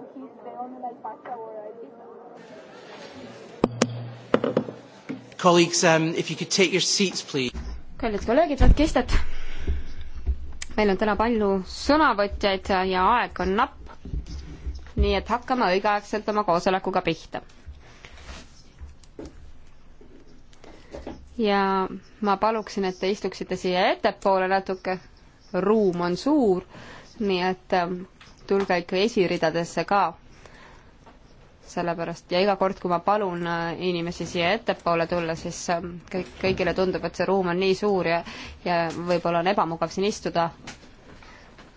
ochii pe online partea Colleagues, um, if you could take your seats, please. kallid kolleegid, võtke istet. meil on täna palju sõnavõtjaid ja aeg on napp. nii et hakkame õigeaegselt oma koosolekuga pihta. ja ma paluksin, et te istuksite siia ettepoole natuke, ruum on suur, nii et um, tulge ikka esiridadesse ka sellepärast ja iga kord, kui ma palun äh, inimesi siia ettepoole tulla, siis ähm, kõik, kõigile tundub, et see ruum on nii suur ja, ja võib-olla on ebamugav siin istuda.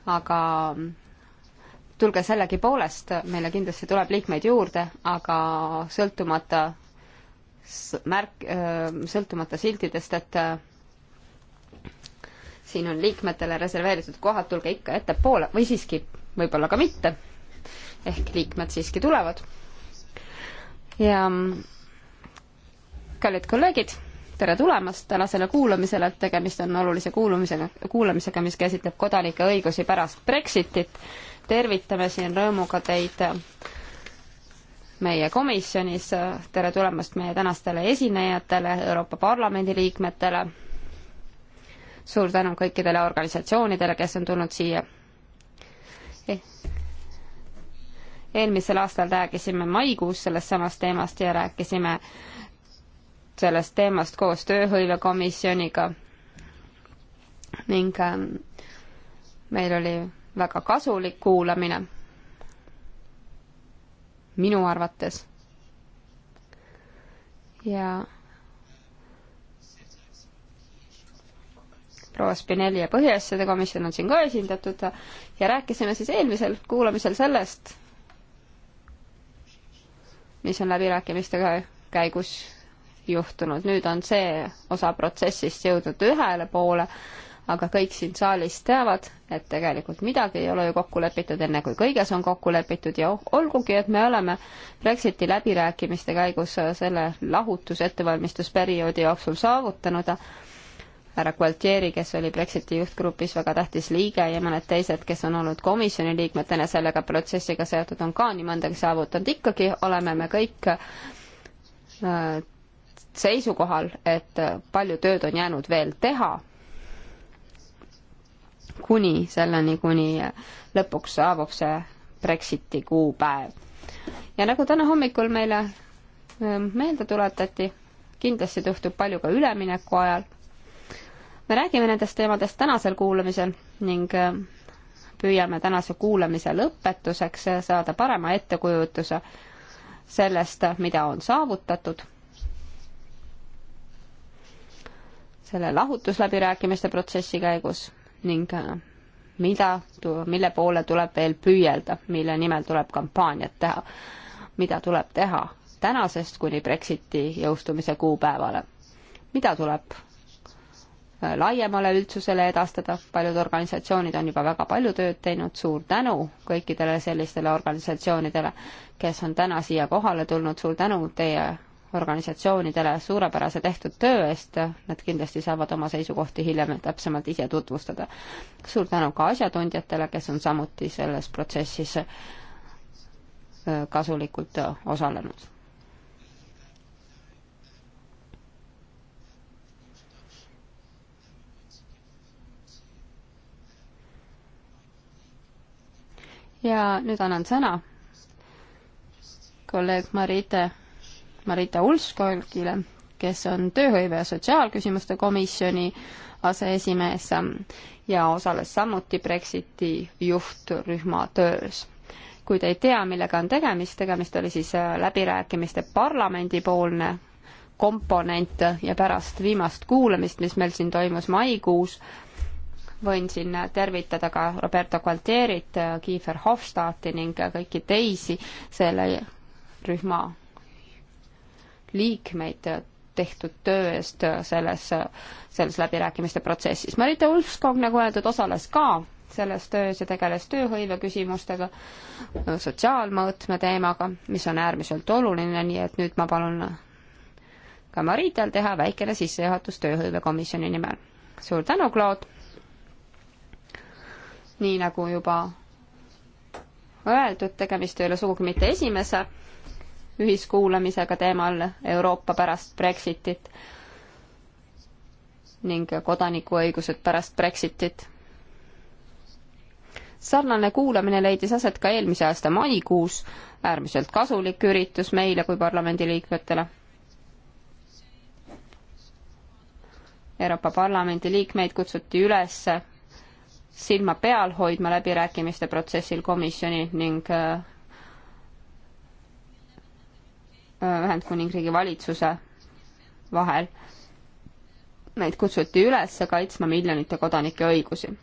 aga ähm, tulge sellegipoolest, meile kindlasti tuleb liikmeid juurde, aga sõltumata märk, äh, sõltumata siltidest, et äh, siin on liikmetele reserveeritud kohad, tulge ikka ettepoole või siiski võib-olla ka mitte. ehk liikmed siiski tulevad. ja kallid kolleegid, tere tulemast tänasele kuulamisele, tegemist on olulise kuulumisega, kuulamisega, mis käsitleb kodanike õigusi pärast Brexitit. tervitame siin rõõmuga teid meie komisjonis, tere tulemast meie tänastele esinejatele, Euroopa Parlamendi liikmetele, suur tänu kõikidele organisatsioonidele, kes on tulnud siia eelmisel aastal rääkisime maikuus sellest samast teemast ja rääkisime sellest teemast koos tööhõivekomisjoniga ning ähm, meil oli väga kasulik kuulamine minu arvates. ja proua Spinelli ja Põhiasjade komisjon on siin ka esindatud ja rääkisime siis eelmisel kuulamisel sellest, mis on läbirääkimiste käigus juhtunud. nüüd on see osa protsessist jõudnud ühele poole, aga kõik siin saalis teavad, et tegelikult midagi ei ole ju kokku lepitud, enne kui kõiges on kokku lepitud ja olgugi, et me oleme Brexiti läbirääkimiste käigus selle lahutusettevalmistusperioodi jooksul saavutanud, härra Gualtieri, kes oli Brexiti juhtgrupis väga tähtis liige ja mõned teised, kes on olnud komisjoni liikmetena sellega protsessiga seotud, on ka nii mõndagi saavutanud, ikkagi oleme me kõik äh, seisukohal, et palju tööd on jäänud veel teha, kuni selleni, kuni lõpuks saabub see Brexiti kuupäev. ja nagu täna hommikul meile äh, meelde tuletati, kindlasti juhtub palju ka ülemineku ajal me räägime nendest teemadest tänasel kuulamisel ning äh, püüame tänase kuulamise lõpetuseks saada parema ettekujutuse sellest, mida on saavutatud selle lahutusläbirääkimiste protsessi käigus ning äh, mida, mille poole tuleb veel püüelda, mille nimel tuleb kampaaniat teha, mida tuleb teha tänasest kuni Brexiti jõustumise kuupäevale, mida tuleb laiemale üldsusele edastada, paljud organisatsioonid on juba väga palju tööd teinud, suur tänu kõikidele sellistele organisatsioonidele, kes on täna siia kohale tulnud, suur tänu teie organisatsioonidele suurepärase tehtud töö eest, nad kindlasti saavad oma seisukohti hiljem täpsemalt ise tutvustada. suur tänu ka asjatundjatele, kes on samuti selles protsessis kasulikult osalenud. ja nüüd annan sõna kolleeg Marite, Marite Ulskogile, kes on tööhõive ja sotsiaalküsimuste komisjoni aseesimees ja osales samuti Brexiti juhtrühma töös. kui te ei tea, millega on tegemist, tegemist oli siis äh, läbirääkimiste parlamendipoolne komponent ja pärast viimast kuulamist, mis meil siin toimus maikuus, võin siin tervitada ka Roberto Gualtierit, Kiefer Hofstadti ning kõiki teisi selle rühma liikmeid tehtud töö eest selles, selles läbirääkimiste protsessis. Marita Ulfskog, nagu öeldud, osales ka selles töös ja tegeles tööhõive küsimustega, sotsiaalmõõtme teemaga, mis on äärmiselt oluline, nii et nüüd ma palun ka Marital teha väikene sissejuhatus tööhõivekomisjoni nimel. suur tänu, Claude! nii nagu juba öeldud, tegemist ei ole sugugi mitte esimese ühiskuulamisega teemal Euroopa pärast Brexitit ning kodanikuõigused pärast Brexitit. sarnane kuulamine leidis aset ka eelmise aasta maikuus, äärmiselt kasulik üritus meile kui parlamendiliikmetele. Euroopa Parlamendi liikmeid kutsuti üles silma peal hoidma läbirääkimiste protsessil komisjoni ning äh, äh, Ühendkuningriigi valitsuse vahel. Neid kutsuti üles kaitsma miljonite kodanike õigusi.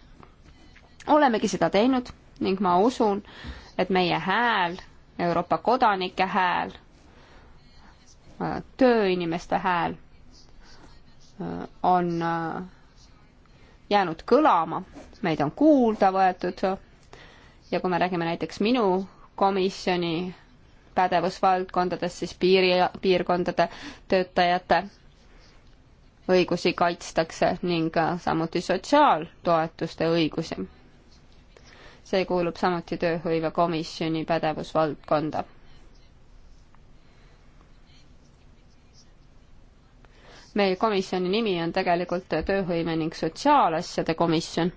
olemegi seda teinud ning ma usun, et meie hääl, Euroopa kodanike hääl, äh, tööinimeste hääl on jäänud kõlama, meid on kuulda võetud ja kui me räägime näiteks minu komisjoni pädevusvaldkondadest, siis piiri, piirkondade töötajate õigusi kaitstakse ning samuti sotsiaaltoetuste õigusi. see kuulub samuti tööhõivekomisjoni pädevusvaldkonda meie komisjoni nimi on tegelikult Tööhõime ning Sotsiaalasjade Komisjon.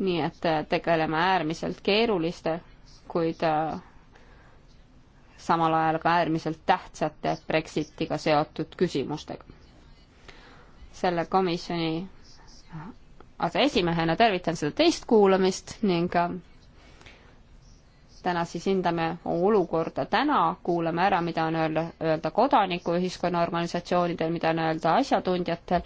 nii et äh, tegeleme äärmiselt keeruliste, kuid äh, samal ajal ka äärmiselt tähtsate Brexitiga seotud küsimustega. selle komisjoni aseesimehena tervitan seda teist kuulamist ning äh, täna siis hindame olukorda täna, kuulame ära, mida on öelda, öelda kodanikuühiskonna organisatsioonidel, mida on öelda asjatundjatel,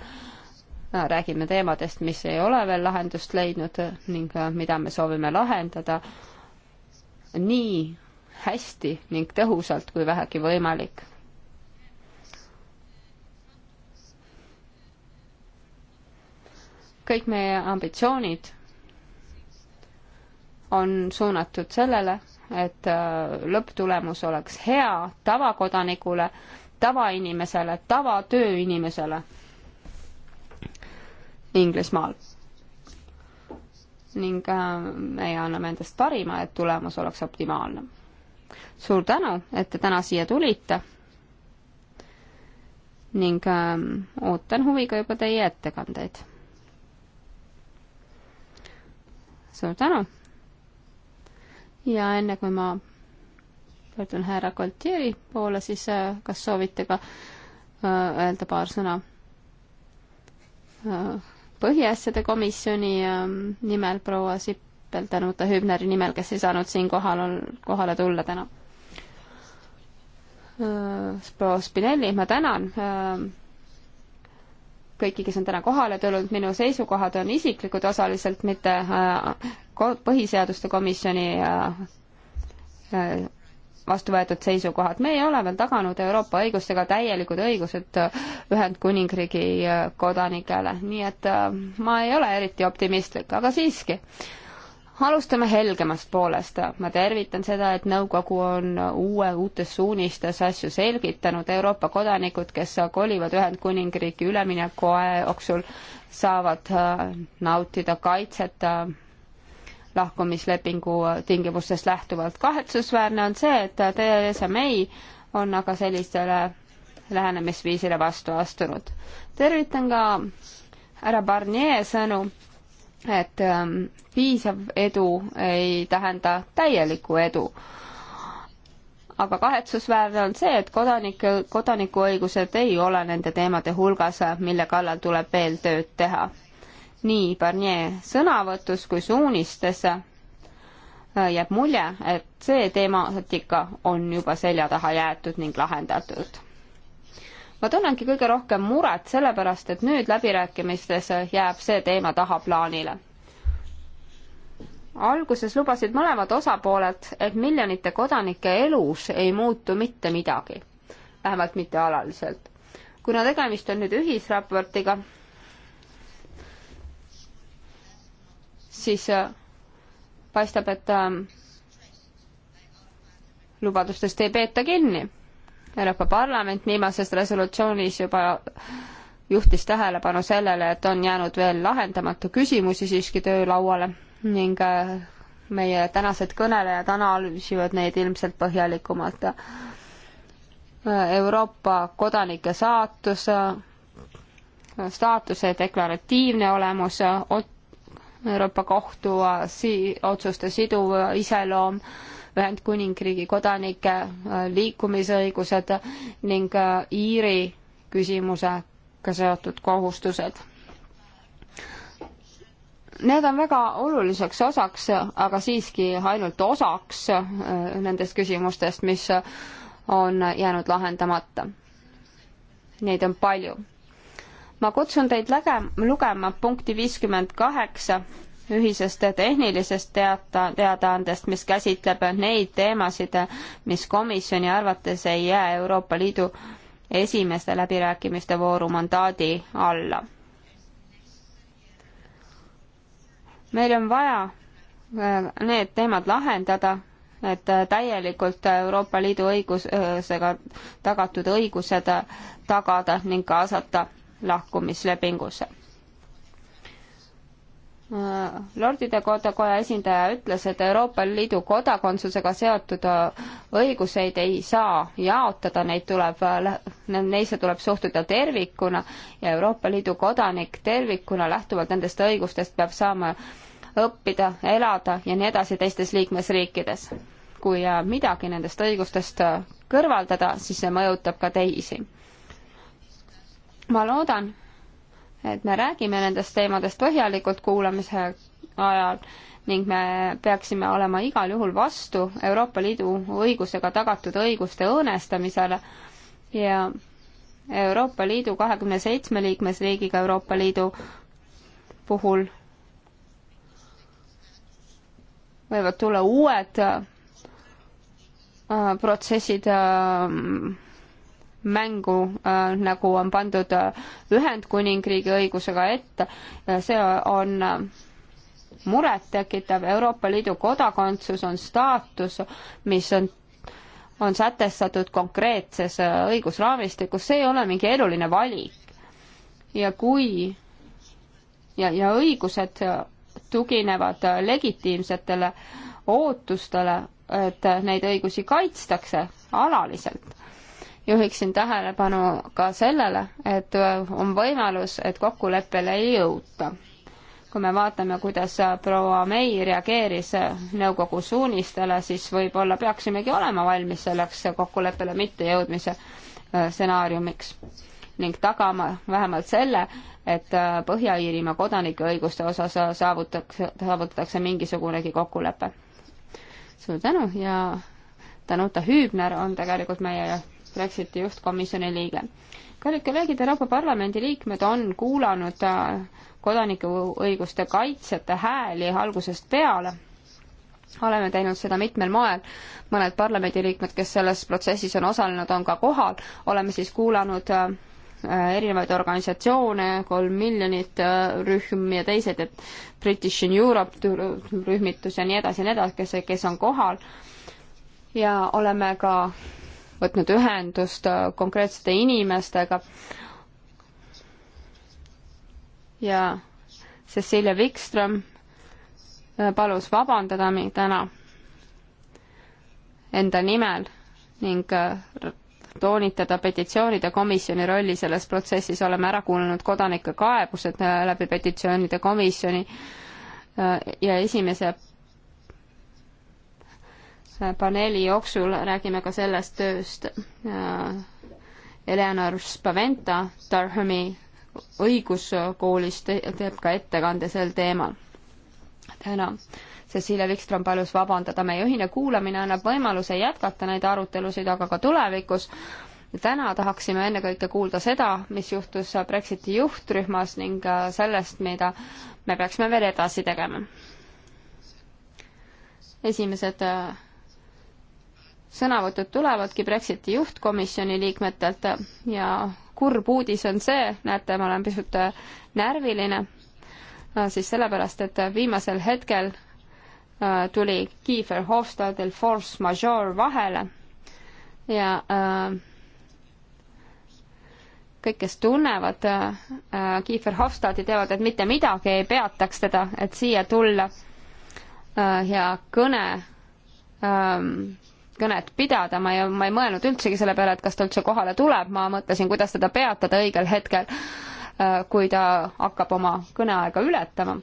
äh, räägime teemadest, mis ei ole veel lahendust leidnud ning äh, mida me soovime lahendada nii hästi ning tõhusalt kui vähegi võimalik. kõik meie ambitsioonid on suunatud sellele, et äh, lõpptulemus oleks hea tavakodanikule, tavainimesele, tavatööinimesele Inglismaal. ning äh, meie anname endast parima, et tulemus oleks optimaalne. suur tänu, et te täna siia tulite ning äh, ootan huviga juba teie ettekandeid. suur tänu! ja enne kui ma pöördun härra Koltieri poole, siis äh, kas soovite ka äh, öelda paar sõna äh, põhiasjade komisjoni ähm, nimel proua Sippel tänuta Hübneri nimel, kes ei saanud siin kohal, kohale tulla täna. proua Spinelli, ma tänan ähm, kõiki, kes on täna kohale tulnud, minu seisukohad on isiklikud osaliselt, mitte äh, põhiseaduste komisjoni äh, äh, vastu võetud seisukohad. me ei ole veel taganud Euroopa õigustega täielikud õigused Ühendkuningriigi kodanikele, nii et ma ei ole eriti optimistlik, aga siiski alustame helgemast poolest. ma tervitan seda, et nõukogu on uue, uutes suunistes asju selgitanud. Euroopa kodanikud, kes kolivad Ühendkuningriigi ülemineku aja jooksul, saavad äh, nautida kaitset äh, lahkumislepingu tingimustest lähtuvalt. kahetsusväärne on see, et Theresa May on aga sellistele lähenemisviisile vastu astunud. tervitan ka härra Barnier sõnu et ähm, piisav edu ei tähenda täielikku edu. aga kahetsusväärne on see, et kodanike, kodanikuõigused ei ole nende teemade hulgas, mille kallal tuleb veel tööd teha. nii Barnier sõnavõtus kui suunistes äh, jääb mulje, et see teematika on juba selja taha jäetud ning lahendatud ma tunnengi kõige rohkem muret sellepärast, et nüüd läbirääkimistes jääb see teema tahaplaanile. alguses lubasid mõlemad osapooled, et miljonite kodanike elus ei muutu mitte midagi, vähemalt mitte alaliselt. kuna tegemist on nüüd ühisraportiga, siis äh, paistab, et ähm, lubadustest ei peeta kinni Euroopa Parlament viimases resolutsioonis juba juhtis tähelepanu sellele, et on jäänud veel lahendamata küsimusi siiski töölauale ning äh, meie tänased kõnelejad analüüsivad neid ilmselt põhjalikumalt. Euroopa kodanike saatus, staatuse deklaratiivne olemus, Euroopa Kohtu äh, si-, otsuste siduv iseloom Ühendkuningriigi kodanike äh, liikumisõigused ning äh, Iiri küsimusega seotud kohustused. Need on väga oluliseks osaks, aga siiski ainult osaks äh, nendest küsimustest, mis on jäänud lahendamata. Neid on palju ma kutsun teid läge-, lugema punkti viiskümmend kaheksa ühisest tehnilisest teata, teadaandest, mis käsitleb neid teemasid, mis komisjoni arvates ei jää Euroopa Liidu esimeste läbirääkimiste vooru mandaadi alla. meil on vaja äh, need teemad lahendada, et äh, täielikult Euroopa Liidu õigusega tagatud õigused tagada ning kaasata lahkumislepingusse Äh, Lordide koja esindaja ütles, et Euroopa Liidu kodakondsusega seotud äh, õiguseid ei saa jaotada, neid tuleb, äh, neisse tuleb suhtuda tervikuna ja Euroopa Liidu kodanik tervikuna lähtuvalt nendest õigustest peab saama õppida, elada ja nii edasi teistes liikmesriikides. kui midagi nendest õigustest kõrvaldada, siis see mõjutab ka teisi. ma loodan, et me räägime nendest teemadest põhjalikult kuulamise ajal ning me peaksime olema igal juhul vastu Euroopa Liidu õigusega tagatud õiguste õõnestamisele ja Euroopa Liidu kahekümne seitsme liikmesriigiga Euroopa Liidu puhul võivad tulla uued äh, protsessid ähm, mängu, äh, nagu on pandud äh, Ühendkuningriigi õigusega ette, äh, see on murettekitav, Euroopa Liidu kodakondsus on staatus, mis on on sätestatud konkreetses õigusraamistikus, see ei ole mingi eluline valik. ja kui ja, ja õigused tuginevad legitiimsetele ootustele, et neid õigusi kaitstakse alaliselt, juhiksin tähelepanu ka sellele, et äh, on võimalus, et kokkuleppele ei jõuta. kui me vaatame, kuidas proua May reageeris nõukogu suunistele, siis võib-olla peaksimegi olema valmis selleks kokkuleppele mittejõudmise äh, stsenaariumiks ning tagama vähemalt selle, et äh, Põhja-Iirimaa kodanike õiguste osas saavutatakse, saavutatakse mingisugunegi kokkulepe. suur tänu ja Danuta Hüübner on tegelikult meie Brexiti juhtkomisjoni liige. kallid kolleegid, Euroopa Parlamendi liikmed on kuulanud äh, kodanikuõiguste kaitsjate hääli algusest peale oleme teinud seda mitmel moel, mõned parlamendiliikmed, kes selles protsessis on osalenud, on ka kohal, oleme siis kuulanud äh, äh, erinevaid organisatsioone, kolm miljonit rühm ja teised, et British in Europe rühmitus ja nii edasi ja nii edasi, kes, kes on kohal. ja oleme ka võtnud ühendust äh, konkreetsete inimestega. ja Cecilia Wikström äh, palus vabandada mind täna enda nimel ning äh, toonitada petitsioonide komisjoni rolli selles protsessis, oleme ära kuulanud kodanike kaebused läbi petitsioonide komisjoni ja esimese paneeli jooksul räägime ka sellest tööst Eleanor Spaventa Durhami õiguskoolis teeb ka ettekande sel teemal. täna Cecilia Wikström palus vabandada, meie ühine kuulamine annab võimaluse jätkata neid arutelusid, aga ka tulevikus. täna tahaksime ennekõike kuulda seda, mis juhtus Brexiti juhtrühmas ning sellest, mida me peaksime veel edasi tegema. esimesed äh, sõnavõtud tulevadki Brexiti juhtkomisjoni liikmetelt ja kurb uudis on see, näete, ma olen pisut äh, närviline, äh, siis sellepärast, et äh, viimasel hetkel tuli Kiefer Hofstadel force majeure vahele ja äh, kõik, kes tunnevad äh, Kiefer Hofstadi, teavad, et mitte midagi ei peataks teda, et siia tulla äh, ja kõne äh, kõnet pidada, ma ei, ma ei mõelnud üldsegi selle peale, et kas ta üldse kohale tuleb, ma mõtlesin, kuidas teda peatada õigel hetkel, äh, kui ta hakkab oma kõneaega ületama.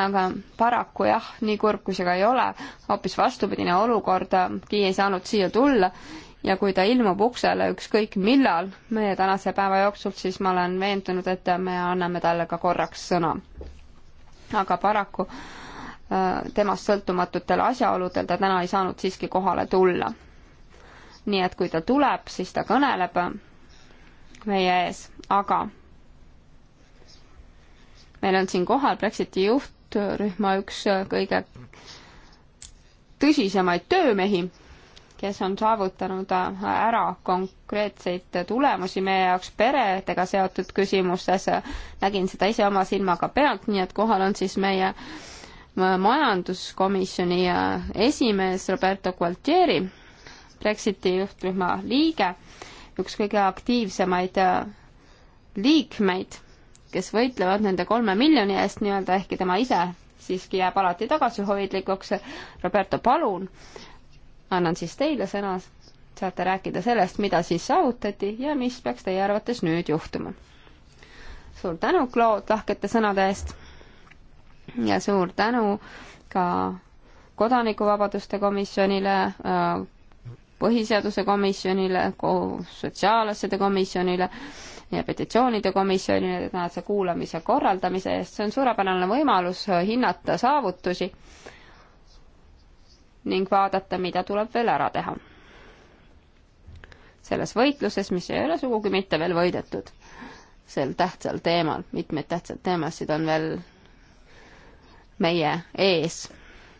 aga paraku jah, nii kurb kui see ka ei ole, hoopis vastupidine olukord, Gi äh, ei saanud siia tulla ja kui ta ilmub uksele ükskõik millal meie tänase päeva jooksul, siis ma olen veendunud, et me anname talle ka korraks sõna. aga paraku äh, Äh, temast sõltumatutel asjaoludel ta täna ei saanud siiski kohale tulla. nii et kui ta tuleb, siis ta kõneleb meie ees, aga meil on siin kohal Brexiti juhtrühma üks äh, kõige tõsisemaid töömehi, kes on saavutanud äh, ära konkreetseid tulemusi meie jaoks peredega seotud küsimustes. nägin seda ise oma silmaga pealt, nii et kohal on siis meie äh, majanduskomisjoni äh, esimees Roberto Gualtieri, Brexiti juhtrühma liige, üks kõige aktiivsemaid äh, liikmeid, kes võitlevad nende kolme miljoni eest nii-öelda, ehkki tema ise siiski jääb alati tagasihoidlikuks. Roberto, palun, annan siis teile sõna, saate rääkida sellest, mida siis saavutati ja mis peaks teie arvates nüüd juhtuma. suur tänu, Claude, lahkete sõnade eest ja suur tänu ka kodanikuvabaduste komisjonile, põhiseaduse komisjonile, sotsiaalasjade komisjonile ja petitsioonide komisjonile tänase kuulamise korraldamise eest, see on suurepärane võimalus hinnata saavutusi ning vaadata, mida tuleb veel ära teha. selles võitluses, mis ei ole sugugi mitte veel võidetud, sel tähtsal teemal, mitmeid tähtsaid teemasid on veel meie ees.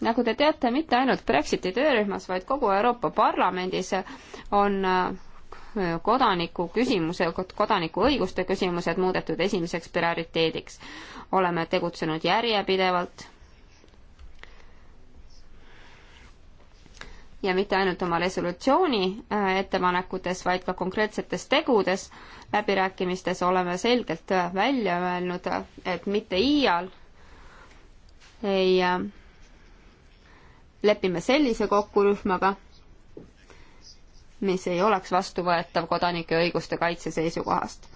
nagu te teate, mitte ainult Brexiti töörühmas, vaid kogu Euroopa Parlamendis on äh, kodaniku küsimuse, kodanikuõiguste küsimused muudetud esimeseks prioriteediks. oleme tegutsenud järjepidevalt. ja mitte ainult oma resolutsiooni äh, ettepanekutes, vaid ka konkreetsetes tegudes. läbirääkimistes oleme selgelt äh, välja öelnud, et mitte iial ei äh, lepime sellise kokkurühmaga, mis ei oleks vastuvõetav kodanike õiguste kaitse seisukohast.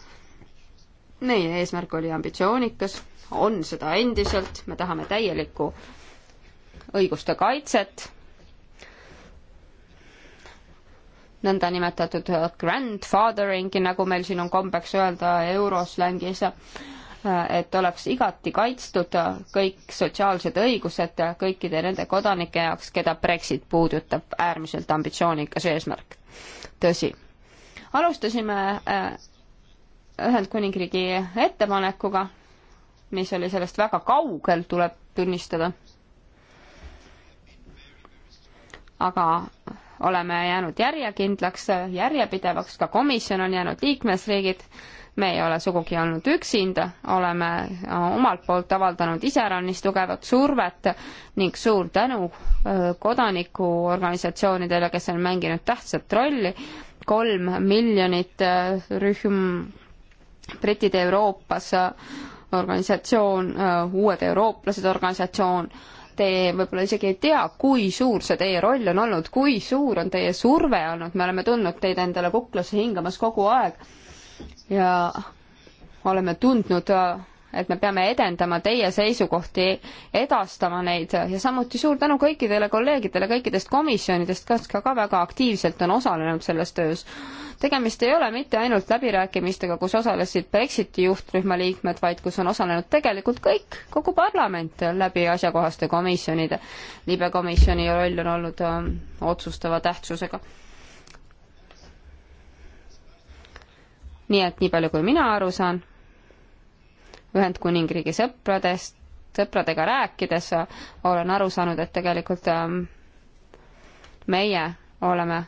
meie eesmärk oli ambitsioonikas, on seda endiselt, me tahame täielikku õiguste kaitset, nõndanimetatud grandfatheringi, nagu meil siin on kombeks öelda euroslängi isa et oleks igati kaitstud kõik sotsiaalsed õigused kõikide nende kodanike jaoks, keda Brexit puudutab, äärmiselt ambitsioonikas eesmärk. tõsi. alustasime äh, Ühendkuningriigi ettepanekuga, mis oli sellest väga kaugel, tuleb tunnistada. aga oleme jäänud järjekindlaks, järjepidevaks, ka komisjon on jäänud, liikmesriigid me ei ole sugugi olnud üksinda, oleme äh, omalt poolt avaldanud iseäranis tugevat survet ning suur tänu äh, kodanikuorganisatsioonidele, kes on mänginud tähtsat rolli, kolm miljonit äh, rühm britid Euroopas, organisatsioon, uued eurooplased organisatsioon, te võib-olla isegi ei tea, kui suur see teie roll on olnud, kui suur on teie surve olnud, me oleme tundnud teid endale kuklasse hingamas kogu aeg ja oleme tundnud, et me peame edendama teie seisukohti, edastama neid ja samuti suur tänu kõikidele kolleegidele kõikidest komisjonidest, kes ka, ka väga aktiivselt on osalenud selles töös. tegemist ei ole mitte ainult läbirääkimistega, kus osalesid Brexiti juhtrühma liikmed, vaid kus on osalenud tegelikult kõik, kogu parlament läbi asjakohaste komisjonide. libekomisjoni roll on olnud öö, ähm, otsustava tähtsusega nii et nii palju, kui mina aru saan, Ühendkuningriigi sõpradest, sõpradega rääkides olen aru saanud, et tegelikult ähm, meie oleme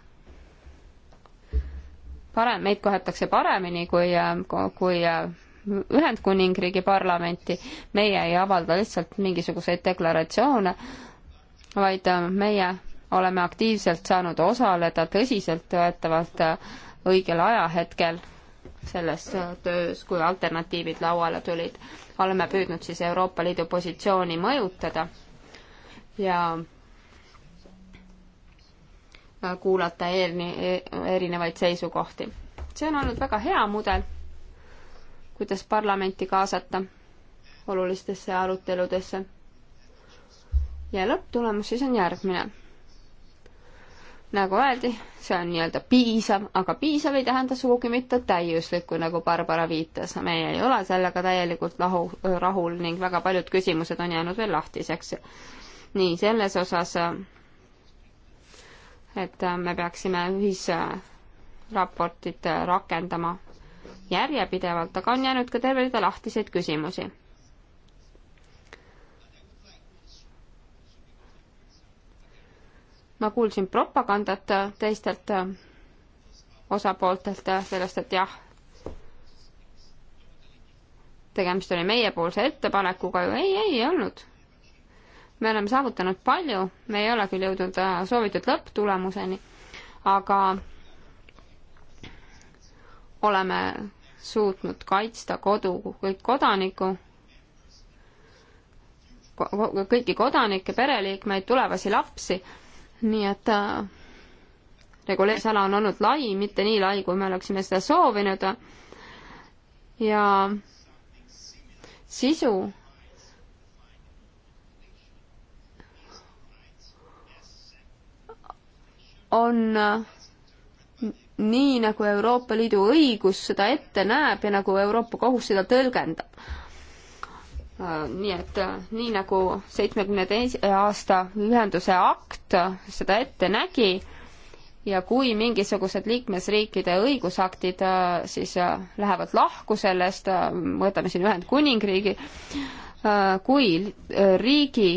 parem, meid kohetakse paremini kui, ähm, kui äh, Ühendkuningriigi parlamenti, meie ei avalda lihtsalt mingisuguseid deklaratsioone, vaid ähm, meie oleme aktiivselt saanud osaleda tõsiseltvõetavalt äh, õigel ajahetkel selles töös, kui alternatiivid lauale tulid. oleme püüdnud siis Euroopa Liidu positsiooni mõjutada ja äh, kuulata eerni, erinevaid seisukohti. see on olnud väga hea mudel, kuidas parlamenti kaasata olulistesse aruteludesse. ja lõpptulemus siis on järgmine nagu öeldi, see on nii-öelda piisav, aga piisav ei tähenda sugugi mitte täiuslikku, nagu Barbara viitas. me ei ole sellega täielikult lahu, rahul ning väga paljud küsimused on jäänud veel lahtiseks. nii, selles osas, et me peaksime ühisraportit rakendama järjepidevalt, aga on jäänud ka terve rida lahtiseid küsimusi ma kuulsin propagandat teistelt äh, osapooltelt äh, sellest, et jah, tegemist oli meiepoolse ettepanekuga ju, ei, ei, ei olnud. me oleme saavutanud palju, me ei ole küll jõudnud äh, soovitud lõpptulemuseni, aga oleme suutnud kaitsta kodu, kõik kodaniku, kõiki kodanikke, pereliikmeid, tulevasi lapsi nii et äh, reguleerimisala on olnud lai, mitte nii lai, kui me oleksime seda soovinud. ja sisu on nii, nagu Euroopa Liidu õigus seda ette näeb ja nagu Euroopa Kohus seda tõlgendab. Äh, nii et äh, nii nagu seitsmekümne teise aasta ühenduse akt äh, seda ette nägi ja kui mingisugused liikmesriikide õigusaktid siis lähevad lahku sellest, võtame siin Ühendkuningriigi, kui riigi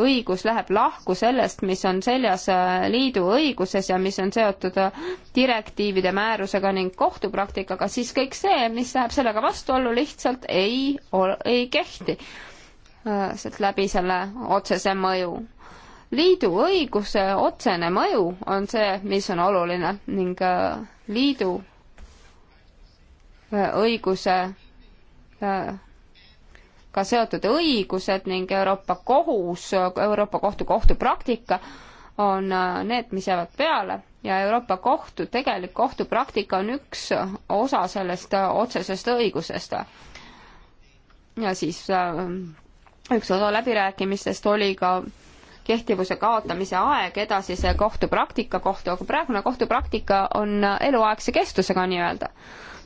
õigus läheb lahku sellest, mis on seljas äh, liidu õiguses ja mis on seotud äh, direktiivide määrusega ning kohtupraktikaga, siis kõik see, mis läheb sellega vastuollu, lihtsalt ei, ei kehti. Äh, sealt läbi selle otsese mõju. liidu õiguse otsene mõju on see, mis on oluline ning liidu õiguse ka seotud õigused ning Euroopa Kohus, Euroopa Kohtu kohtupraktika on äh, need, mis jäävad peale ja Euroopa Kohtu tegelik kohtupraktika on üks osa sellest äh, otsesest õigusest. ja siis äh, üks osa läbirääkimistest oli ka kehtivuse kaotamise aeg edasise kohtupraktika kohta, aga praegune kohtupraktika on eluaegse kestusega nii-öelda.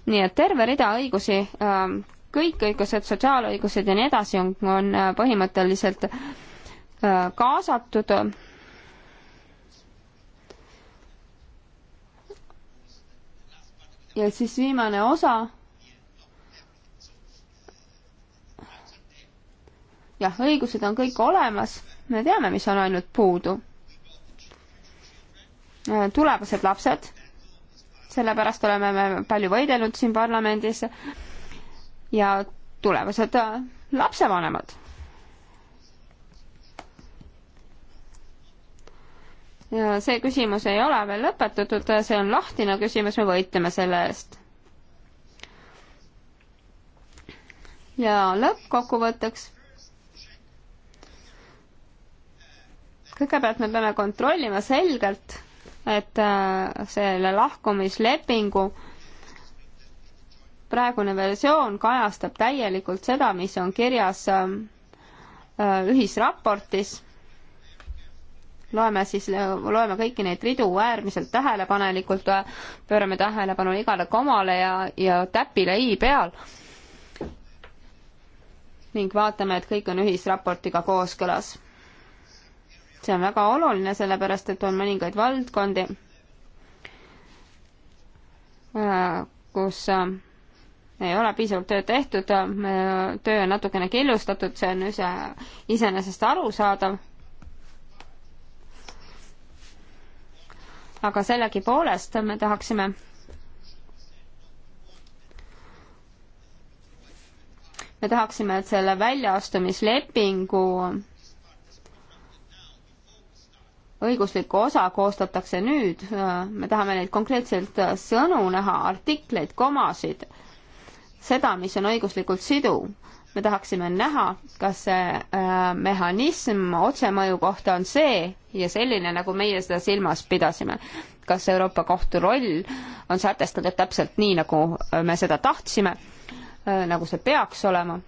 nii et terve rida õigusi ähm, kõik õigused, sotsiaalõigused ja nii edasi on, on äh, põhimõtteliselt äh, kaasatud. ja siis viimane osa. jah, õigused on kõik olemas, me teame, mis on ainult puudu. Äh, tulevased lapsed, sellepärast oleme me palju võidelnud siin parlamendis ja tulevased äh, lapsevanemad. ja see küsimus ei ole veel lõpetatud, äh, see on lahtine küsimus, me võitleme selle eest. ja lõppkokkuvõtteks. kõigepealt me peame kontrollima selgelt, et äh, selle lahkumislepingu äh, praegune versioon kajastab täielikult seda, mis on kirjas ähm, äh, ühisraportis. loeme siis, äh, loeme kõiki neid ridu äärmiselt tähelepanelikult, äh, pöörame tähelepanu igale komale ja, ja täpile i peal. ning vaatame, et kõik on ühisraportiga kooskõlas. see on väga oluline, sellepärast et on mõningaid valdkondi, kus ei ole piisavalt tööd tehtud, töö on natukene killustatud, see on üsna iseenesest arusaadav. aga sellegipoolest me tahaksime me tahaksime, et selle väljaastumislepingu õiguslikku osa koostatakse nüüd, me tahame neid konkreetselt sõnu näha, artikleid, komasid seda, mis on õiguslikult siduv. me tahaksime näha, kas see äh, mehhanism otsemõju kohta on see ja selline, nagu meie seda silmas pidasime. kas Euroopa Kohtu roll on sätestatud täpselt nii, nagu äh, me seda tahtsime, äh, nagu see peaks olema?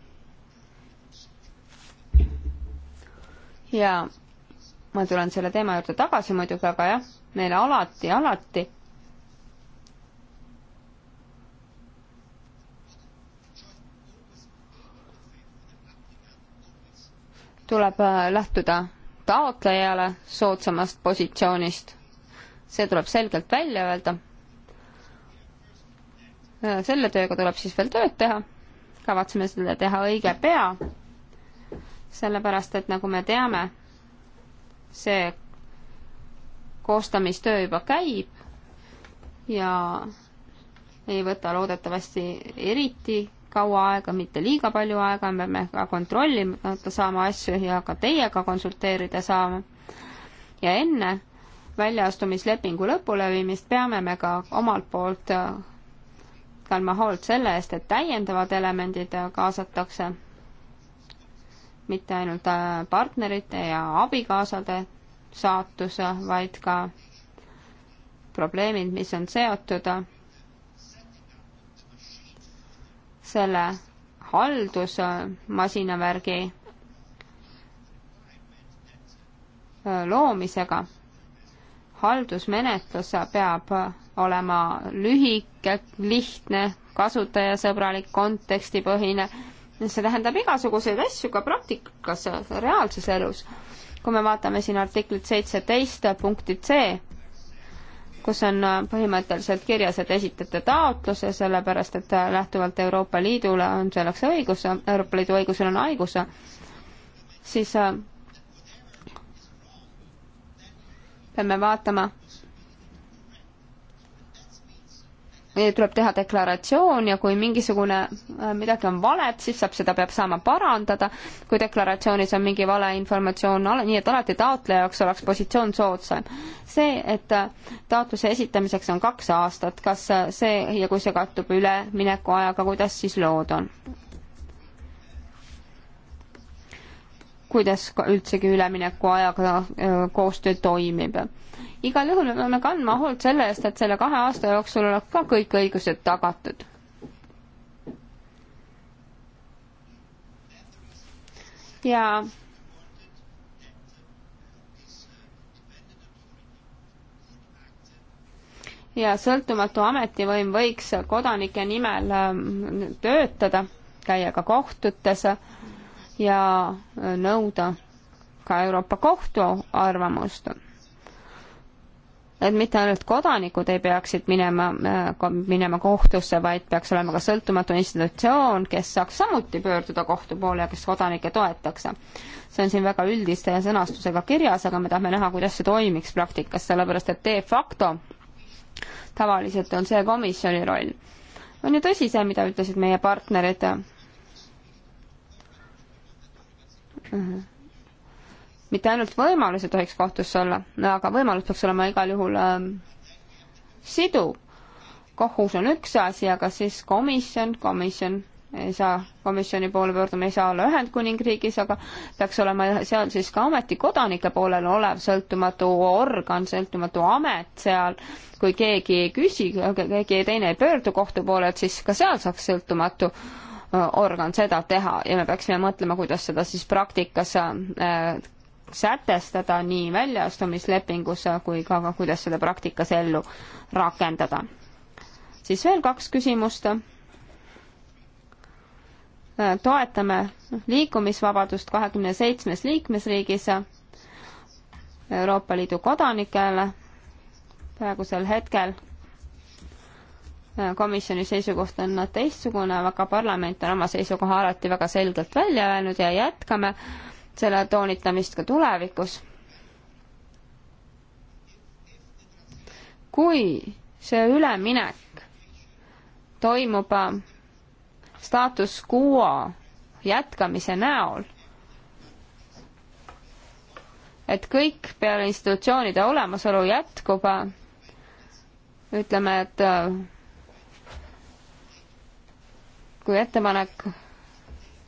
ja ma tulen selle teema juurde tagasi muidugi, aga jah, meile alati, alati tuleb äh, lähtuda taotlejale soodsamast positsioonist. see tuleb selgelt välja öelda. Äh, selle tööga tuleb siis veel tööd teha. kavatseme selle teha õige pea. sellepärast, et nagu me teame, see koostamistöö juba käib ja ei võta loodetavasti eriti kaua aega, mitte liiga palju aega, me peame ka kontrollimata saama asju ja ka teiega konsulteerida saama. ja enne väljaastumislepingu lõpuleviimist peame me ka omalt poolt äh, kandma hoolt selle eest, et täiendavad elemendid äh, kaasatakse, mitte ainult äh, partnerite ja abikaasade saatus, vaid ka probleemid, mis on seotud selle haldusmasinavärgi loomisega. haldusmenetlus peab olema lühike, lihtne, kasutajasõbralik, kontekstipõhine. see tähendab igasuguseid asju ka praktikas, reaalses elus. kui me vaatame siin artiklit seitseteist punkti C, kus on äh, põhimõtteliselt kirjas, et esitate taotluse, sellepärast et äh, lähtuvalt Euroopa Liidule on selleks õigus, Euroopa Liidu õigusel on haigus, siis äh, peame vaatama, tuleb teha deklaratsioon ja kui mingisugune, äh, midagi on valet, siis saab, seda peab saama parandada, kui deklaratsioonis on mingi valeinformatsioon, nii et alati taotleja jaoks oleks positsioon soodsam. see, et äh, taotluse esitamiseks on kaks aastat, kas äh, see ja kui see kattub üleminekuajaga, kuidas siis lood on? kuidas üldsegi üleminekuajaga koostöö toimib igal juhul me peame kandma hoolt selle eest, et selle kahe aasta jooksul oleks ka kõik õigused tagatud. ja ja sõltumatu ametivõim võiks kodanike nimel ähm, töötada, käia ka kohtutes ja nõuda ka Euroopa Kohtu arvamust et mitte ainult kodanikud ei peaksid minema, äh, minema kohtusse, vaid peaks olema ka sõltumatu institutsioon, kes saaks samuti pöörduda kohtu poole ja kes kodanikke toetaks. see on siin väga üldiste sõnastusega kirjas, aga me tahame näha, kuidas see toimiks praktikas, sellepärast et de facto tavaliselt on see komisjoni roll. on ju tõsi see, mida ütlesid meie partnerid uh? -huh mitte ainult võimalus ei tohiks kohtusse olla, aga võimalus peaks olema igal juhul ähm, siduv. kohus on üks asi, aga siis komisjon, komisjon ei saa, komisjoni poole pöörduma ei saa olla Ühendkuningriigis, aga peaks olema seal siis ka ametikodanike poolel olev sõltumatu organ, sõltumatu amet seal, kui keegi ei küsi, keegi teine ei pöördu kohtu poole, et siis ka seal saaks sõltumatu äh, organ seda teha ja me peaksime mõtlema, kuidas seda siis praktikas äh, sätestada nii väljaastumislepingus kui ka, ka kuidas seda praktikas ellu rakendada. siis veel kaks küsimust. toetame liikumisvabadust kahekümne seitsmes liikmesriigis Euroopa Liidu kodanikele praegusel hetkel komisjoni seisukoht on teistsugune, aga parlament on oma seisukoha alati väga selgelt välja öelnud ja jätkame äh, selle toonitamist ka tulevikus. kui see üleminek toimub äh, staatus quo jätkamise näol, et kõik peale institutsioonide olemasolu jätkub, ütleme, et äh, kui ettepanek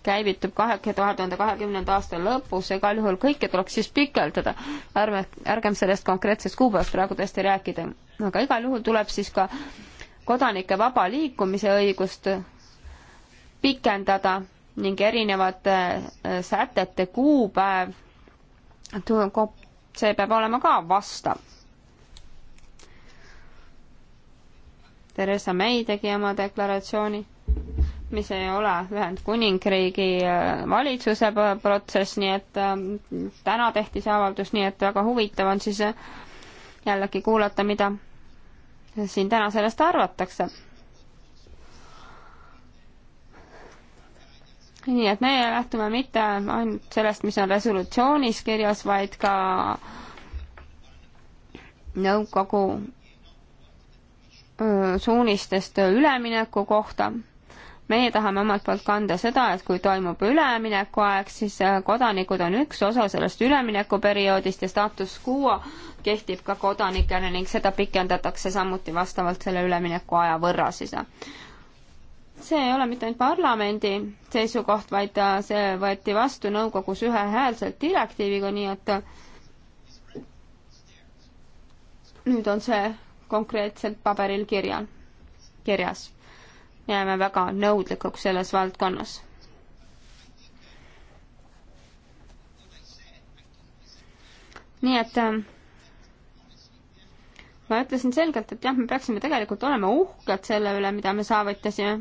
käivitub kahe, kahe tuhande kahekümnenda aasta lõpus ja igal juhul kõike tuleks siis pikendada. ärme, ärgem sellest konkreetsest kuupäevast praegu tõesti rääkida, aga igal juhul tuleb siis ka kodanike vaba liikumise õigust pikendada ning erinevate äh, sätete kuupäev, see peab olema ka vastav. Theresa May tegi oma deklaratsiooni mis ei ole Ühendkuningriigi äh, valitsuse protsess, nii et ähm, täna tehti see avaldus, nii et väga huvitav on siis äh, jällegi kuulata, mida siin täna sellest arvatakse. nii et meie lähtume mitte ainult sellest, mis on resolutsioonis kirjas, vaid ka nõukogu äh, suunistest ülemineku kohta meie tahame omalt poolt kanda seda, et kui toimub üleminekuaeg, siis äh, kodanikud on üks osa sellest üleminekuperioodist ja staatus quo kehtib ka kodanikele ning seda pikendatakse samuti vastavalt selle üleminekuaja võrra siis see ei ole mitte ainult parlamendi seisukoht, vaid äh, see võeti vastu nõukogus ühehäälselt direktiiviga, nii et nüüd on see konkreetselt paberil kirja, kirjas jääme väga nõudlikuks selles valdkonnas. nii et ähm, ma ütlesin selgelt, et jah, me peaksime tegelikult olema uhked selle üle, mida me saavutasime.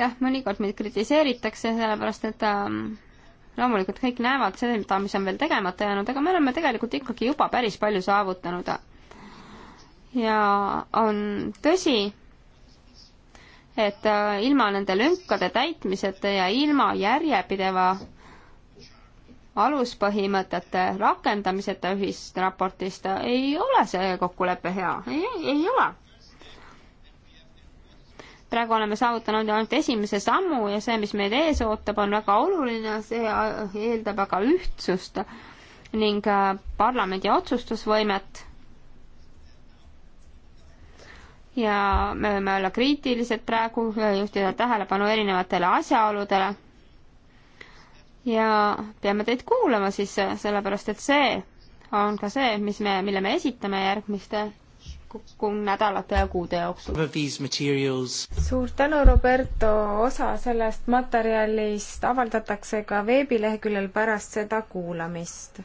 jah, mõnikord meid kritiseeritakse, sellepärast et ähm, loomulikult kõik näevad seda, mis on veel tegemata jäänud, aga me oleme tegelikult ikkagi juba päris palju saavutanud ja on tõsi, et äh, ilma nende lünkade täitmiseta ja ilma järjepideva aluspõhimõtete rakendamiseta ühisraportist ei ole see kokkulepe hea, ei, ei ole. praegu oleme saavutanud ainult esimese sammu ja see, mis meid ees ootab, on väga oluline, see äh, eeldab aga ühtsust ning äh, parlamendi otsustusvõimet ja me võime olla kriitilised praegu, juhtida tähelepanu erinevatele asjaoludele. ja peame teid kuulama siis, sellepärast et see on ka see, mis me, mille me esitame järgmiste nädalate ja kuude jooksul. suur tänu, Roberto, osa sellest materjalist avaldatakse ka veebileheküljel pärast seda kuulamist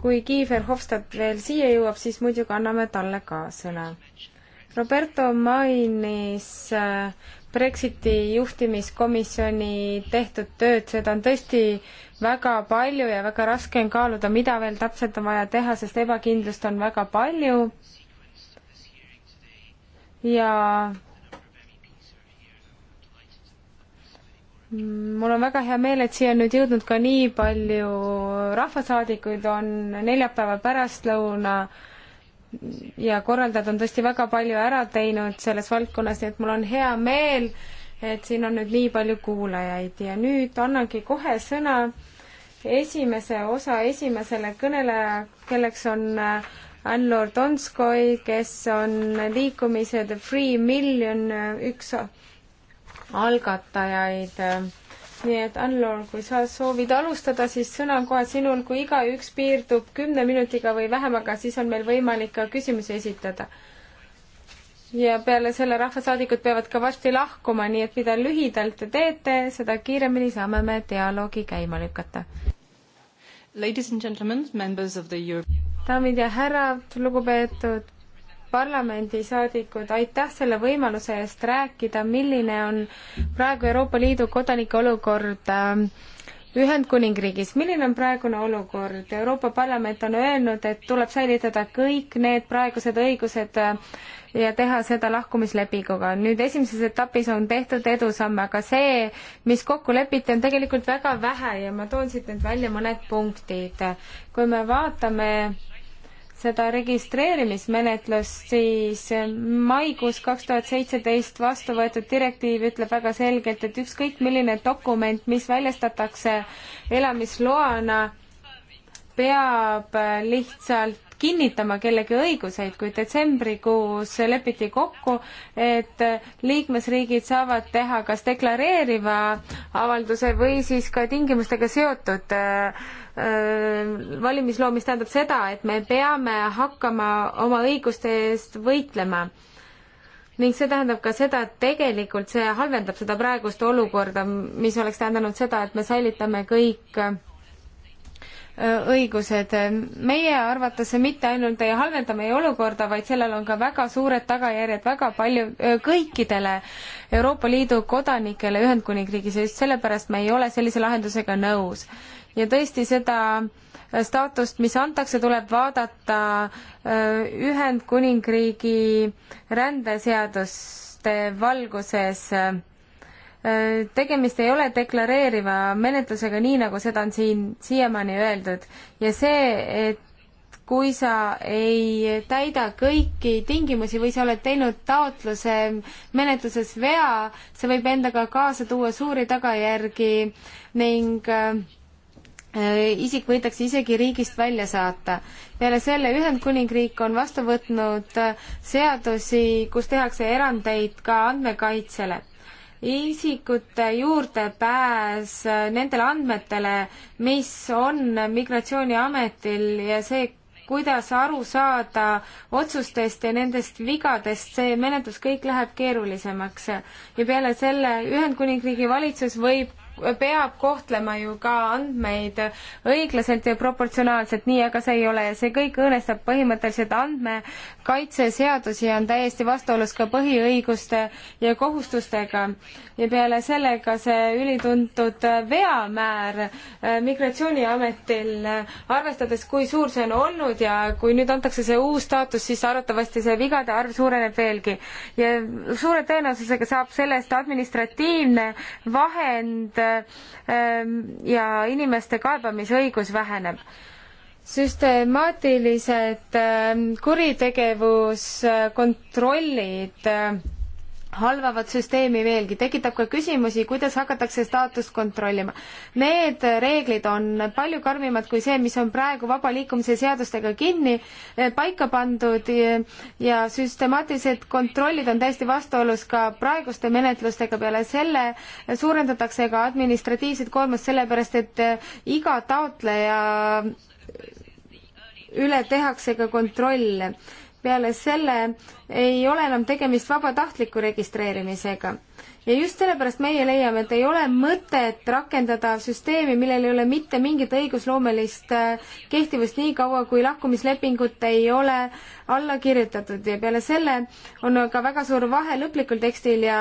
kui Kiefer Hofstad veel siia jõuab, siis muidugi anname talle ka sõna. Roberto mainis äh, Brexiti juhtimiskomisjoni tehtud tööd, seda on tõesti väga palju ja väga raske on kaaluda, mida veel täpselt on vaja teha, sest ebakindlust on väga palju. ja mul on väga hea meel, et siia on nüüd jõudnud ka nii palju rahvasaadikuid, on neljapäeva pärastlõuna ja korraldajad on tõesti väga palju ära teinud selles valdkonnas, nii et mul on hea meel, et siin on nüüd nii palju kuulajaid ja nüüd annangi kohe sõna esimese osa esimesele kõneleja, kelleks on äh, Ann-Loor Donskoi, kes on liikumise The Free Million äh, üks algatajaid. nii et Ann-Loor, kui sa soovid alustada, siis sõna on kohe sinul, kui igaüks piirdub kümne minutiga või vähemaga, siis on meil võimalik ka küsimusi esitada. ja peale selle rahvasaadikud peavad ka varsti lahkuma, nii et mida lühidalt te teete, seda kiiremini saame me dialoogi käima lükata. Ladies and gentlemen, members of the European daamid ja härrad, lugupeetud parlamendisaadikud, aitäh selle võimaluse eest rääkida, milline on praegu Euroopa Liidu kodanike olukord ähm, Ühendkuningriigis, milline on praegune olukord? Euroopa Parlament on öelnud, et tuleb säilitada kõik need praegused õigused äh, ja teha seda lahkumislepinguga. nüüd esimeses etapis on tehtud edusamme, aga see, mis kokku lepiti, on tegelikult väga vähe ja ma toon siit nüüd välja mõned punktid. kui me vaatame seda registreerimismenetlust, siis maikuus kaks tuhat seitseteist vastu võetud direktiiv ütleb väga selgelt, et ükskõik milline dokument, mis väljastatakse elamisloana, peab lihtsalt kinnitama kellegi õiguseid, kui detsembrikuus lepiti kokku, et liikmesriigid saavad teha kas deklareeriva avalduse või siis ka tingimustega seotud äh, valimisloom, mis tähendab seda, et me peame hakkama oma õiguste eest võitlema ning see tähendab ka seda, et tegelikult see halvendab seda praegust olukorda, mis oleks tähendanud seda, et me säilitame kõik äh, õigused. meie arvates see mitte ainult ei halvenda meie olukorda, vaid sellel on ka väga suured tagajärjed väga palju, kõikidele Euroopa Liidu kodanikele Ühendkuningriigis ja just sellepärast me ei ole sellise lahendusega nõus. ja tõesti, seda staatust, mis antakse, tuleb vaadata Ühendkuningriigi rändeseaduste valguses Äh, tegemist ei ole deklareeriva menetlusega, nii nagu seda on siin siiamaani öeldud ja see, et kui sa ei täida kõiki tingimusi või sa oled teinud taotluse menetluses vea, see võib endaga kaasa tuua suuri tagajärgi ning äh, äh, isik võidakse isegi riigist välja saata. peale selle Ühendkuningriik on vastu võtnud seadusi, kus tehakse erandeid ka andmekaitsele isikute juurdepääs äh, nendele andmetele, mis on Migratsiooniametil ja see, kuidas aru saada otsustest ja nendest vigadest, see menetlus kõik läheb keerulisemaks. ja peale selle Ühendkuningriigi valitsus võib peab kohtlema ju ka andmeid õiglaselt ja proportsionaalselt, nii aga see ei ole ja see kõik õõnestab põhimõtteliselt andmekaitseseadusi ja on täiesti vastuolus ka põhiõiguste ja kohustustega. ja peale selle ka see ülituntud veamäär äh, Migratsiooniametil, äh, arvestades, kui suur see on olnud ja kui nüüd antakse see uus staatus, siis arvatavasti see vigade arv suureneb veelgi. ja suure tõenäosusega saab sellest administratiivne vahend Ähm, ja inimeste kaebamisõigus väheneb süstemaatilised ähm, kuritegevuskontrollid äh, halvavad süsteemi veelgi, tekitab ka küsimusi, kuidas hakatakse staatust kontrollima. Need reeglid on palju karmimad kui see, mis on praegu vaba liikumise seadustega kinni eh, paika pandud ja süstemaatilised kontrollid on täiesti vastuolus ka praeguste menetlustega. peale selle suurendatakse ka administratiivset koormust, sellepärast et eh, iga taotleja üle tehakse ka kontrolle peale selle ei ole enam tegemist vabatahtliku registreerimisega. ja just sellepärast meie leiame, et ei ole mõtet rakendada süsteemi, millel ei ole mitte mingit õigusloomelist äh, kehtivust nii kaua, kui lahkumislepingut ei ole alla kirjutatud ja peale selle on ka väga suur vahe lõplikul tekstil ja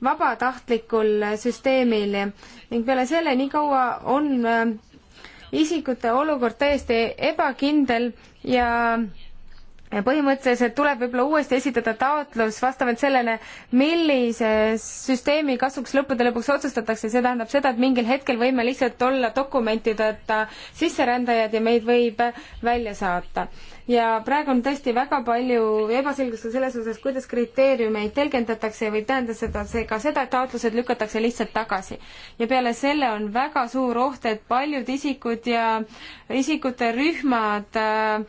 vabatahtlikul äh, süsteemil ning peale selle nii kaua on äh, isikute olukord täiesti ebakindel ja põhimõtteliselt tuleb võib-olla uuesti esitada taotlus vastavalt sellele, millise süsteemi kasuks lõppude lõpuks otsustatakse, see tähendab seda, et mingil hetkel võime lihtsalt olla dokumentideta sisserändajad ja meid võib välja saata. ja praegu on tõesti väga palju ebaselgust ka selles osas, kuidas kriteeriumeid tõlgendatakse või tähendab seda, see ka seda, et taotlused lükatakse lihtsalt tagasi. ja peale selle on väga suur oht, et paljud isikud ja isikute rühmad äh,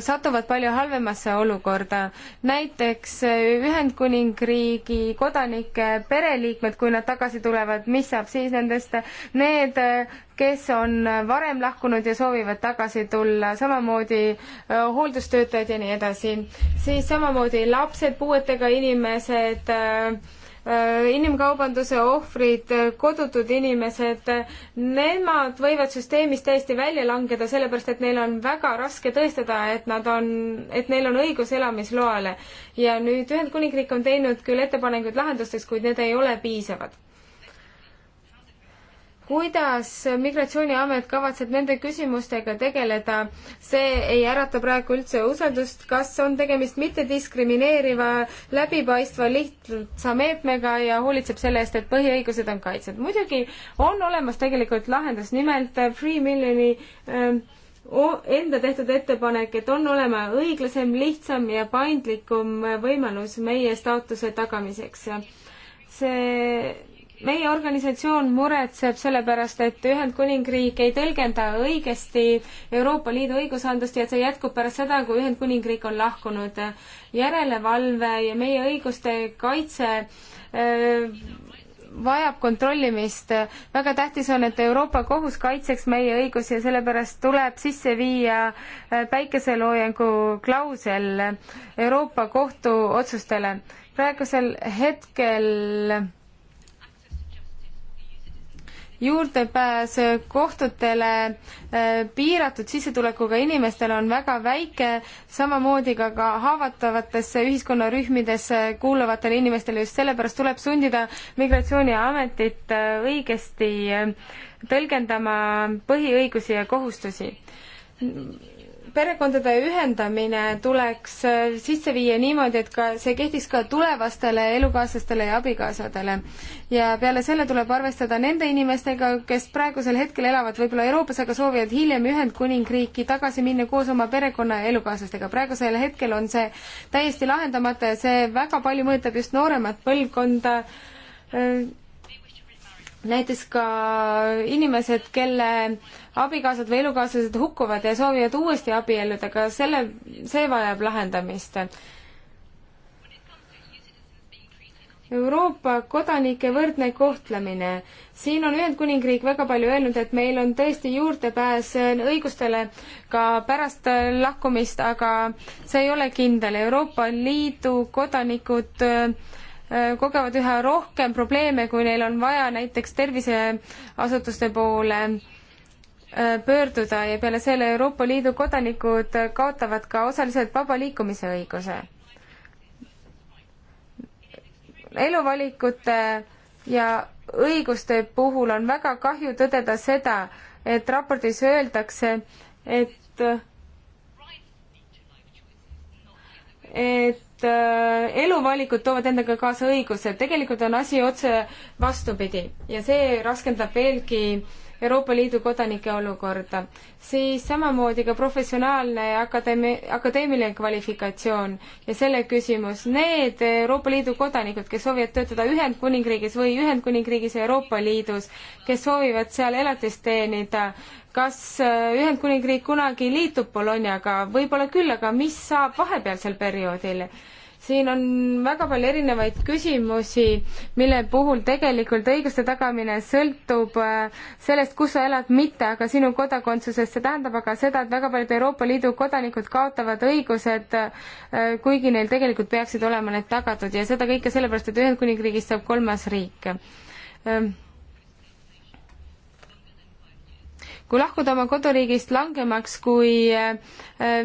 satuvad palju halvemasse olukorda. näiteks Ühendkuningriigi kodanike pereliikmed, kui nad tagasi tulevad, mis saab siis nendest, need, kes on varem lahkunud ja soovivad tagasi tulla, samamoodi hooldustöötajad ja nii edasi. siis samamoodi lapsed, puuetega inimesed äh,, Äh, inimkaubanduse ohvrid, äh, kodutud inimesed, äh, nemad võivad süsteemist täiesti välja langeda, sellepärast et neil on väga raske tõestada, et nad on, et neil on õigus elamisloale. ja nüüd Ühendkuningriik on teinud küll ettepanekuid lahendusteks, kuid need ei ole piisavad kuidas Migratsiooniamet kavatseb nende küsimustega tegeleda, see ei ärata praegu üldse usaldust, kas on tegemist mittediskrimineeriva, läbipaistva, lihtsa meetmega ja hoolitseb selle eest, et põhiõigused on kaitsed. muidugi on olemas tegelikult lahendus, nimelt äh, Free Miljoni ähm, enda tehtud ettepanek, et on olema õiglasem, lihtsam ja paindlikum äh, võimalus meie staatuse tagamiseks. see meie organisatsioon muretseb sellepärast, et Ühendkuningriik ei tõlgenda õigesti Euroopa Liidu õigusandlust ja et see jätkub pärast seda, kui Ühendkuningriik on lahkunud. järelevalve ja meie õiguste kaitse öö, äh, vajab kontrollimist. väga tähtis on, et Euroopa Kohus kaitseks meie õigusi ja sellepärast tuleb sisse viia äh, päikeseloojangu klausel Euroopa Kohtu otsustele. praegusel hetkel juurdepääs kohtutele äh, piiratud sissetulekuga inimestel on väga väike, samamoodi ka ka haavatavatesse ühiskonnarühmidesse kuuluvatele inimestele, just sellepärast tuleb sundida Migratsiooniametit äh, õigesti äh, tõlgendama põhiõigusi ja kohustusi perekondade ühendamine tuleks äh, sisse viia niimoodi, et ka see kehtiks ka tulevastele elukaaslastele ja abikaasadele. ja peale selle tuleb arvestada nende inimestega, kes praegusel hetkel elavad võib-olla Euroopas, aga soovivad hiljem Ühendkuningriiki tagasi minna koos oma perekonna ja elukaaslastega. praegusel hetkel on see täiesti lahendamata ja see väga palju mõjutab just nooremat põlvkonda äh, näiteks ka inimesed, kelle abikaasad või elukaaslased hukkuvad ja soovivad uuesti abielluda, ka selle, see vajab lahendamist. Euroopa kodanike võrdne kohtlemine. siin on Ühendkuningriik väga palju öelnud, et meil on tõesti juurdepääs õigustele ka pärast lahkumist, aga see ei ole kindel. Euroopa Liidu kodanikud äh, Äh, kogevad üha rohkem probleeme, kui neil on vaja näiteks terviseasutuste poole äh, pöörduda ja peale selle Euroopa Liidu kodanikud kaotavad ka osaliselt vaba liikumise õiguse. eluvalikute ja õiguste puhul on väga kahju tõdeda seda, et raportis öeldakse, et et Äh, eluvalikud toovad endaga kaasa õiguse, tegelikult on asi otse vastupidi ja see raskendab veelgi Euroopa Liidu kodanike olukorda. siis samamoodi ka professionaalne ja akadeemi-, akadeemiline kvalifikatsioon ja selle küsimus, need Euroopa Liidu kodanikud, kes soovivad töötada Ühendkuningriigis või Ühendkuningriigis ja Euroopa Liidus, kes soovivad seal elatist teenida, kas äh, Ühendkuningriik kunagi liitub Bolognaga, võib-olla küll, aga mis saab vahepealsel perioodil? siin on väga palju erinevaid küsimusi, mille puhul tegelikult õiguste tagamine sõltub äh, sellest, kus sa elad, mitte aga sinu kodakondsusest. see tähendab aga seda, et väga paljud Euroopa Liidu kodanikud kaotavad õigused, äh, kuigi neil tegelikult peaksid olema need tagatud ja seda kõike sellepärast, et Ühendkuningriigist saab kolmas riik kui lahkuda oma koduriigist langemaks kui äh,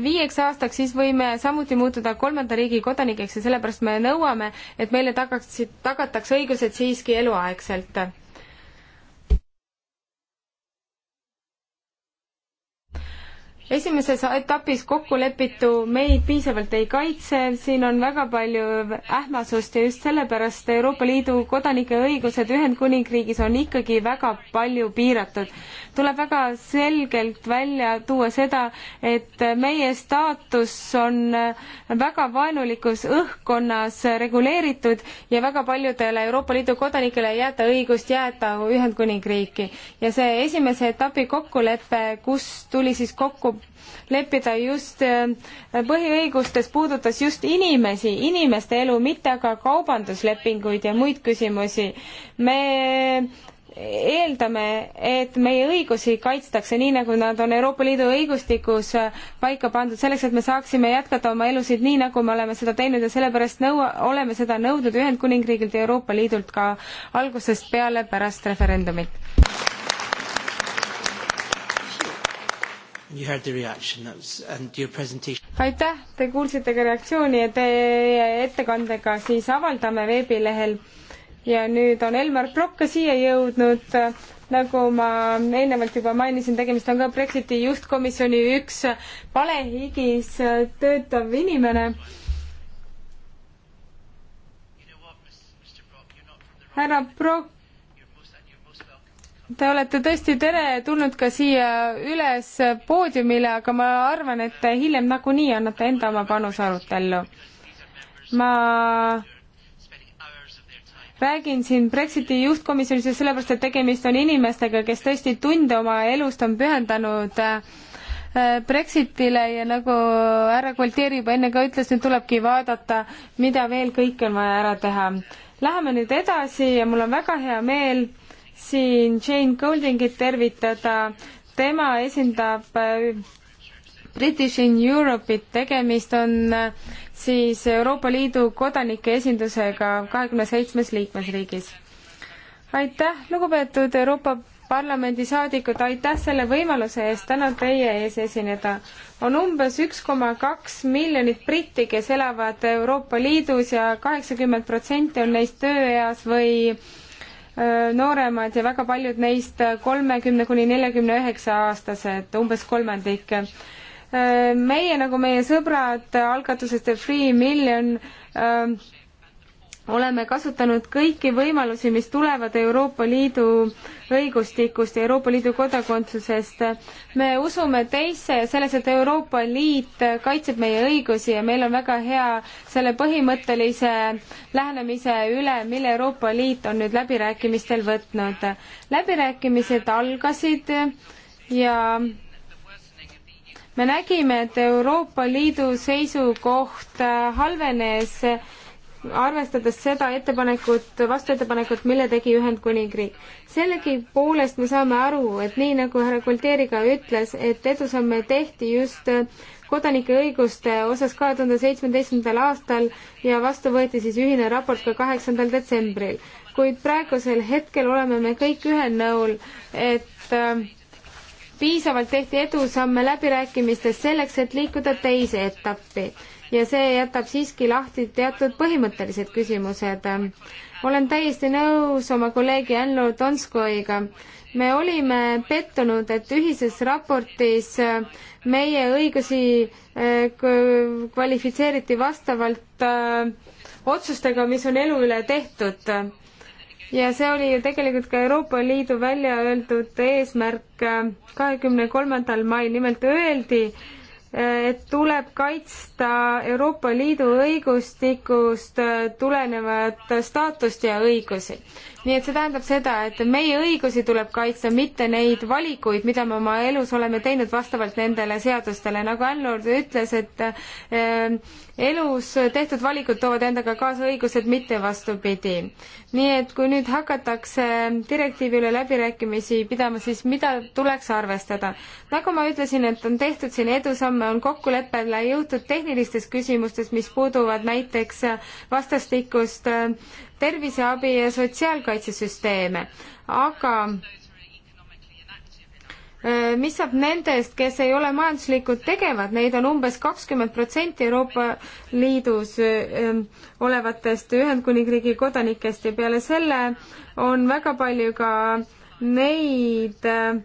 viieks aastaks, siis võime samuti muutuda kolmanda riigi kodanikeks ja sellepärast me nõuame, et meile tagaksid, tagatakse õigused siiski eluaegselt. esimeses etapis kokkulepitu meid piisavalt ei kaitse, siin on väga palju ähmasust ja just sellepärast Euroopa Liidu kodanike õigused Ühendkuningriigis on ikkagi väga palju piiratud tuleb väga selgelt välja tuua seda, et meie staatus on väga vaenulikus õhkkonnas reguleeritud ja väga paljudele Euroopa Liidu kodanikele ei jäeta õigust jääda Ühendkuningriiki. ja see esimese etapi kokkulepe, kus tuli siis kokku leppida just äh, põhiõigustes puudutas just inimesi, inimeste elu, mitte aga kaubanduslepinguid ja muid küsimusi. me eeldame, et meie õigusi kaitstakse nii, nagu nad on Euroopa Liidu õigustikus paika pandud, selleks et me saaksime jätkata oma elusid nii, nagu me oleme seda teinud ja sellepärast nõu-, oleme seda nõudnud Ühendkuningriigilt ja Euroopa Liidult ka algusest peale pärast referendumit. aitäh, te kuulsite ka reaktsiooni ja teie ettekandega siis avaldame veebilehel ja nüüd on Elmar Brokk ka siia jõudnud. nagu ma eelnevalt juba mainisin, tegemist on ka Brexiti juhtkomisjoni üks palehigis töötav inimene. härra Brokk, Te olete tõesti teretulnud ka siia üles poodiumile, aga ma arvan, et te hiljem nagunii annate enda oma panuse arutellu. ma räägin siin Brexiti juhtkomisjonis just sellepärast, et tegemist on inimestega, kes tõesti tunde oma elust on pühendanud äh, Brexitile ja nagu härra Gualtieri juba enne ka ütles, nüüd tulebki vaadata, mida veel kõike on vaja ära teha. Läheme nüüd edasi ja mul on väga hea meel siin Jane Goldingit tervitada, tema esindab äh, British in Europe'it, tegemist on äh, siis Euroopa Liidu kodanike esindusega kahekümne seitsmes liikmesriigis. aitäh, lugupeetud Euroopa Parlamendi saadikud, aitäh selle võimaluse eest täna teie ees esineda. on umbes üks koma kaks miljonit britti, kes elavad Euroopa Liidus ja kaheksakümmend protsenti on neist tööeas või äh, nooremad ja väga paljud neist kolmekümne kuni neljakümne üheksa aastased, umbes kolmandik meie nagu meie sõbrad algatusest The Free Million öö, ähm, oleme kasutanud kõiki võimalusi, mis tulevad Euroopa Liidu õigustikust ja Euroopa Liidu kodakondsusest. me usume teisse ja selles, et Euroopa Liit kaitseb meie õigusi ja meil on väga hea selle põhimõttelise lähenemise üle, mille Euroopa Liit on nüüd läbirääkimistel võtnud. läbirääkimised algasid ja me nägime, et Euroopa Liidu seisukoht äh, halvenes, äh, arvestades seda ettepanekut, vastuettepanekut, mille tegi Ühendkuningriik. sellegipoolest me saame aru, et nii nagu härra Kulteeri ka ütles, et edusamme tehti just äh, kodanike õiguste osas kahe tuhande seitsmeteistkümnendal aastal ja vastu võeti siis ühine raport ka kaheksandal detsembril. kuid praegusel hetkel oleme me kõik ühel nõul, et äh, piisavalt tehti edusamme läbirääkimistes selleks, et liikuda teise etappi ja see jätab siiski lahti teatud põhimõttelised küsimused. olen täiesti nõus oma kolleegi Anno Tonskoiga. me olime pettunud, et ühises raportis meie õigusi eh, kvalifitseeriti vastavalt eh, otsustega, mis on elu üle tehtud ja see oli ju tegelikult ka Euroopa Liidu välja öeldud eesmärk kahekümne kolmandal mail, nimelt öeldi, et tuleb kaitsta Euroopa Liidu õigustikust tulenevat staatust ja õigusi nii et see tähendab seda, et meie õigusi tuleb kaitsta, mitte neid valikuid, mida me oma elus oleme teinud vastavalt nendele seadustele, nagu Ann-Lord ütles, et eh, elus tehtud valikud toovad endaga kaasa õigused, mitte vastupidi. nii et kui nüüd hakatakse direktiivi üle läbirääkimisi pidama, siis mida tuleks arvestada? nagu ma ütlesin, et on tehtud siin edusamme, on kokkuleppele jõutud tehnilistes küsimustes, mis puuduvad näiteks vastastikust eh, terviseabi ja sotsiaalkaitsesüsteeme, aga äh, mis saab nendest, kes ei ole majanduslikult tegevad, neid on umbes kakskümmend protsenti Euroopa Liidus äh, olevatest Ühendkuningriigi kodanikest ja peale selle on väga palju ka neid äh,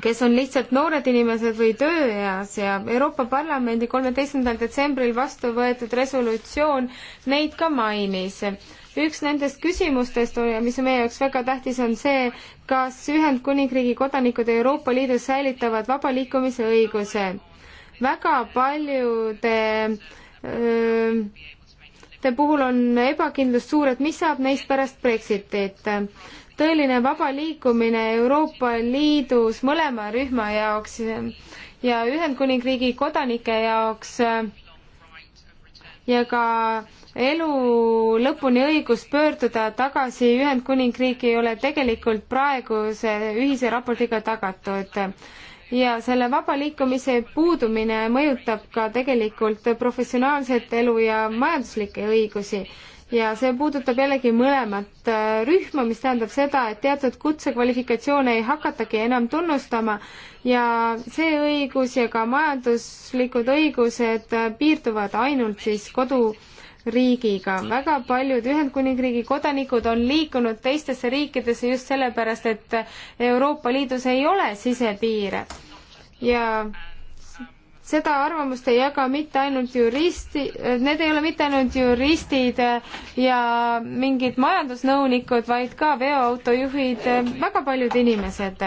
kes on lihtsalt noored inimesed või tööeas ja Euroopa Parlamendi kolmeteistkümnendal detsembril vastu võetud resolutsioon neid ka mainis. üks nendest küsimustest, mis on meie jaoks väga tähtis, on see, kas Ühendkuningriigi kodanikud Euroopa Liidus säilitavad vaba liikumise õiguse. väga paljude öö, te puhul on ebakindlus suur, et mis saab neist pärast Brexitit tõeline vaba liikumine Euroopa Liidus mõlema rühma jaoks ja Ühendkuningriigi kodanike jaoks ja ka elu lõpuni õigus pöörduda tagasi Ühendkuningriiki ei ole tegelikult praeguse ühise raportiga tagatud. ja selle vaba liikumise puudumine mõjutab ka tegelikult professionaalset elu ja majanduslikke õigusi ja see puudutab jällegi mõlemat äh, rühma, mis tähendab seda, et teatud kutsekvalifikatsioone ei hakatagi enam tunnustama ja see õigus ja ka majanduslikud õigused äh, piirduvad ainult siis koduriigiga. väga paljud Ühendkuningriigi kodanikud on liikunud teistesse riikidesse just sellepärast, et Euroopa Liidus ei ole sisepiire ja seda arvamust ei jaga mitte ainult juristi, need ei ole mitte ainult juristid ja mingid majandusnõunikud, vaid ka veoautojuhid, väga paljud inimesed.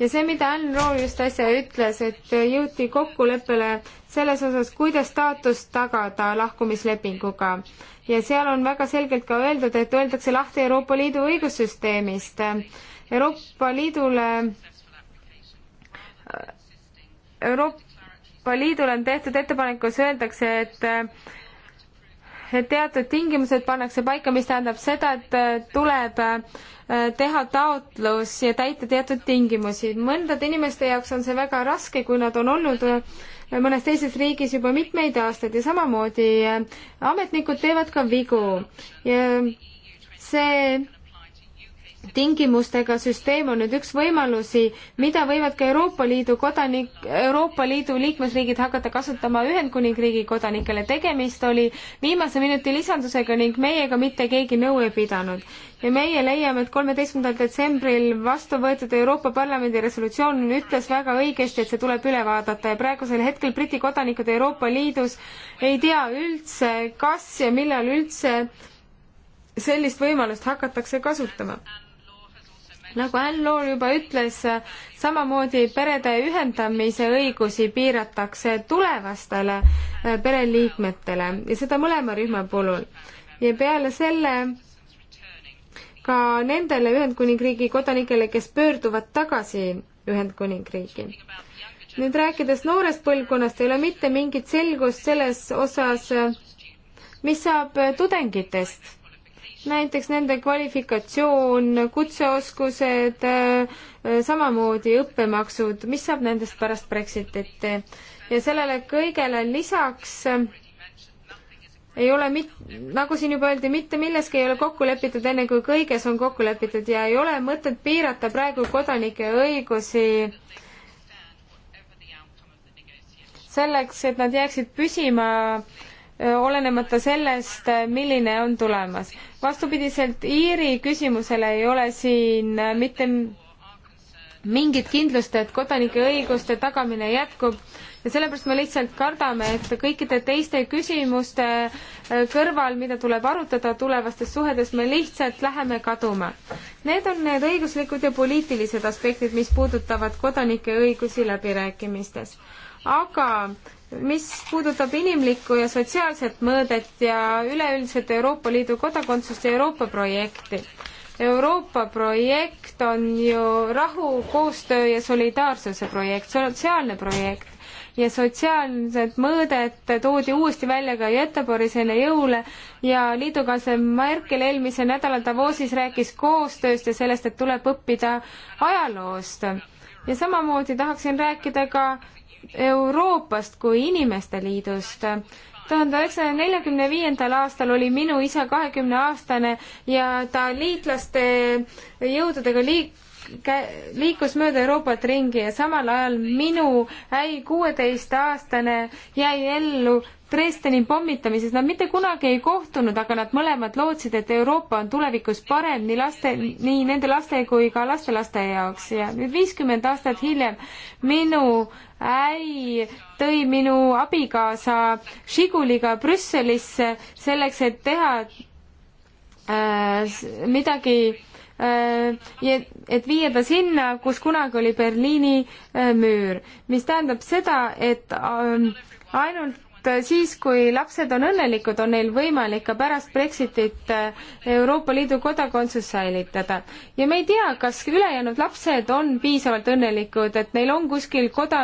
ja see, mida Ann Rool just äsja ütles, et jõuti kokkuleppele selles osas, kuidas staatust tagada lahkumislepinguga. ja seal on väga selgelt ka öeldud, et öeldakse lahti Euroopa Liidu õigussüsteemist. Euroopa Liidule Euroopa Euroopa Liidule on tehtud ettepanek, kus öeldakse, et teatud tingimused pannakse paika, mis tähendab seda, et tuleb äh, teha taotlus ja täita teatud tingimusi. mõndade inimeste jaoks on see väga raske, kui nad on olnud äh, mõnes teises riigis juba mitmeid aastaid ja samamoodi äh, ametnikud teevad ka vigu. see tingimustega süsteem on nüüd üks võimalusi, mida võivad ka Euroopa Liidu kodanik, Euroopa Liidu liikmesriigid hakata kasutama Ühendkuningriigi kodanikele. tegemist oli viimase minuti lisandusega ning meiega mitte keegi nõu ei pidanud. ja meie leiame, et kolmeteistkümnendal detsembril vastu võetud Euroopa Parlamendi resolutsioon ütles väga õigesti, et see tuleb üle vaadata ja praegusel hetkel Briti kodanikud Euroopa Liidus ei tea üldse, kas ja millal üldse sellist võimalust hakatakse kasutama nagu Ann Loor juba ütles, samamoodi perede ühendamise õigusi piiratakse tulevastele äh, pereliikmetele ja seda mõlema rühma puhul. ja peale selle ka nendele Ühendkuningriigi kodanikele, kes pöörduvad tagasi Ühendkuningriigi. nüüd rääkides noorest põlvkonnast, ei ole mitte mingit selgust selles osas, mis saab tudengitest näiteks nende kvalifikatsioon, kutseoskused, äh, samamoodi õppemaksud, mis saab nendest pärast Brexitit. ja sellele kõigele lisaks äh, ei ole mit-, nagu siin juba öeldi, mitte milleski ei ole kokku lepitud, enne kui kõiges on kokku lepitud ja ei ole mõtet piirata praegu kodanike õigusi selleks, et nad jääksid püsima äh, olenemata sellest, äh, milline on tulemas. vastupidiselt Iiri küsimusele ei ole siin äh, mitte mingit kindlust, et kodanike õiguste tagamine jätkub ja sellepärast me lihtsalt kardame, et kõikide teiste küsimuste äh, kõrval, mida tuleb arutada tulevastes suhetes, me lihtsalt läheme kaduma. Need on need õiguslikud ja poliitilised aspektid, mis puudutavad kodanike õigusi läbirääkimistes. aga mis puudutab inimlikku ja sotsiaalset mõõdet ja üleüldiselt Euroopa Liidu kodakondsust ja Euroopa projekti. Euroopa projekt on ju rahu, koostöö ja solidaarsuse projekt, sotsiaalne projekt ja sotsiaalsed mõõdet toodi uuesti välja ka Göteborgis enne jõule ja liidukantsler Merkel eelmisel nädalal Davosis rääkis koostööst ja sellest, et tuleb õppida ajaloost. ja samamoodi tahaksin rääkida ka Euroopast kui inimeste liidust. tuhande üheksasaja neljakümne viiendal aastal oli minu isa kahekümne aastane ja ta liitlaste jõududega liik-, liikus mööda Euroopat ringi ja samal ajal minu äi kuueteistaastane jäi ellu Dresdeni pommitamises, nad mitte kunagi ei kohtunud, aga nad mõlemad lootsid, et Euroopa on tulevikus parem nii laste, nii nende laste kui ka lastelaste jaoks ja nüüd viiskümmend aastat hiljem minu äi tõi minu abikaasa Žiguliga Brüsselisse selleks, et teha äh, midagi Äh, et viia ta sinna, kus kunagi oli Berliini äh, müür, mis tähendab seda, et ähm, ainult siis, kui lapsed on õnnelikud, on neil võimalik ka pärast Brexitit eh, Euroopa Liidu kodakondsus säilitada. ja me ei tea, kas ülejäänud lapsed on piisavalt õnnelikud, et neil on kuskil koda,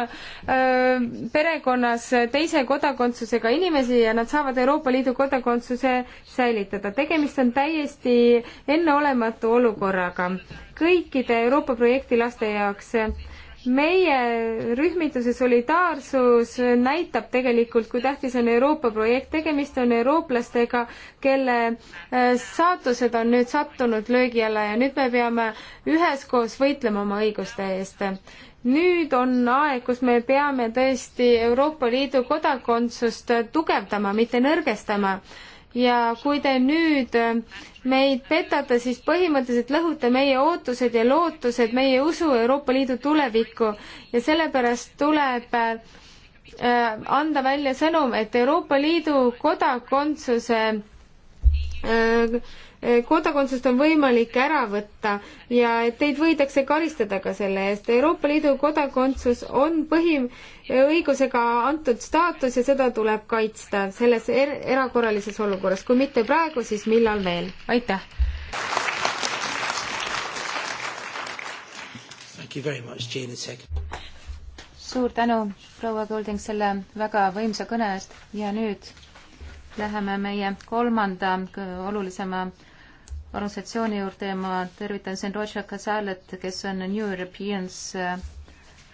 eh, perekonnas teise kodakondsusega inimesi ja nad saavad Euroopa Liidu kodakondsuse säilitada. tegemist on täiesti enneolematu olukorraga kõikide Euroopa projekti laste jaoks meie rühmituse solidaarsus näitab tegelikult, kui tähtis on Euroopa projekt, tegemist on eurooplastega, kelle äh, saatused on nüüd sattunud löögi alla ja nüüd me peame üheskoos võitlema oma õiguste eest nüüd on aeg, kus me peame tõesti Euroopa Liidu kodakondsust tugevdama, mitte nõrgestama. ja kui te nüüd äh, meid petate, siis põhimõtteliselt lõhute meie ootused ja lootused, meie usu Euroopa Liidu tulevikku ja sellepärast tuleb äh, anda välja sõnum, et Euroopa Liidu kodakondsuse äh, kodakondsust on võimalik ära võtta ja et teid võidakse karistada ka selle eest. Euroopa Liidu kodakondsus on põhiõigusega antud staatus ja seda tuleb kaitsta selles er erakorralises olukorras. kui mitte praegu, siis millal veel? aitäh! suur tänu, proua Golding, selle väga võimsa kõne eest ja nüüd läheme meie kolmanda olulisema organisatsiooni juurde ja ma tervitan siin Roger Casalet, kes on New Europeans äh,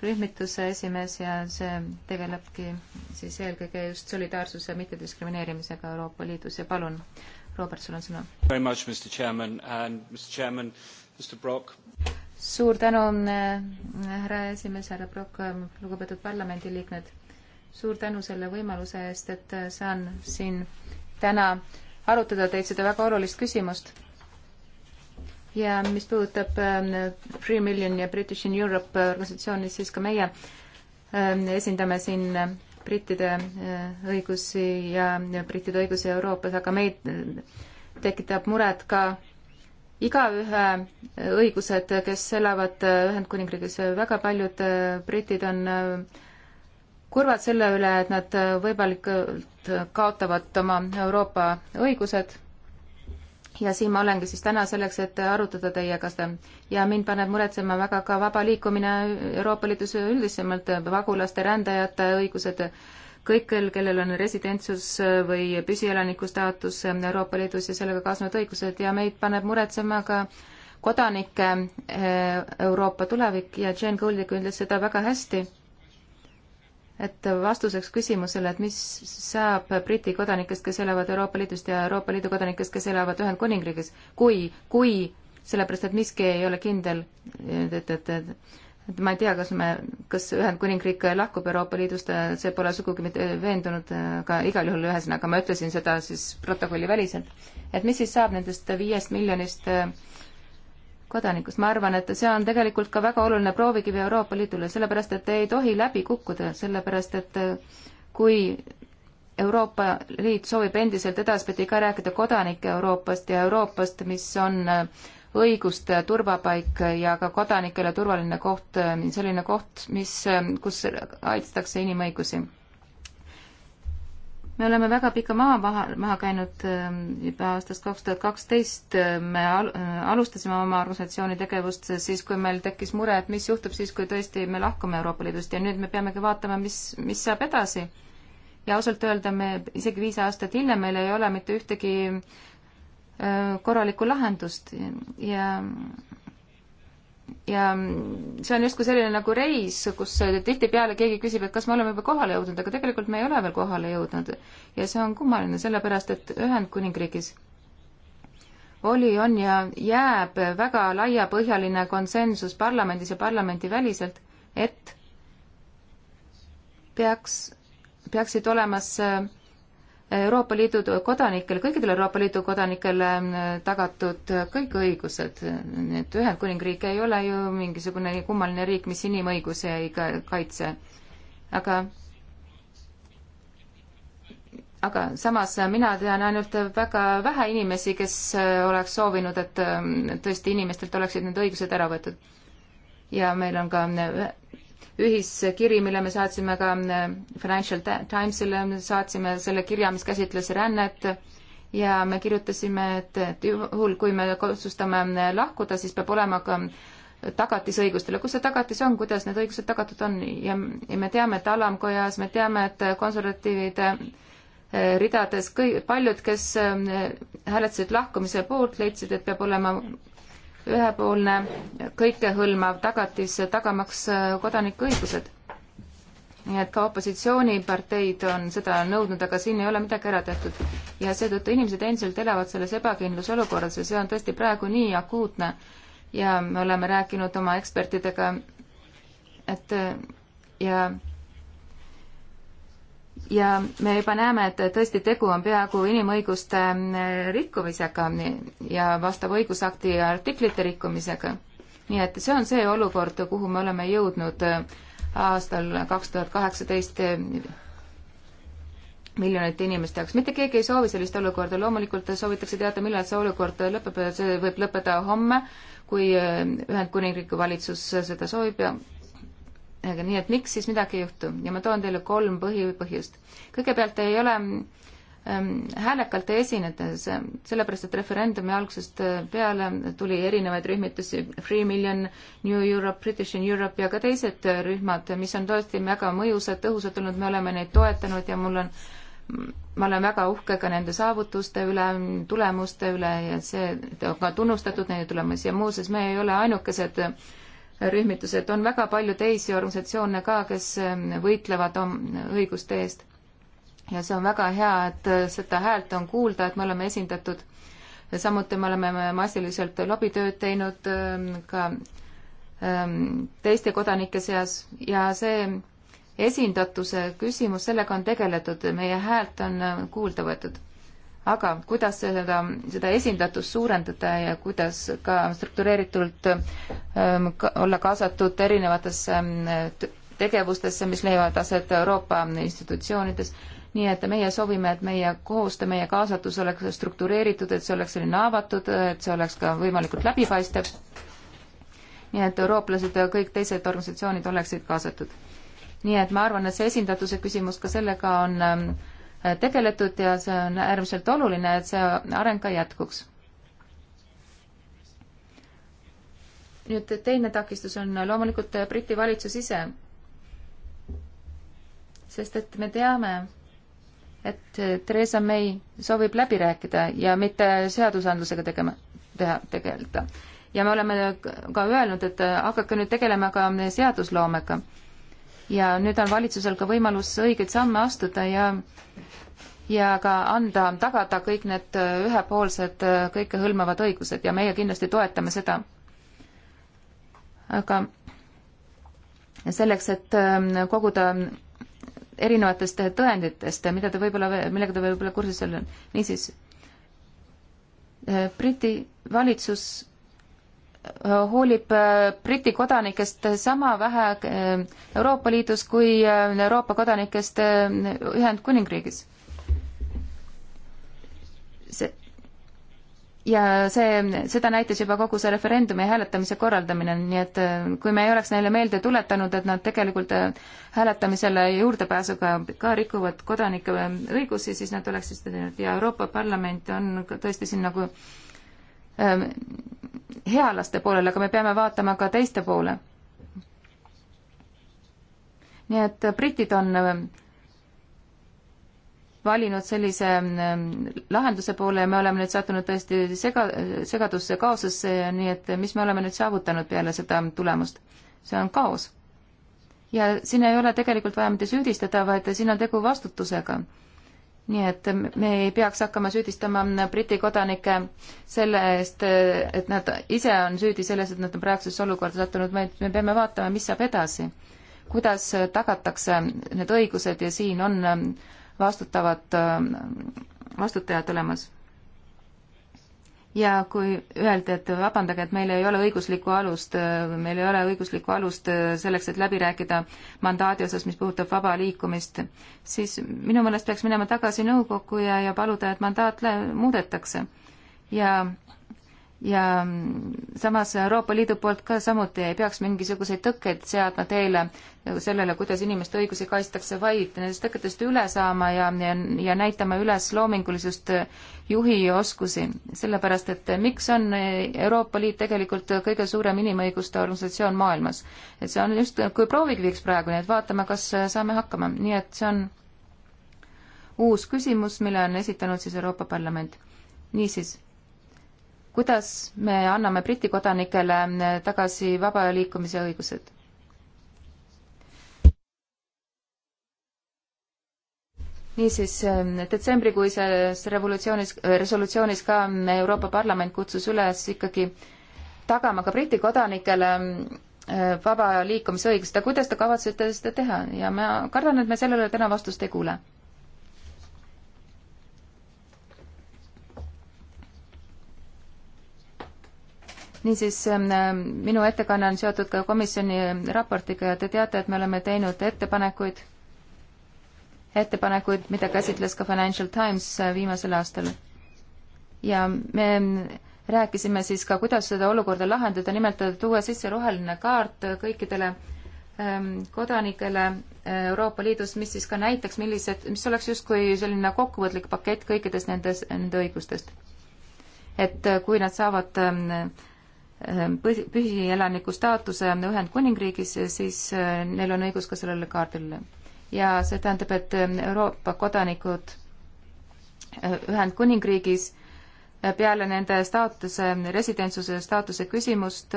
rühmituse esimees ja see tegelebki siis eelkõige just solidaarsuse mittediskrimineerimisega Euroopa Liidus ja palun, Robert, sul on sõna. suur tänu, äh, härra esimees, härra Brock, äh, lugupeetud parlamendiliikmed. suur tänu selle võimaluse eest, et saan siin täna arutada teid seda väga olulist küsimust ja mis puudutab ähm, Free Million ja British in Europe äh, organisatsiooni, siis ka meie ähm, esindame siin äh, brittide äh, õigusi ja brittide õigusi Euroopas, aga meid tekitab muret ka igaühe õigused, kes elavad Ühendkuningriigis, väga paljud britid on kurvad selle üle, et nad võimalikult kaotavad oma Euroopa õigused ja siin ma olengi siis täna selleks, et arutada teiega seda. ja mind paneb muretsema väga ka vaba liikumine Euroopa Liidus üldisemalt, pagulaste, rändajate õigused, kõikjal, kellel on residentsus või püsielaniku staatus Euroopa Liidus ja sellega kaasnevad õigused ja meid paneb muretsema ka kodanike eh, Euroopa tulevik ja Jane Golding ütles seda väga hästi et vastuseks küsimusele, et mis saab Briti kodanikest, kes elavad Euroopa Liidust ja Euroopa Liidu kodanikest, kes elavad Ühendkuningriigis, kui, kui sellepärast, et miski ei ole kindel, et, et, et, et et ma ei tea, kas me, kas Ühendkuningriik lahkub Euroopa Liidust, see pole sugugi mitte veendunud, aga igal juhul ühesõnaga ma ütlesin seda siis protokolli väliselt. et mis siis saab nendest viiest miljonist kodanikust. ma arvan, et see on tegelikult ka väga oluline proovikivi Euroopa Liidule, sellepärast et ei tohi läbi kukkuda, sellepärast et äh, kui Euroopa Liit soovib endiselt edaspidi ka rääkida kodanike Euroopast ja Euroopast, mis on äh, õiguste turvapaik ja ka kodanikele turvaline koht, äh, selline koht, mis, kus kaitstakse inimõigusi me oleme väga pika maa maha, maha käinud ähm, juba aastast kaks tuhat kaksteist. Ähm, me al, äh, alustasime oma organisatsiooni tegevust siis, kui meil tekkis mure, et mis juhtub siis, kui tõesti me lahkume Euroopa Liidust ja nüüd me peamegi vaatama, mis, mis saab edasi. ja ausalt öelda, me isegi viis aastat hiljem meil ei ole mitte ühtegi äh, korralikku lahendust ja, ja ja see on justkui selline nagu reis, kus tihtipeale keegi küsib, et kas me oleme juba kohale jõudnud, aga tegelikult me ei ole veel kohale jõudnud. ja see on kummaline, sellepärast et Ühendkuningriigis oli, on ja jääb väga laiapõhjaline konsensus parlamendis ja parlamendiväliselt, et peaks, peaksid olemas äh, Euroopa Liidu kodanikele, kõikidele Euroopa Liidu kodanikele mm, tagatud kõik õigused. et Ühendkuningriik ei ole ju mingisugune kummaline riik, mis inimõigusi ei kaitse. aga aga samas mina tean ainult väga vähe inimesi, kes oleks soovinud, et mm, tõesti inimestelt oleksid need õigused ära võetud. ja meil on ka ühiskiri, mille me saatsime ka äh, Financial Timesile, saatsime selle kirja, mis käsitles rännet ja me kirjutasime, et, et juhul, kui me otsustame äh, lahkuda, siis peab olema ka tagatisõigustele, kus see tagatis on, kuidas need õigused tagatud on ja, ja me teame, et alamkojas, me teame, et äh, konservatiivide ridades kõi-, paljud, kes hääletasid lahkumise poolt, leidsid, et peab olema ühepoolne kõikehõlmav tagatis, tagamaks äh, kodanike õigused. nii et ka opositsiooniparteid on seda nõudnud, aga siin ei ole midagi ära tehtud. ja seetõttu inimesed endiselt elavad selles ebakindluse olukorras ja see on tõesti praegu nii akuutne ja me oleme rääkinud oma ekspertidega, et ja ja me juba näeme, et tõesti tegu on peaaegu inimõiguste äh, rikkumisega ja vastava õigusakti artiklite rikkumisega. nii et see on see olukord, kuhu me oleme jõudnud äh, aastal kaks tuhat kaheksateist äh, miljonite inimeste jaoks. mitte keegi ei soovi sellist olukorda, loomulikult soovitakse teada, millal see olukord lõpeb, see võib lõppeda homme, kui Ühendkuningriigi valitsus seda soovib ja nii et miks siis midagi ei juhtu ja ma toon teile kolm põhipõhjust. kõigepealt ei ole ähm, häälekalt ei esinedes, äh, sellepärast et referendumi algusest äh, peale tuli erinevaid rühmitusi, Free Million, New Europe, British in Europe ja ka teised äh, rühmad, mis on tõesti väga mõjusad, tõhusad olnud, me oleme neid toetanud ja mul on, ma olen väga uhke ka nende saavutuste üle, tulemuste üle ja see, et on ka tunnustatud neid tulemusi ja muuseas, me ei ole ainukesed äh, rühmitused, on väga palju teisi organisatsioone ka, kes ähm, võitlevad õiguste eest. ja see on väga hea, et äh, seda häält on kuulda, et me oleme esindatud. samuti me oleme massiliselt lobitööd teinud ähm, ka ähm, teiste kodanike seas ja see esindatuse küsimus, sellega on tegeletud, meie häält on äh, kuulda võetud aga kuidas seda, seda esindatust suurendada ja kuidas ka struktureeritult ähm, olla kaasatud erinevatesse ähm, tegevustesse, mis leiavad aset Euroopa institutsioonides. nii et meie soovime, et meie koostöö, meie kaasatus oleks struktureeritud, et see oleks selline avatud, et see oleks ka võimalikult läbipaistev. nii et eurooplased ja kõik teised organisatsioonid oleksid kaasatud. nii et ma arvan, et see esindatuse küsimus ka sellega on ähm, tegeletud ja see on äärmiselt oluline, et see areng ka jätkuks. nüüd teine takistus on loomulikult Briti valitsus ise. sest et me teame, et Theresa May soovib läbi rääkida ja mitte seadusandlusega tegema, teha, tegeleda. ja me oleme ka öelnud, et hakake nüüd tegelema ka seadusloomega ja nüüd on valitsusel ka võimalus õigeid samme astuda ja ja ka anda, tagada kõik need äh, ühepoolsed äh, kõikehõlmavad õigused ja meie kindlasti toetame seda. aga selleks, et ähm, koguda erinevatest tõenditest, mida te võib-olla, millega te võib-olla kursis olete, niisiis äh, Briti valitsus hoolib äh, Briti kodanikest sama vähe äh, Euroopa Liidus kui äh, Euroopa kodanikest Ühendkuningriigis. see ja see, seda näitas juba kogu see referendumi hääletamise korraldamine, nii et kui me ei oleks neile meelde tuletanud, et nad tegelikult hääletamisele juurdepääsuga ka rikuvad kodanike õigusi, siis nad oleksid seda teinud ja Euroopa Parlament on tõesti siin nagu äh, Ähm, healaste poolele, aga me peame vaatama ka teiste poole. nii et britid on ähm, valinud sellise ähm, lahenduse poole ja me oleme nüüd sattunud tõesti sega, segadusse, kaosesse ja nii et mis me oleme nüüd saavutanud peale seda tulemust? see on kaos. ja siin ei ole tegelikult vaja mitte süüdistada, vaid siin on tegu vastutusega nii et me ei peaks hakkama süüdistama Briti kodanikke selle eest, et nad ise on süüdi selles, et nad on praegusesse olukorda sattunud, vaid me peame vaatama, mis saab edasi. kuidas tagatakse need õigused ja siin on vastutavad, vastutajad olemas ja kui öeldi, et vabandage, et meil ei ole õiguslikku alust, meil ei ole õiguslikku alust selleks, et läbi rääkida mandaadi osas, mis puudutab vaba liikumist, siis minu meelest peaks minema tagasi nõukokku ja, ja paluda, et mandaat muudetakse. ja ja mm, samas Euroopa Liidu poolt ka samuti ei peaks mingisuguseid tõkkeid seadma teile nagu sellele, kuidas inimeste õigusi kaitstakse, vaid nendest tõketest üle saama ja, ja, ja näitama üles loomingulisust juhi oskusi. sellepärast, et miks on Euroopa Liit tegelikult kõige suurem inimõiguste organisatsioon maailmas? et see on just kui proovikiviks praegu, nii et vaatame, kas saame hakkama, nii et see on uus küsimus, mille on esitanud siis Euroopa Parlament. niisiis kuidas me anname Briti kodanikele eh, tagasi vaba liikumise õigused? niisiis, eh, detsembrikuises revolutsioonis, eh, resolutsioonis ka Euroopa Parlament kutsus üles ikkagi tagama ka Briti kodanikele vaba liikumisõigust, aga kuidas te kavatsete seda teha ja ma kardan, et me sellele täna vastust ei kuule niisiis, ähm, ähm, minu ettekanne on seotud ka komisjoni raportiga ja te teate, et me oleme teinud ettepanekuid, ettepanekuid, mida käsitles ka Financial Times äh, viimasel aastal. ja me ähm, rääkisime siis ka, kuidas seda olukorda lahendada, nimelt tuua sisse roheline kaart kõikidele kodanikele äh, Euroopa Liidus, mis siis ka näitaks, millised, mis oleks justkui selline kokkuvõtlik pakett kõikidest nendes, nende õigustest. et äh, kui nad saavad Ehm, püsielaniku staatuse Ühendkuningriigis, siis eh, neil on õigus ka sellele kaardile. ja see tähendab, et ehm, Euroopa kodanikud eh, Ühendkuningriigis eh, peale nende staatuse, residentsuse staatuse küsimust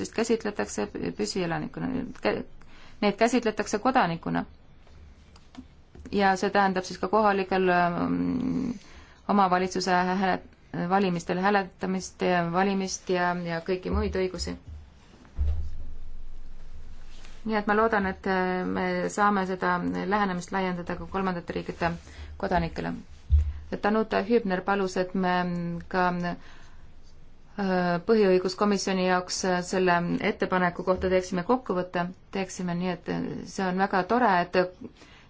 siis käsitletakse püsielanikuna, neid käsitletakse kodanikuna. ja see tähendab siis ka kohalikel ehm, omavalitsuse valimistel hääletamist, valimist ja, ja kõiki muid õigusi. nii et ma loodan, et äh, me saame seda lähenemist laiendada ka kolmandate riikide kodanikele. Danuta Hübner palus, et me ka äh, põhiõiguskomisjoni jaoks äh, selle ettepaneku kohta teeksime kokkuvõtte, teeksime nii, et see on väga tore, et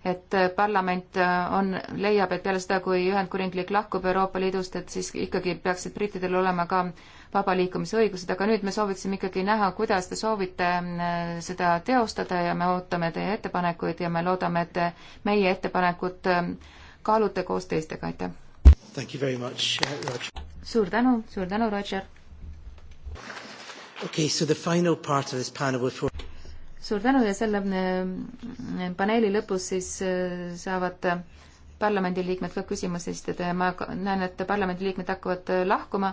et parlament äh, on, leiab, et peale seda, kui Ühendkuningriik lahkub Euroopa Liidust, et siis ikkagi peaksid brittidel olema ka vaba liikumise õigused, aga nüüd me sooviksime ikkagi näha, kuidas te soovite äh, seda teostada ja me ootame teie ettepanekuid ja me loodame, et te meie ettepanekut äh, kaalute koos teistega, aitäh! Uh, suur tänu, suur tänu, Roger! Okay, so the final part of this panel was for suur tänu ja selle eh, paneeli lõpus siis eh, saavad eh, parlamendiliikmed ka küsimusi esitada ja ma näen, et parlamendiliikmed hakkavad lahkuma.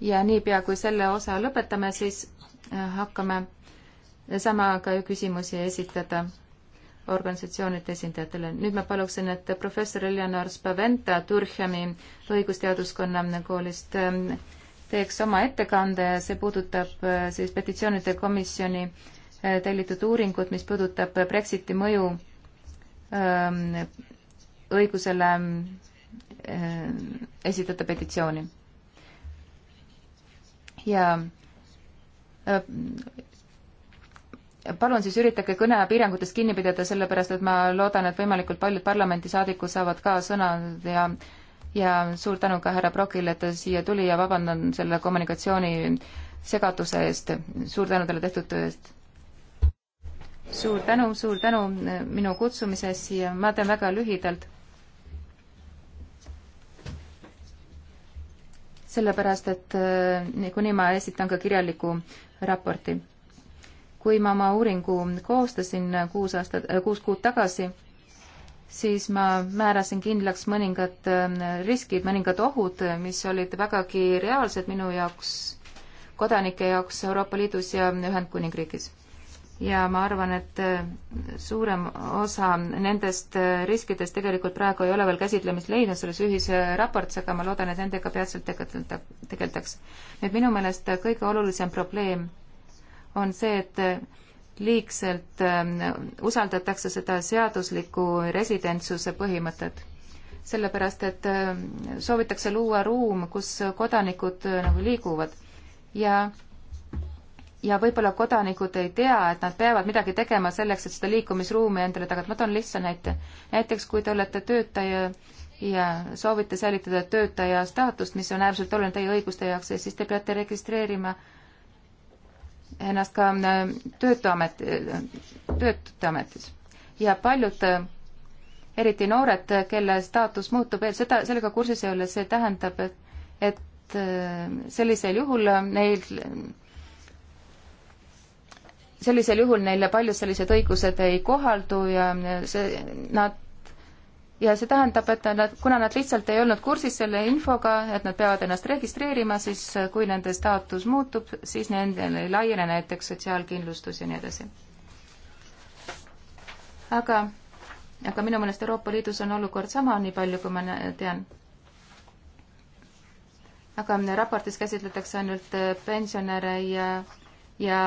ja niipea, kui selle osa lõpetame, siis hakkame samaga küsimusi esitada organisatsioonide esindajatele. nüüd ma paluksin, et professor Eleonor Spaventa Turhami õigusteaduskonna koolist teeks oma ettekande, see puudutab äh, siis petitsioonide komisjoni äh, tellitud uuringut, mis puudutab Brexiti mõju ähm, õigusele äh, esitada petitsiooni. ja palun siis üritage kõnepiirangutest kinni pidada, sellepärast et ma loodan, et võimalikult paljud parlamendisaadikud saavad ka sõna ja ja suur tänu ka härra Brokile, et ta siia tuli ja vabandan selle kommunikatsiooni segaduse eest. suur tänu talle tehtud töö eest. suur tänu, suur tänu minu kutsumise eest siia, ma teen väga lühidalt. sellepärast, et eh, niikuinii ma esitan ka kirjaliku raporti. kui ma oma uuringu koostasin kuus aastat, eh, kuus kuud tagasi siis ma määrasin kindlaks mõningad ähm, riskid, mõningad ohud, äh, mis olid vägagi reaalsed minu jaoks, kodanike jaoks Euroopa Liidus ja Ühendkuningriigis. ja ma arvan, et äh, suurem osa nendest äh, riskidest tegelikult praegu ei ole veel käsitlemist leidnud selles ühise raportis, aga ma loodan, et nendega peatselt tegeleda, tegeldakse. nüüd minu meelest kõige olulisem probleem on see, et liigselt ähm, usaldatakse seda seadusliku residentsuse põhimõtet. sellepärast, et ähm, soovitakse luua ruum, kus kodanikud äh, nagu liiguvad ja ja võib-olla kodanikud ei tea, et nad peavad midagi tegema selleks, et seda liikumisruumi endale tagada. ma toon lihtsa näite. näiteks kui te olete töötaja ja soovite säilitada töötaja staatust, mis on äärmiselt oluline teie õiguste jaoks, siis te peate registreerima äh, ennast ka äh, töötuamet, töötute ametis ja paljud äh, eriti noored, äh, kelle staatus muutub veel, seda, sellega kursis ei ole, see tähendab, et, et sellisel juhul neil, sellisel juhul neile paljud sellised õigused ei kohaldu ja see, nad ja see tähendab, et nad, kuna nad lihtsalt ei olnud kursis selle infoga, et nad peavad ennast registreerima, siis kui nende staatus muutub, siis nendele ei laiene näiteks sotsiaalkindlustus ja nii edasi. aga, aga minu meelest Euroopa Liidus on olukord sama, nii palju kui ma tean. aga raportis käsitletakse ainult pensionäre ja, ja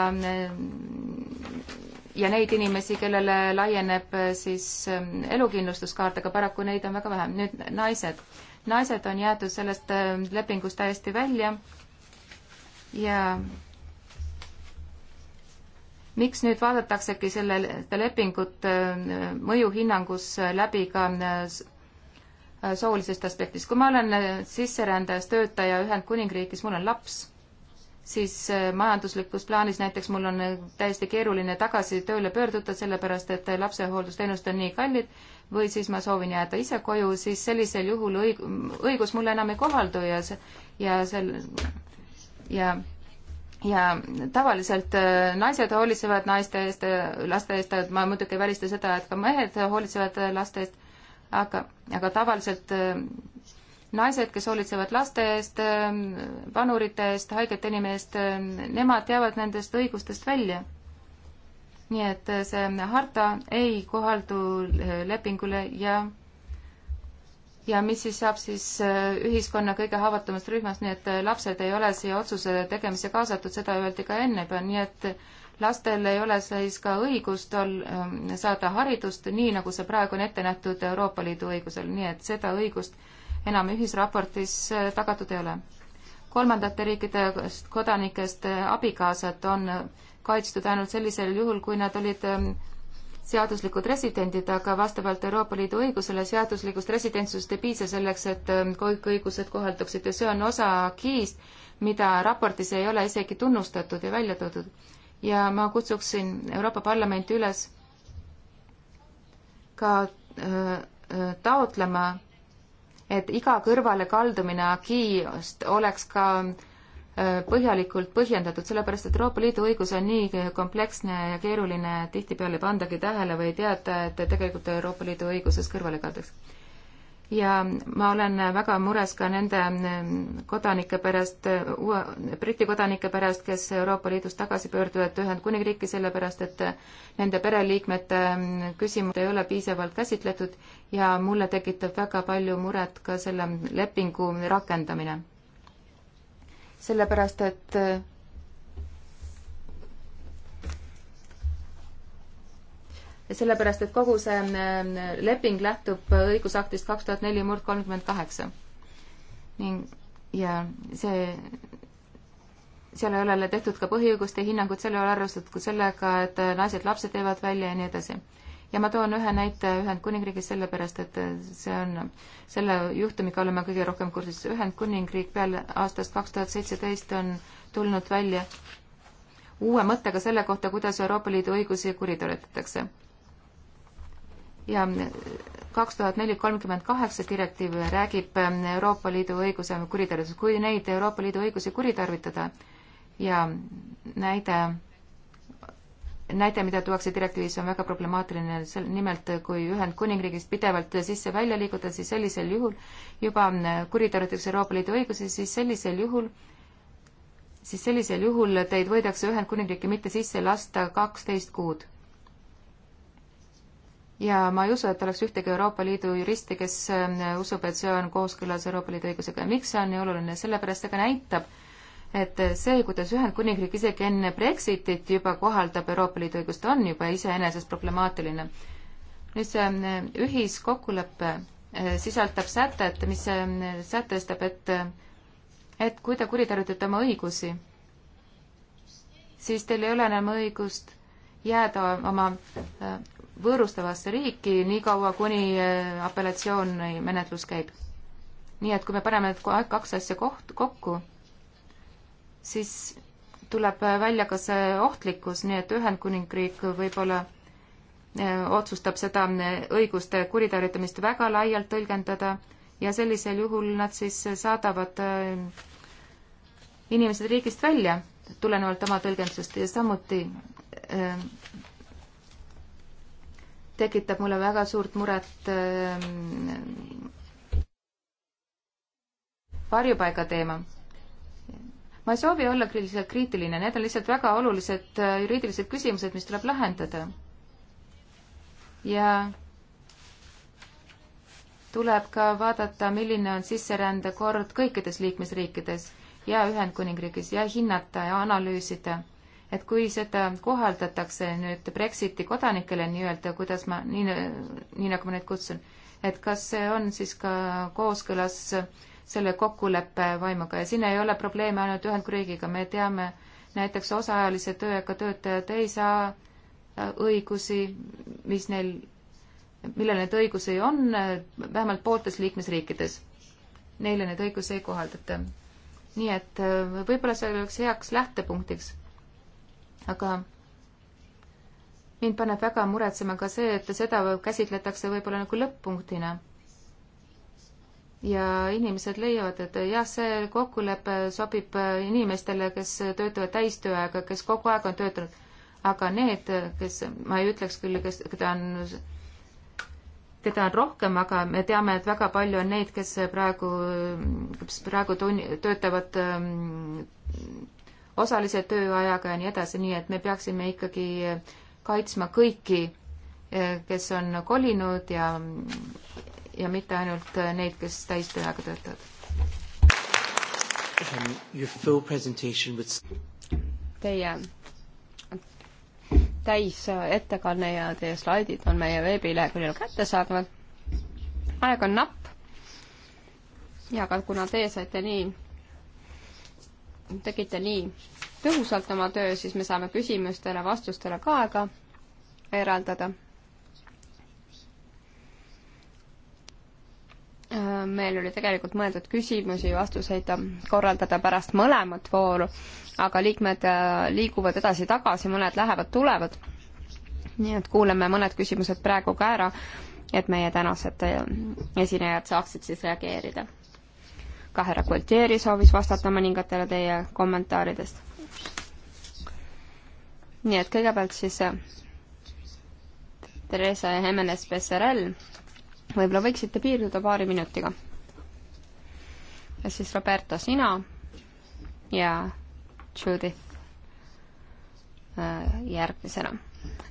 ja neid inimesi, kellele laieneb äh, siis ähm, elukindlustuskaart, aga paraku neid on väga vähe. nüüd naised. naised on jäetud sellest ähm, lepingust täiesti välja ja miks nüüd vaadataksegi selle lepingut ähm, mõjuhinnangus äh, läbi ka äh, soolisest aspektist. kui ma olen sisserändajas töötaja Ühendkuningriigis, mul on laps siis äh, majanduslikus plaanis näiteks mul on äh, täiesti keeruline tagasi tööle pöörduda, sellepärast et äh, lapsehooldusteenused on nii kallid, või siis ma soovin jääda ise koju, siis sellisel juhul õig-, õigus mulle enam ei kohaldu ja see, ja sel-, ja ja tavaliselt naised hoolitsevad naiste eest, laste eest, ma muidugi ei välista seda, et ka mehed hoolitsevad laste eest, aga, aga tavaliselt naised, kes hoolitsevad laste eest, ähm, vanurite eest, haigete inimeste, ähm, nemad jäävad nendest õigustest välja. nii et äh, see harta ei kohaldu äh, lepingule ja ja mis siis saab siis äh, ühiskonna kõige haavatavamast rühmast, nii et lapsed ei ole siia otsuse tegemise kaasatud, seda öeldi ka enne juba, nii et lastel ei ole siis ka õigust ol-, ähm, saada haridust, nii nagu see praegu on ette nähtud Euroopa Liidu õigusel, nii et seda õigust äh, enam ühisraportis äh, tagatud ei ole. kolmandate riikide kodanikest äh, abikaasad on äh, kaitstud ainult sellisel juhul, kui nad olid ähm, seaduslikud residendid, aga vastavalt Euroopa Liidu õigusele seaduslikust residentsusest ei piisa selleks, et ähm, kõik õigused kohalduksid ja see on osa kiist, mida raportis ei ole isegi tunnustatud ja välja toodud. ja ma kutsuksin Euroopa Parlamenti üles ka taotlema et iga kõrvalekaldumine agiiost oleks ka äh, põhjalikult põhjendatud, sellepärast et Euroopa Liidu õigus on nii kompleksne ja keeruline, et tihtipeale ei pandagi tähele või ei teata, et tegelikult Euroopa Liidu õigusest kõrvale kaldakse ja ma olen väga mures ka nende mm, kodanike pärast, uue, Briti kodanike pärast, kes Euroopa Liidust tagasi pöörduvad Ühendkuningriiki, sellepärast et nende pereliikmete mm, küsimus ei ole piisavalt käsitletud ja mulle tekitab väga palju muret ka selle lepingu rakendamine. sellepärast, et sellepärast et kogu see ähm, leping lähtub õigusaktist kaks tuhat neli murd kolmkümmend kaheksa. ning ja see, seal ei ole tehtud ka põhiõiguste hinnangut, seal ei ole arvestatud sellega, et äh, naised-lapsed jäävad välja ja nii edasi. ja ma toon ühe näite Ühendkuningriigis sellepärast, et äh, see on, selle juhtumiga oleme kõige rohkem kursis. Ühendkuningriik peale aastast kaks tuhat seitseteist on tulnud välja uue mõttega selle kohta, kuidas Euroopa Liidu õigusi kuritarvitatakse ja kaks tuhat neli kolmkümmend kaheksa direktiiv räägib Euroopa Liidu õiguse kuritarvitusest, kui neid Euroopa Liidu õigusi kuritarvitada ja näide, näide, mida tuuakse direktiivis, on väga problemaatiline, nimelt kui Ühendkuningriigist pidevalt sisse-välja liiguda, siis sellisel juhul juba kuritarvitatakse Euroopa Liidu õigusi, siis sellisel juhul siis sellisel juhul teid võidakse Ühendkuningriiki mitte sisse lasta kaksteist kuud ja ma ei usu, et oleks ühtegi Euroopa Liidu juristi, kes ähm, usub, et see on kooskõlas Euroopa Liidu õigusega. miks see on nii oluline? sellepärast, et ta näitab, et see, kuidas Ühendkuningriik isegi enne Brexitit juba kohaldab Euroopa Liidu õigust, on juba iseenesest problemaatiline. nüüd see ähm, ühiskokkulepe äh, sisaldab sätet, mis ähm, sätestab, et äh, et kui te kuritarvitate oma õigusi, siis teil ei ole enam õigust jääda oma äh, võõrustavasse riiki, niikaua kuni äh, apellatsioonmenetlus käib. nii et kui me paneme need kaks asja koht-, kokku, siis tuleb äh, välja ka see ohtlikkus, nii et Ühendkuningriik võib-olla äh, otsustab seda õiguste kuritarvitamist väga laialt tõlgendada ja sellisel juhul nad siis saadavad inimesed riigist välja tulenevalt oma tõlgendusest ja samuti tekitab mulle väga suurt muret ähm, varjupaiga teema. ma ei soovi olla kriitiline, need on lihtsalt väga olulised äh, juriidilised küsimused, mis tuleb lahendada. ja tuleb ka vaadata, milline on sisserände kord kõikides liikmesriikides ja Ühendkuningriigis ja hinnata ja analüüsida et kui seda kohaldatakse nüüd Brexiti kodanikele nii-öelda, kuidas ma, nii, nii nagu ma neid kutsun, et kas see on siis ka kooskõlas selle kokkuleppe vaimuga ja siin ei ole probleeme ainult Ühendkuningriigiga, me teame näiteks osaajalise tööga töötajad ei saa äh, õigusi, mis neil, millel neid õigusi on, vähemalt pooltes liikmesriikides. Neile neid õigusi ei kohaldata. nii et äh, võib-olla see oleks heaks lähtepunktiks aga mind paneb väga muretsema ka see, et seda käsitletakse võib-olla nagu lõpp-punktina. ja inimesed leiavad, et jah, see kokkulepe sobib inimestele, kes töötavad täistööaega, kes kogu aeg on töötanud, aga need, kes, ma ei ütleks küll, kes, keda on, keda on rohkem, aga me teame, et väga palju on neid, kes praegu, kes praegu tunni, töötavad osalise tööajaga ja nii edasi, nii et me peaksime ikkagi kaitsma kõiki, eh, kes on kolinud ja, ja mitte ainult neid, kes täistööajaga töötavad. Um, teie täis äh, ettekanne ja teie slaidid on meie veebileheküljel kättesaadavad. aeg on napp ja ka kuna teie saite nii tegite nii tõhusalt oma töö, siis me saame küsimustele, vastustele ka aega eraldada. meil oli tegelikult mõeldud küsimusi, vastuseid korraldada pärast mõlemat vooru, aga liikmed äh, liiguvad edasi-tagasi, mõned lähevad-tulevad. nii et kuulame mõned küsimused praegu ka ära, et meie tänased äh, esinejad saaksid siis reageerida ka härra Gualtieri soovis vastata mõningatele teie kommentaaridest. nii et kõigepealt siis äh, Theresa ja Hemenes Besserel, võib-olla võiksite piirduda paari minutiga. ja siis Roberto, sina ja Judith äh, järgmisena.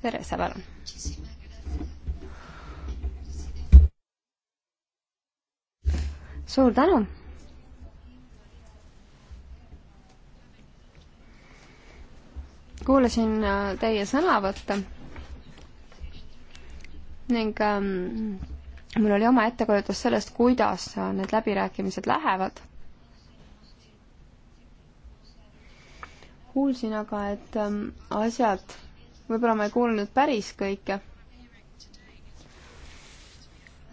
Theresa, palun. suur tänu kuulasin äh, teie sõnavõtte ning ähm, mul oli oma ettekujutus sellest, kuidas äh, need läbirääkimised lähevad. kuulsin aga, et ähm, asjad, võib-olla ma ei kuulnud päris kõike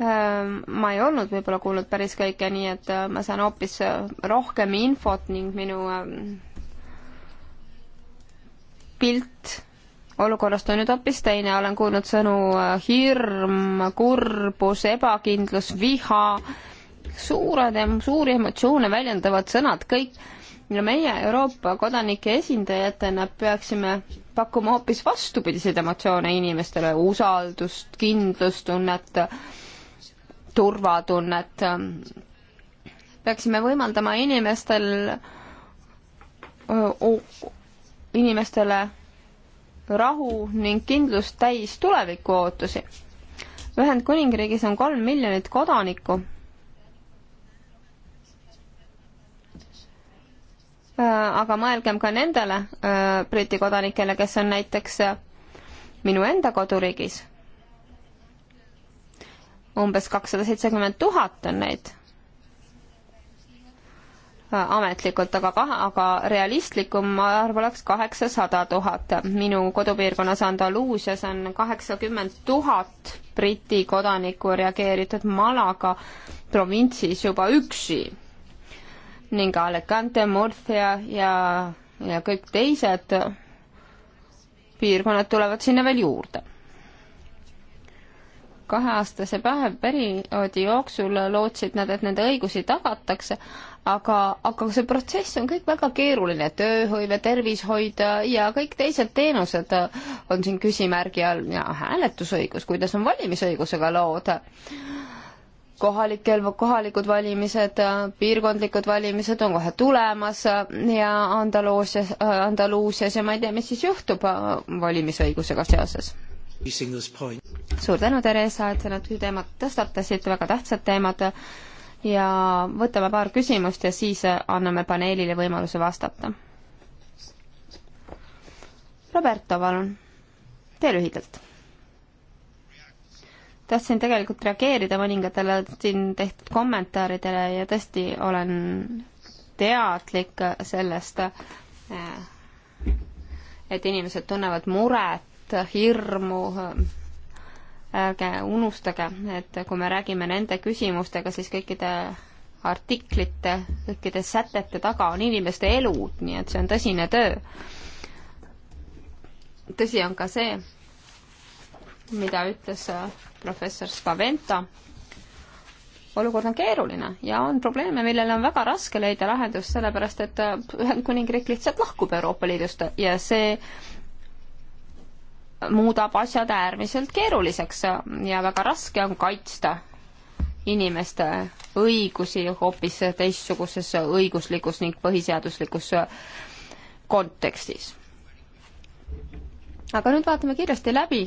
ähm,. ma ei olnud võib-olla kuulnud päris kõike, nii et äh, ma saan hoopis äh, rohkem infot ning minu ähm, pilt olukorrast on nüüd hoopis teine, olen kuulnud sõnu äh, hirm, kurbus, ebakindlus, viha, suured, suuri emotsioone väljendavad sõnad, kõik. ja meie Euroopa kodanike esindajatena peaksime pakkuma hoopis vastupidiseid emotsioone inimestele, usaldust, kindlustunnet, turvatunnet. peaksime võimaldama inimestel inimestele rahu ning kindlust täis tulevikuootusi. Ühendkuningriigis on kolm miljonit kodanikku. Äh, aga mõelgem ka nendele äh, Briti kodanikele, kes on näiteks äh, minu enda koduriigis. umbes kakssada seitsekümmend tuhat on neid ametlikult, aga kahe, aga realistlikum arv oleks kaheksasada tuhat. minu kodupiirkonnas Andaluusias on kaheksakümmend tuhat Briti kodanikku reageeritud Malaga provintsis juba üksi ning Alicante, Murcia ja, ja kõik teised piirkonnad tulevad sinna veel juurde kaheaastase päev perioodi jooksul lootsid nad, et nende õigusi tagatakse, aga, aga see protsess on kõik väga keeruline, tööhõive, tervishoid äh, ja kõik teised teenused äh, on siin küsimärgi all ja hääletusõigus, kuidas on valimisõigusega lood? kohalikel, kohalikud valimised, äh, piirkondlikud valimised on kohe tulemas ja Andaluusias, Andaluusias ja ma ei tea, mis siis juhtub valimisõigusega seoses suur tänu, Theresa, et sa need teemad tõstatasid, väga tähtsad teemad ja võtame paar küsimust ja siis anname paneelile võimaluse vastata. Roberto, palun, tee lühidalt. tahtsin tegelikult reageerida mõningatele siin tehtud kommentaaridele ja tõesti olen teadlik sellest, eh, et inimesed tunnevad muret, hirmu ärge unustage, et kui me räägime nende küsimustega, siis kõikide artiklite, kõikide sätete taga on inimeste elud, nii et see on tõsine töö. tõsi on ka see, mida ütles äh, professor Spaventa, olukord on keeruline ja on probleeme, millele on väga raske leida lahendust, sellepärast et äh, Ühendkuningriik lihtsalt lahkub Euroopa Liidust ja see muudab asjad äärmiselt keeruliseks ja väga raske on kaitsta inimeste õigusi hoopis teistsuguses õiguslikus ning põhiseaduslikus kontekstis. aga nüüd vaatame kiiresti läbi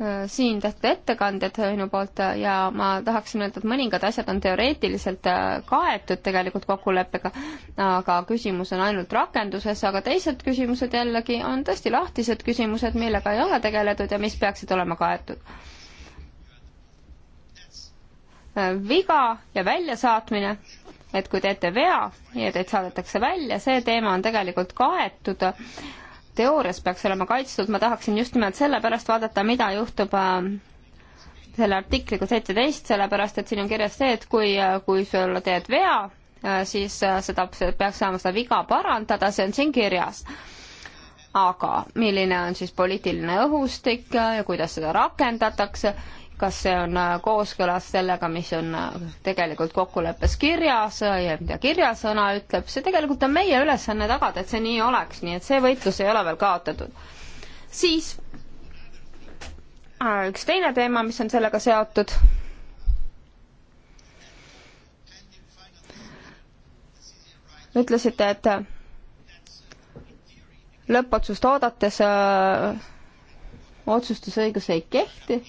Äh, siin tehtud ettekanded minu poolt äh, ja ma tahaksin öelda, et mõningad asjad on teoreetiliselt äh, kaetud tegelikult kokkuleppega, aga küsimus on ainult rakenduses, aga teised küsimused jällegi on tõesti lahtised küsimused, millega ei ole tegeletud ja mis peaksid olema kaetud. viga ja väljasaatmine, et kui teete vea ja teid saadetakse välja, see teema on tegelikult kaetud teoorias peaks olema kaitstud, ma tahaksin just nimelt sellepärast vaadata, mida juhtub äh, selle artikliga seitseteist, sellepärast et siin on kirjas see, et kui, äh, kui sul teed vea, äh, siis seda, peaks saama seda viga parandada, see on siin kirjas. aga milline on siis poliitiline õhustik ja kuidas seda rakendatakse kas see on äh, kooskõlas sellega, mis on äh, tegelikult kokkuleppes kirjas äh, ja mida kirjasõna ütleb, see tegelikult on meie ülesanne tagada, et see nii oleks, nii et see võitlus ei ole veel kaotatud. siis üks teine teema, mis on sellega seotud. ütlesite, et lõppotsust oodates öö, otsustusõigus ei kehti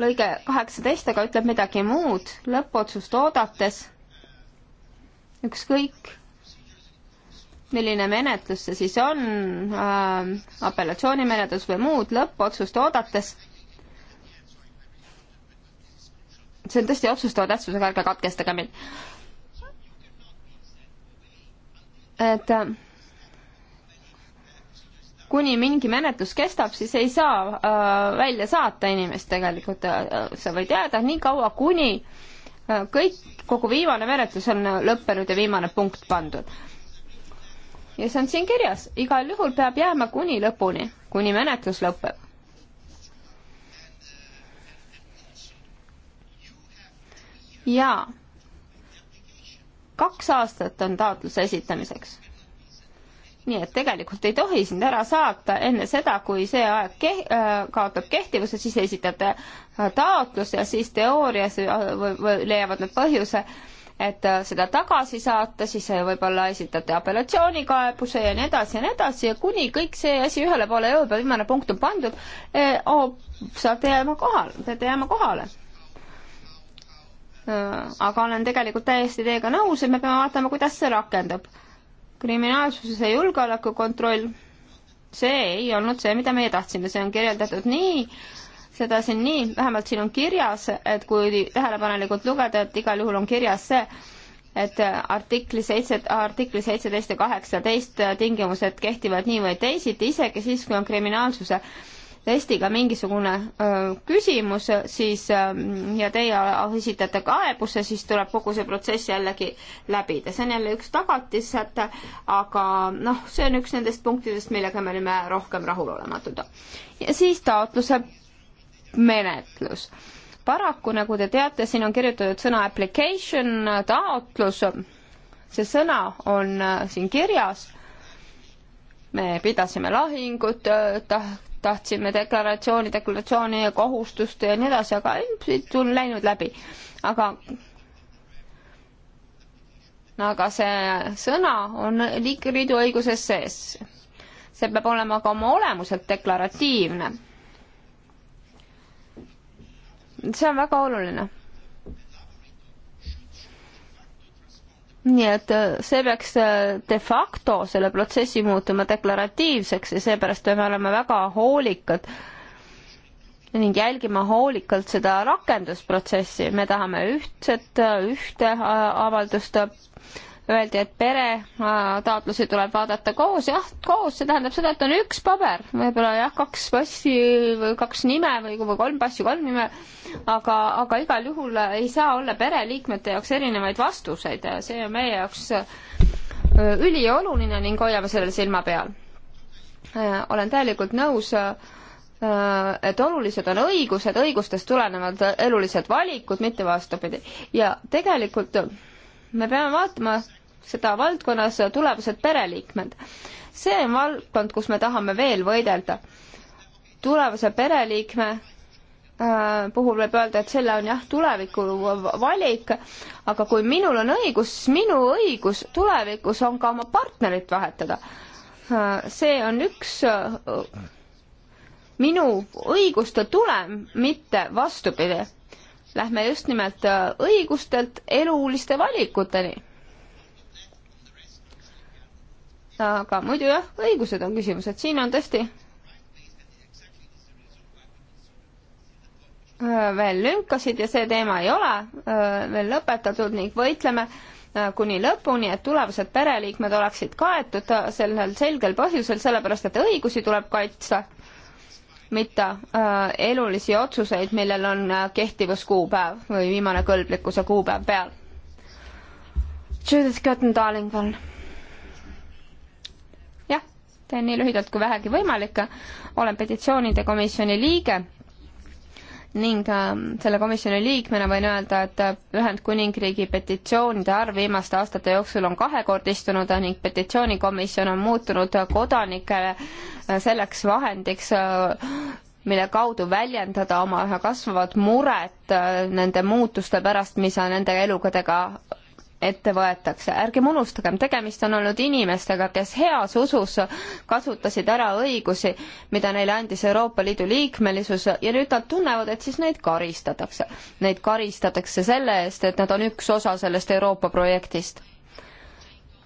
lõige kaheksateist aga ütleb midagi muud, lõppotsust oodates ükskõik, milline menetlus see siis on äh,, apellatsioonimenetlus või muud, lõppotsust oodates see on tõesti otsustava tähtsusega, ärge katkestage mind. et äh, kuni mingi menetlus kestab, siis ei saa äh, välja saata inimest tegelikult äh,, sa võid jääda nii kaua, kuni äh, kõik, kogu viimane menetlus on lõppenud ja viimane punkt pandud. ja see on siin kirjas, igal juhul peab jääma kuni lõpuni, kuni menetlus lõpeb. jaa, kaks aastat on taotluse esitamiseks nii et tegelikult ei tohi sind ära saata enne seda, kui see aeg ke-, äh, kaotab kehtivuse, siis esitate äh, taotluse ja siis teoorias äh, või, või leiavad nad põhjuse, et seda tagasi saata, siis võib-olla esitate apellatsioonikaebuse ja nii edasi ja nii edasi ja kuni kõik see asi ühele poole jõuab ja viimane punkt on pandud eh,, oh, saate jääma kohale, peate jääma kohale aga olen tegelikult täiesti teiega nõus ja me peame vaatama, kuidas see rakendub kriminaalsuse julgeolekukontroll, see ei olnud see, mida meie tahtsime, see on kirjeldatud nii, seda siin nii, vähemalt siin on kirjas, et kui tähelepanelikult lugeda, et igal juhul on kirjas see, et artikli seitse, artikli seitseteist ja kaheksateist tingimused kehtivad nii või teisiti, isegi siis, kui on kriminaalsuse testiga mingisugune öö, küsimus, siis öö, ja teie esitate kaebuse, siis tuleb kogu see protsess jällegi läbida. see on jälle üks tagatissäte, aga noh, see on üks nendest punktidest, millega me olime rohkem rahulolematud. ja siis taotluse menetlus. paraku, nagu te teate, siin on kirjutatud sõna application, taotlus, see sõna on äh, siin kirjas me pidasime lahingut, tahtsime deklaratsiooni, deklaratsiooni ja kohustust ja nii edasi, aga siit on läinud läbi. aga aga see sõna on liikmeliidu õiguses sees. see peab olema ka oma olemuselt deklaratiivne. see on väga oluline nii et äh, see peaks äh, de facto selle protsessi muutuma deklaratiivseks ja seepärast peame olema väga hoolikad ning jälgima hoolikalt seda rakendusprotsessi. me tahame ühtset, äh, ühte avaldust öeldi, et peretaotlusi tuleb vaadata koos, jah, koos, see tähendab seda, et on üks paber, võib-olla jah, kaks passi või kaks nime või, või kolm passi, kolm nime, aga, aga igal juhul ei saa olla pereliikmete jaoks erinevaid vastuseid ja see on meie jaoks äh, ülioluline ning hoiame sellel silma peal. Äh, olen täielikult nõus äh, et olulised on õigused, õigustest tulenevad elulised valikud, mitte vastupidi. ja tegelikult me peame vaatama seda valdkonnas tulevased pereliikmed. see on valdkond, kus me tahame veel võidelda. tulevase pereliikme äh, puhul võib öelda, et selle on jah, tuleviku valik, aga kui minul on õigus, siis minu õigus tulevikus on ka oma partnerit vahetada äh,. see on üks äh, minu õiguste tulem, mitte vastupidi lähme just nimelt äh, õigustelt eluliste valikuteni. aga muidu jah, õigused on küsimused, siin on tõesti äh, veel lünkasid ja see teema ei ole äh, veel lõpetatud ning võitleme kuni lõpuni, et tulevased pereliikmed oleksid kaetud sellel selgel põhjusel, sellepärast et õigusi tuleb kaitsta mitte äh, elulisi otsuseid, millel on äh, kehtivuskuupäev või viimane kõlblikkuse kuupäev peal. Judith Cotton-Darling, palun. jah, teen nii lühidalt kui vähegi võimalik. olen petitsioonide komisjoni liige ning ähm, selle komisjoni liikmena võin öelda, et äh, Ühendkuningriigi petitsioonide arv viimaste aastate jooksul on kahekordistunud ning petitsioonikomisjon on muutunud kodanikele äh, selleks vahendiks, äh, mille kaudu väljendada oma üha kasvavat muret nende muutuste pärast, mis nende eludega ette võetakse. ärgem unustagem, tegemist on olnud inimestega, kes heas usus kasutasid ära õigusi, mida neile andis Euroopa Liidu liikmelisus ja nüüd nad tunnevad, et siis neid karistatakse. Neid karistatakse selle eest, et nad on üks osa sellest Euroopa projektist.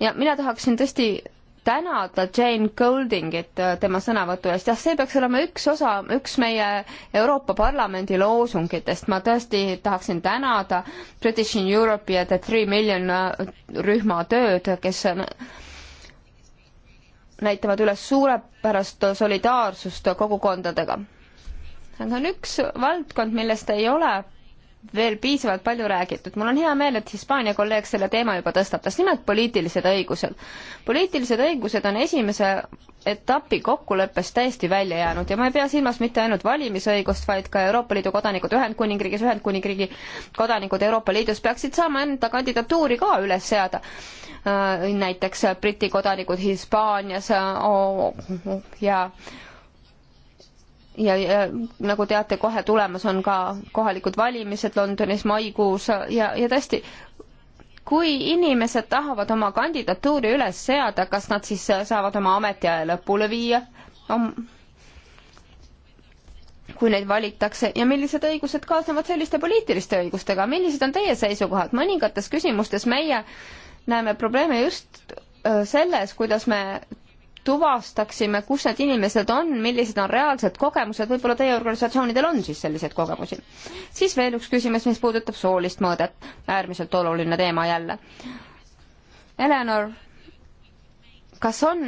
ja mina tahaksin tõesti tänada Jane Goldingit äh, tema sõnavõtu eest, jah, see peaks olema üks osa, üks meie Euroopa Parlamendi loosungitest, ma tõesti tahaksin tänada British in Europe ja The Three Million äh, rühma tööd, kes on näitavad üles suurepärast solidaarsust kogukondadega. aga on üks valdkond, millest ei ole veel piisavalt palju räägitud. mul on hea meel, et Hispaania kolleeg selle teema juba tõstatas, nimelt poliitilised õigused. poliitilised õigused on esimese etapi kokkuleppest täiesti välja jäänud ja ma ei pea silmas mitte ainult valimisõigust, vaid ka Euroopa Liidu kodanikud Ühendkuningriigis, Ühendkuningriigi kodanikud Euroopa Liidus peaksid saama enda kandidatuuri ka üles seada. Äh, näiteks Briti kodanikud Hispaanias äh, ja ja, ja nagu teate, kohe tulemas on ka kohalikud valimised Londonis maikuus ja, ja tõesti, kui inimesed tahavad oma kandidatuuri üles seada, kas nad siis saavad oma ametiaja lõpule viia om...? kui neid valitakse ja millised õigused kaasnevad selliste poliitiliste õigustega, millised on teie seisukohad, mõningates küsimustes meie näeme probleeme just äh, selles, kuidas me tuvastaksime, kus need inimesed on, millised on reaalsed kogemused, võib-olla teie organisatsioonidel on siis selliseid kogemusi. siis veel üks küsimus, mis puudutab soolist mõõdet, äärmiselt oluline teema jälle. Eleanor, kas on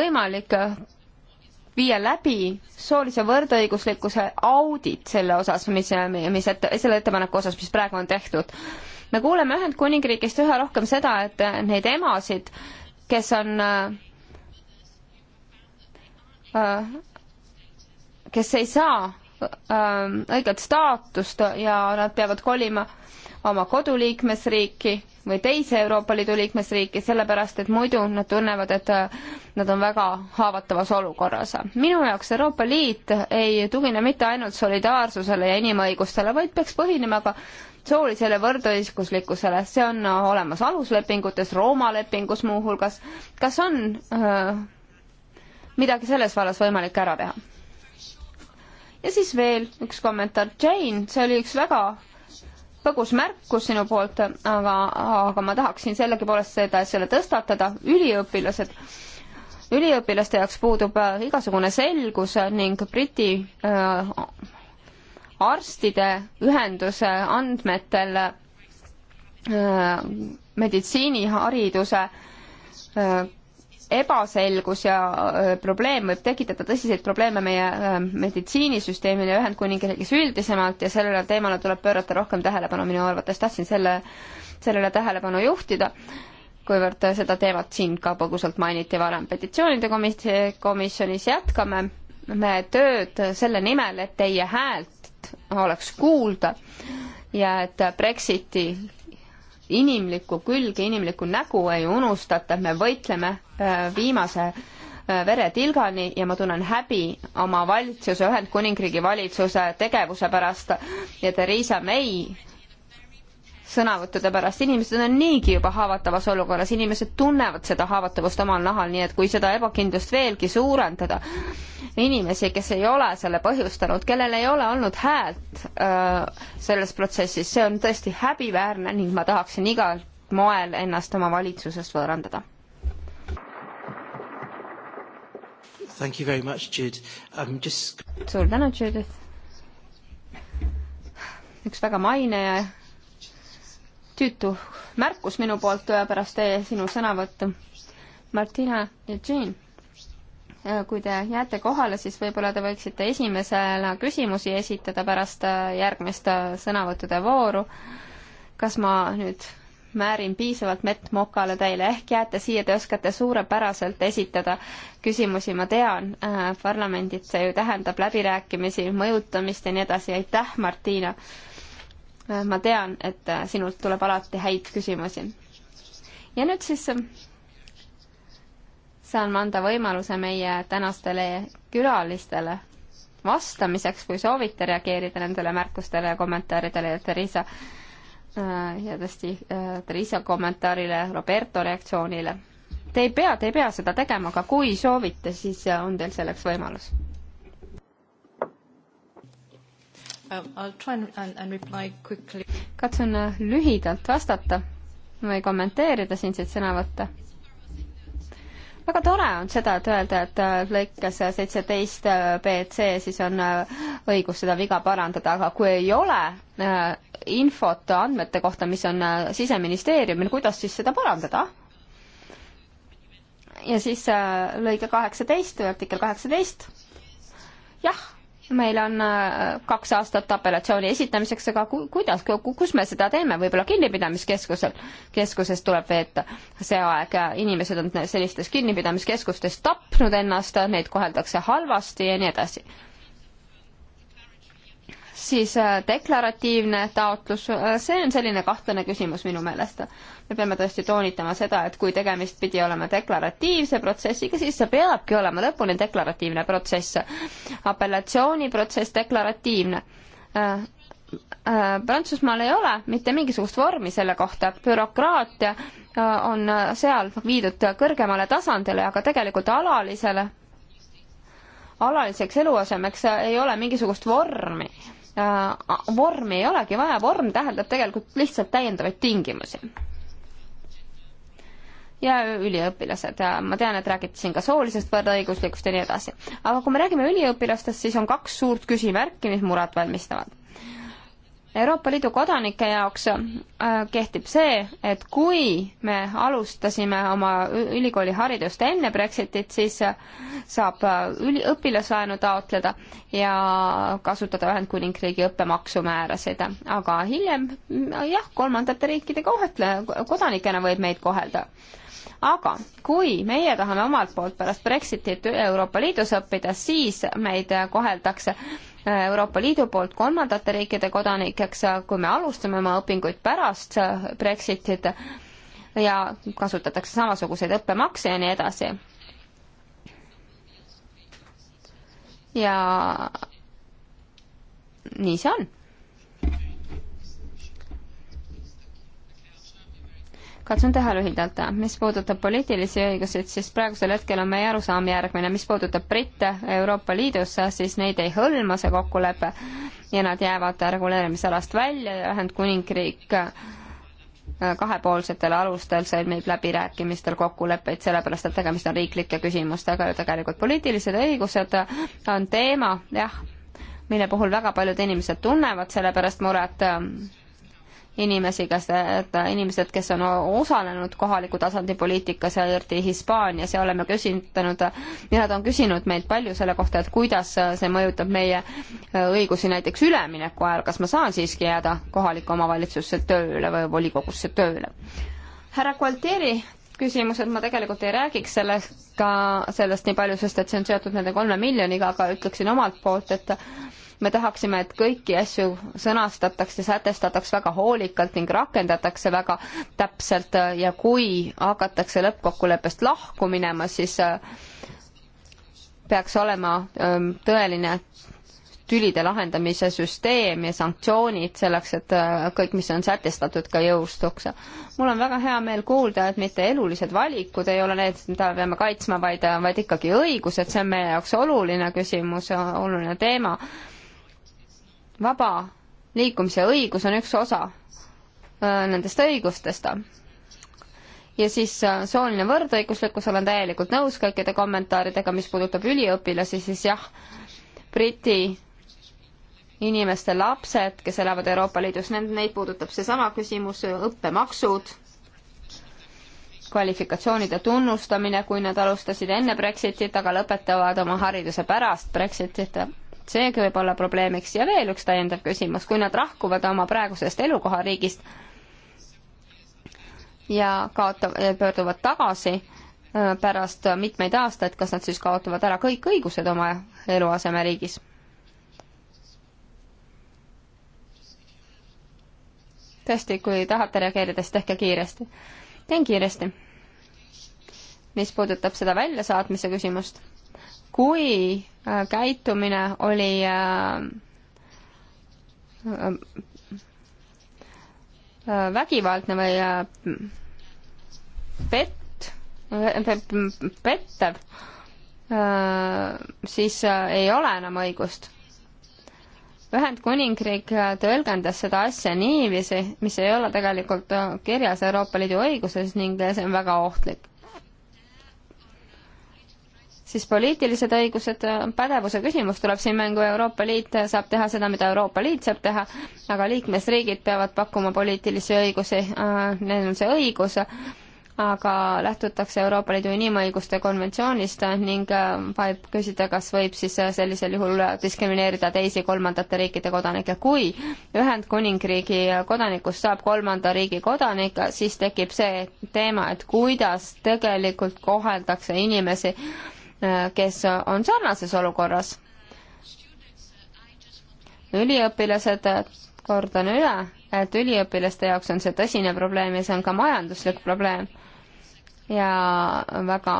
võimalik viia läbi soolise võrdõiguslikkuse audit selle osas, mis, mis ette, selle ettepaneku osas, mis praegu on tehtud. me kuuleme Ühendkuningriigist üha rohkem seda, et neid emasid, kes on äh, Äh, kes ei saa äh, õiget staatust ja nad peavad kolima oma koduliikmesriiki või teise Euroopa Liidu liikmesriiki, sellepärast et muidu nad tunnevad, et äh, nad on väga haavatavas olukorras. minu jaoks Euroopa Liit ei tugine mitte ainult solidaarsusele ja inimõigustele, vaid peaks põhinema ka soolisele võrdõiguslikkusele, see on olemas aluslepingutes, Rooma lepingus muuhulgas. kas on öö, midagi selles vallas võimalik ära teha. ja siis veel üks kommentaar. Jane, see oli üks väga põgus märkus sinu poolt, aga, aga ma tahaksin sellegipoolest seda, selle tõstatada. üliõpilased, üliõpilaste jaoks puudub äh, igasugune selgus ning Briti äh, arstide ühenduse andmetel äh, meditsiinihariduse äh, ebaselgus ja äh, probleem võib tekitada tõsiseid probleeme meie äh, meditsiinisüsteemile Ühendkuningriigis üldisemalt ja sellele teemale tuleb pöörata rohkem tähelepanu minu arvates. tahtsin selle, sellele tähelepanu juhtida, kuivõrd äh, seda teemat siin ka põgusalt mainiti varem. petitsioonide komis-, komisjonis jätkame me tööd selle nimel, et teie häält oleks kuulda ja et Brexiti inimlikku külge, inimlikku nägu ei unustata, et me võitleme äh, viimase äh, veretilgani ja ma tunnen häbi oma valitsuse, Ühendkuningriigi valitsuse tegevuse pärast ja Theresa May sõnavõttude pärast, inimesed on niigi juba haavatavas olukorras, inimesed tunnevad seda haavatavust omal nahal, nii et kui seda ebakindlust veelgi suurendada, inimesi, kes ei ole selle põhjustanud, kellel ei ole olnud häält öö, äh, selles protsessis, see on tõesti häbiväärne ning ma tahaksin igal moel ennast oma valitsusest võõrandada. Thank you very much, Jude um,. Just... suur tänu, Judith. üks väga maine ja tüütu märkus minu poolt äh, pärast teie, sinu sõnavõttu. Martina ja Jean, äh, kui te jääte kohale, siis võib-olla te võiksite esimesena küsimusi esitada pärast äh, järgmist sõnavõttude vooru. kas ma nüüd määrin piisavalt mett mokale teile, ehk jääte siia, te oskate suurepäraselt esitada küsimusi, ma tean äh,, parlamendit see ju tähendab läbirääkimisi, mõjutamist ja nii edasi, aitäh, Martina äh,! ma tean, et äh, sinult tuleb alati häid küsimusi. ja nüüd siis äh, saan ma anda võimaluse meie tänastele külalistele vastamiseks, kui soovite reageerida nendele märkustele ja kommentaaridele ja Theresa äh, ja tõesti Theresa kommentaarile, Roberto reaktsioonile. Te ei pea, te ei pea seda tegema, aga kui soovite, siis on teil selleks võimalus I'll try and, and reply quickly. katsun äh, lühidalt vastata või kommenteerida siinseid sõnavõtte. väga tore on seda, et öelda, et äh, lõikes seitseteist äh, BC, siis on õigus seda viga parandada, aga kui ei ole infot andmete kohta, mis on Siseministeeriumil, kuidas siis seda parandada? ja siis lõige kaheksateist või artikkel kaheksateist, jah meil on äh, kaks aastat apellatsiooni esitamiseks, aga ku-, kuidas, kus me seda teeme, võib-olla kinnipidamiskeskusel, keskuses tuleb veeta see aeg ja äh, inimesed on sellistes kinnipidamiskeskustes tapnud ennast, neid koheldakse halvasti ja nii edasi siis äh, deklaratiivne taotlus, äh, see on selline kahtlane küsimus minu meelest. me peame tõesti toonitama seda, et kui tegemist pidi olema deklaratiivse protsessiga, siis see peabki olema lõpuni deklaratiivne protsess. apellatsiooniprotsess deklaratiivne. Äh, Prantsusmaal ei ole mitte mingisugust vormi selle kohta, bürokraatia on seal viidud kõrgemale tasandile, aga tegelikult alalisele, alaliseks eluasemeks ei ole mingisugust vormi Äh, vormi ei olegi vaja, vorm tähendab tegelikult lihtsalt täiendavaid tingimusi. ja üliõpilased, ma tean, et räägiti siin ka soolisest võrdõiguslikust ja nii edasi. aga kui me räägime üliõpilastest, siis on kaks suurt küsimärki, mis muret valmistavad Euroopa Liidu kodanike jaoks äh, kehtib see, et kui me alustasime oma ülikooliharidust enne Brexitit, siis äh, saab äh, üli-, õpilaslaenu taotleda ja kasutada Ühendkuningriigi õppemaksumäärasid. aga hiljem jah, kolmandate riikide kohetle, kodanikena võib meid kohelda aga kui meie tahame omalt poolt pärast Brexitit Euroopa Liidus õppida, siis meid koheldakse Euroopa Liidu poolt kolmandate riikide kodanikeks, kui me alustame oma õpinguid pärast Brexitit ja kasutatakse samasuguseid õppemakse ja nii edasi. ja nii see on katsun teha lühidalt. mis puudutab poliitilisi õiguseid, siis praegusel hetkel on meie arusaam järgmine. mis puudutab britte Euroopa Liidus, siis neid ei hõlma see kokkulepe ja nad jäävad reguleerimisalast välja ja Ühendkuningriik äh, kahepoolsetel alustel sõlmib läbirääkimistel kokkuleppeid, sellepärast et tegemist on riiklike küsimustega ja tegelikult poliitilised õigused on teema, jah, mille puhul väga paljud inimesed tunnevad selle pärast muret inimesi, kas et inimesed, kes on osalenud kohaliku tasandi poliitikas, eriti Hispaanias ja oleme küsitlenud, nad on küsinud meilt palju selle kohta, et kuidas see mõjutab meie õigusi näiteks ülemineku ajal, kas ma saan siiski jääda kohalikku omavalitsusse tööle või volikogusse tööle. härra Gualtieri küsimused, ma tegelikult ei räägiks sellest ka, sellest nii palju, sest et see on seotud nende kolme miljoniga, aga ütleksin omalt poolt, et me tahaksime, et kõiki asju sõnastataks ja sätestataks väga hoolikalt ning rakendatakse väga täpselt äh, ja kui hakatakse lõppkokkuleppest lahku minema, siis äh, peaks olema ähm, tõeline tülide lahendamise süsteem ja sanktsioonid selleks, et äh, kõik, mis on sätestatud, ka jõustuks. mul on väga hea meel kuulda, et mitte elulised valikud ei ole need, mida peame kaitsma, vaid, vaid ikkagi õigused, see on meie jaoks oluline küsimus, oluline teema vaba liikumise õigus on üks osa äh, nendest õigustest. ja siis äh, sooline võrdõiguslikkus, olen täielikult nõus kõikide kommentaaridega, mis puudutab üliõpilasi, siis jah, Briti inimeste lapsed, kes elavad Euroopa Liidus, neid puudutab seesama küsimus, õppemaksud, kvalifikatsioonide tunnustamine, kui nad alustasid enne Brexitit, aga lõpetavad oma hariduse pärast Brexitit seegi võib olla probleemiks ja veel üks täiendav küsimus, kui nad lahkuvad oma praegusest elukohariigist ja kaotav, pöörduvad tagasi äh, pärast mitmeid aastaid, kas nad siis kaotavad ära kõik õigused oma eluasemeriigis? tõesti, kui tahate reageerida, siis tehke kiiresti. teen kiiresti. mis puudutab seda väljasaatmise küsimust kui äh, käitumine oli äh, äh, vägivaldne või pett, pettev, siis ei ole enam õigust. Ühendkuningriik tõlgendas seda asja niiviisi, mis ei ole tegelikult kirjas Euroopa Liidu õiguses ning see on väga ohtlik siis poliitilised õigused, pädevuse küsimus tuleb siin mängu, Euroopa Liit saab teha seda, mida Euroopa Liit saab teha, aga liikmesriigid peavad pakkuma poliitilisi õigusi, äh, neil on see õigus, aga lähtutakse Euroopa Liidu inimõiguste konventsioonist ning äh, võib küsida, kas võib siis äh, sellisel juhul diskrimineerida teisi kolmandate riikide kodanikke. kui Ühendkuningriigi kodanikust saab kolmanda riigi kodanik, siis tekib see teema, et kuidas tegelikult koheldakse inimesi, Äh, kes on sarnases olukorras. üliõpilased, kordan üle, et üliõpilaste jaoks on see tõsine probleem ja see on ka majanduslik probleem. ja väga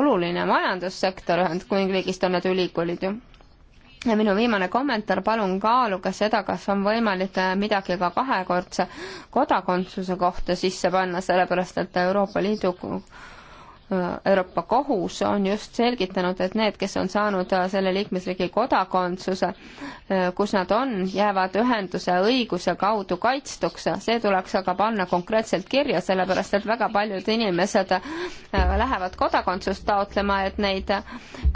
oluline majandussektor Ühendkuningriigist on need ülikoolid ju. ja minu viimane kommentaar, palun kaaluge seda, kas on võimalik äh, midagi ka kahekordse kodakondsuse kohta sisse panna, sellepärast et Euroopa Liidu Euroopa Kohus on just selgitanud, et need, kes on saanud äh, selle liikmesriigi kodakondsuse, äh, kus nad on, jäävad ühenduse õiguse kaudu kaitstuks. see tuleks aga panna konkreetselt kirja, sellepärast et väga paljud inimesed äh, lähevad kodakondsust taotlema, et neid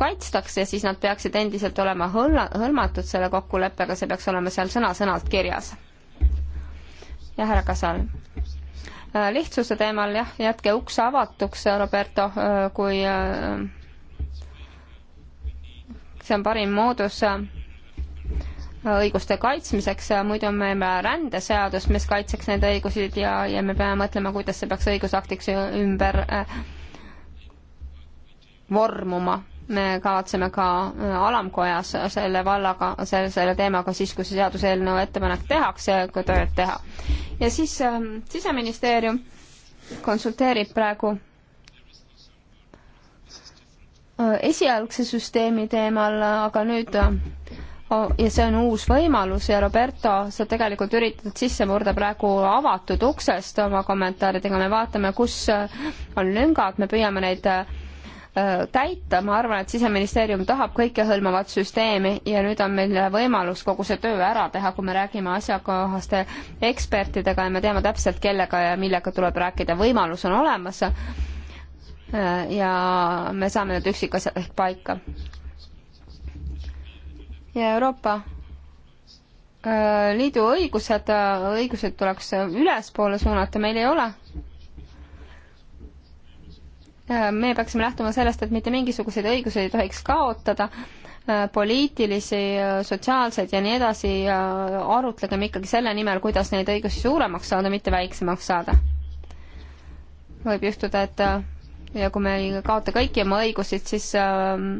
kaitstakse, siis nad peaksid endiselt olema hõlma, hõlmatud selle kokkuleppega, see peaks olema seal sõna-sõnalt kirjas. ja härra Kasal Äh, lihtsuse teemal jah, jätke uks avatuks, äh, Roberto, äh, kui see on parim moodus õiguste kaitsmiseks, muidu on meil rändeseadus, mis kaitseks neid õigusi ja, ja me peame mõtlema, kuidas see peaks õigusaktiks ümber vormuma me kavatseme ka äh, alamkojas selle vallaga, selle, selle teemaga siis, kui see seaduseelnõu ettepanek tehakse, ka tööd teha. ja siis äh, siseministeerium konsulteerib praegu äh, esialgse süsteemi teemal, aga nüüd äh, ja see on uus võimalus ja Roberto, sa tegelikult üritad sisse murda praegu avatud uksest oma kommentaaridega, me vaatame, kus äh, on lüngad, me püüame neid äh, Äh, täita, ma arvan, et Siseministeerium tahab kõikehõlmavat süsteemi ja nüüd on meil võimalus kogu see töö ära teha, kui me räägime asjakohaste ekspertidega ja me teame täpselt, kellega ja millega tuleb rääkida, võimalus on olemas. Äh, ja me saame need üksikasjad ehk paika. ja Euroopa äh, Liidu õigused, õigused tuleks ülespoole suunata, meil ei ole me peaksime lähtuma sellest, et mitte mingisuguseid õigusi ei tohiks kaotada, poliitilisi, sotsiaalseid ja nii edasi, arutlegem ikkagi selle nimel, kuidas neid õigusi suuremaks saada, mitte väiksemaks saada. võib juhtuda, et ja kui me ei kaota kõiki oma õigusid, siis ähm,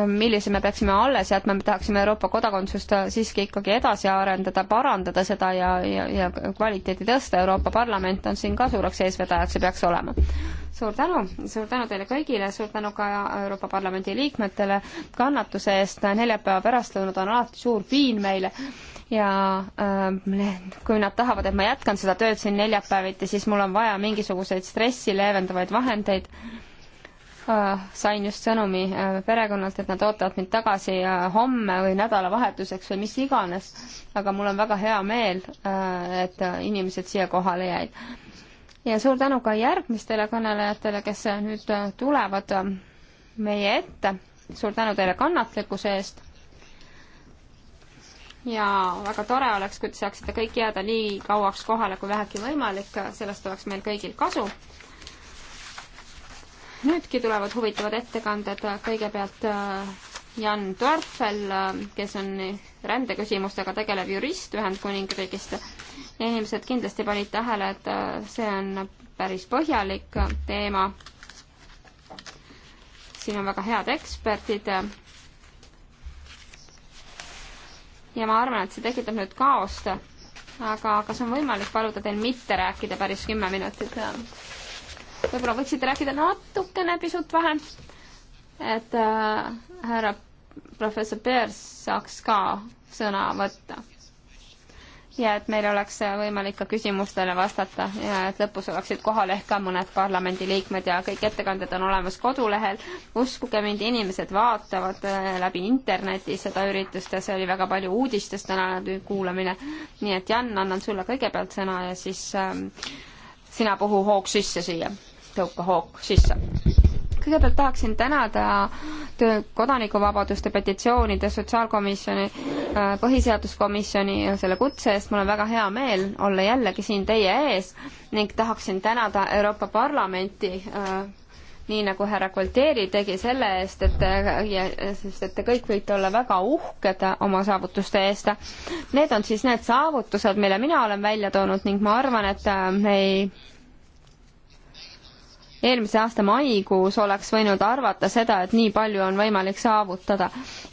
millise me peaksime alles jätma, me tahaksime Euroopa kodakondsust siiski ikkagi edasi arendada, parandada seda ja, ja, ja kvaliteeti tõsta, Euroopa Parlament on siin ka suureks eesvedajaks ja peaks olema. suur tänu, suur tänu teile kõigile, suur tänu ka Euroopa Parlamendi liikmetele kannatuse eest, neljapäeva pärastlõunad on alati suur piin meile ja äh, kui nad tahavad, et ma jätkan seda tööd siin neljapäeviti, siis mul on vaja mingisuguseid stressi leevendavaid vahendeid sain just sõnumi äh, perekonnalt, et nad ootavad mind tagasi äh, homme või nädalavahetuseks või mis iganes. aga mul on väga hea meel, äh, et inimesed siia kohale jäid. ja suur tänu ka järgmistele kõnelejatele, kes nüüd tulevad meie ette. suur tänu teile kannatlikkuse eest. ja väga tore oleks, kui te saaksite kõik jääda nii kauaks kohale kui vähegi võimalik, sellest oleks meil kõigil kasu nüüdki tulevad huvitavad ettekanded, kõigepealt äh, Jan Torfel, äh, kes on rändeküsimustega tegelev jurist Ühendkuningriigist. inimesed kindlasti panid tähele, et äh, see on päris põhjalik teema. siin on väga head eksperdid. ja ma arvan, et see tekitab nüüd kaost. aga kas on võimalik paluda teil mitte rääkida päris kümme minutit? võib-olla võiksid rääkida natukene pisut vähem, et äh, härra professor Peers saaks ka sõna võtta. ja et meil oleks võimalik ka küsimustele vastata ja et lõpus oleksid kohal ehk ka mõned parlamendiliikmed ja kõik ettekanded on olemas kodulehel. uskuge mind, inimesed vaatavad äh, läbi interneti seda üritust ja see oli väga palju uudistes tänane kuulamine. nii et Jan, annan sulle kõigepealt sõna ja siis ähm, sina puhu hoog sisse siia tõukehook sisse. kõigepealt tahaksin tänada kodanikuvabaduste petitsioonide sotsiaalkomisjoni, äh, põhiseaduskomisjoni selle kutse eest, mul on väga hea meel olla jällegi siin teie ees ning tahaksin tänada Euroopa Parlamenti äh, nii nagu härra Gualtieri tegi selle eest, et ja sest et te kõik võite olla väga uhked oma saavutuste eest. Need on siis need saavutused, mille mina olen välja toonud ning ma arvan, et me ei eelmise aasta maikuus oleks võinud arvata seda, et nii palju on võimalik saavutada.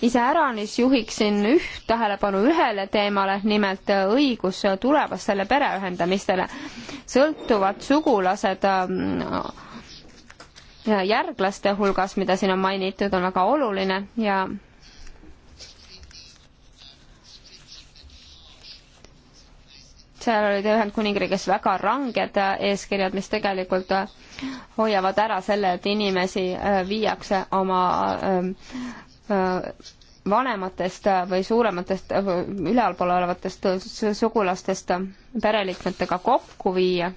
iseäranis juhiksin üht tähelepanu ühele teemale, nimelt õigus tulevastele pereühendamistele. sõltuvad sugulased ähm, järglaste hulgas, mida siin on mainitud, on väga oluline ja seal olid Ühendkuningriigis väga ranged äh, eeskirjad, mis tegelikult äh, hoiavad ära selle, et inimesi äh, viiakse oma ähm, vanematest või suurematest, ülealpool olevatest sugulastest pereliikmetega kokku viia.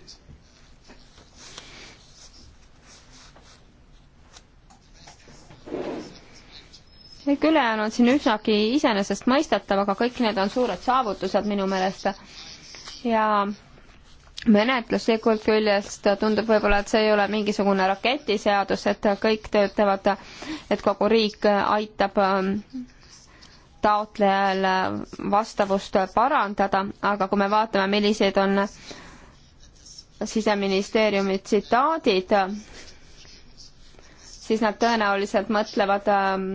kõik ülejäänud siin üsnagi iseenesestmõistetav, aga kõik need on suured saavutused minu meelest ja menetluslikult küljest tundub võib-olla, et see ei ole mingisugune raketiseadus, et kõik töötavad, et kogu riik aitab ähm, taotlejal vastavust parandada, aga kui me vaatame, millised on siseministeeriumi tsitaadid, siis nad tõenäoliselt mõtlevad ähm,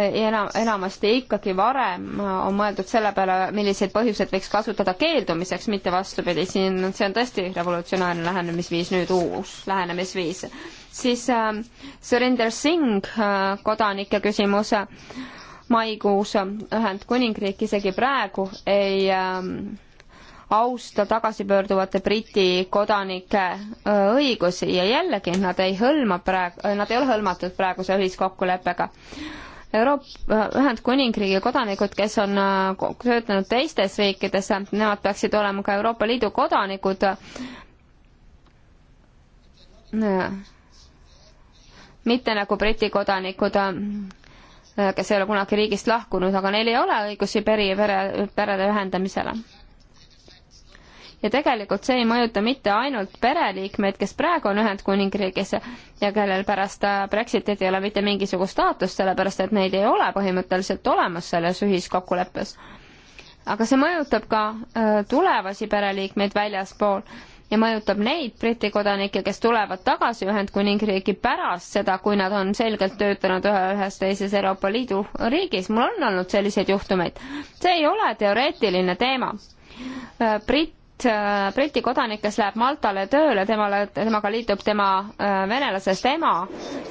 enam, enamasti ikkagi varem äh, on mõeldud selle peale, milliseid põhjuseid võiks kasutada keeldumiseks, mitte vastupidi, siin see on tõesti revolutsionaarne lähenemisviis, nüüd uus lähenemisviis. siis äh, Surinder Singh äh, kodanike küsimus äh, maikuus Ühendkuningriik isegi praegu ei äh, austa tagasipöörduvate Briti kodanike äh, õigusi ja jällegi nad ei hõlma praegu, nad ei ole hõlmatud praeguse ühiskokkuleppega Euroopa Ühendkuningriigi kodanikud, kes on äh, töötanud teistes riikides, nemad peaksid olema ka Euroopa Liidu kodanikud. mitte nagu Briti kodanikud, äh, kes ei ole kunagi riigist lahkunud, aga neil ei ole õigusi peri- ja pere, perede ühendamisele ja tegelikult see ei mõjuta mitte ainult pereliikmeid, kes praegu on Ühendkuningriigis ja kellel pärast äh, Brexitit ei ole mitte mingisugust staatust, sellepärast et neid ei ole põhimõtteliselt olemas selles ühiskokkuleppes. aga see mõjutab ka äh, tulevasi pereliikmeid väljaspool ja mõjutab neid Briti kodanikke, kes tulevad tagasi Ühendkuningriiki pärast seda, kui nad on selgelt töötanud ühe, ühes teises Euroopa Liidu riigis. mul on olnud selliseid juhtumeid. see ei ole teoreetiline teema. Äh, Brit Brit, äh, Briti kodanik, kes läheb Maltale tööle, temale, temaga liitub tema äh, venelasest ema,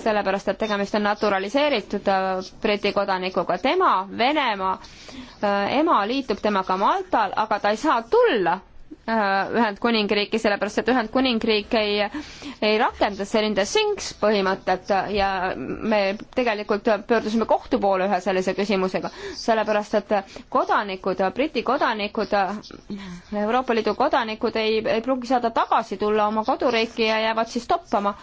sellepärast et tegemist on naturaliseeritud äh, Briti kodanikuga. tema, Venemaa ema liitub temaga Maltal, aga ta ei saa tulla Äh, Ühendkuningriiki, sellepärast et Ühendkuningriik ei, ei rakenda selline sinks põhimõtet ja me tegelikult pöördusime kohtu poole ühe sellise küsimusega, sellepärast et kodanikud, Briti kodanikud, Euroopa Liidu kodanikud ei, ei pruugi saada tagasi tulla oma koduriiki ja jäävad siis toppama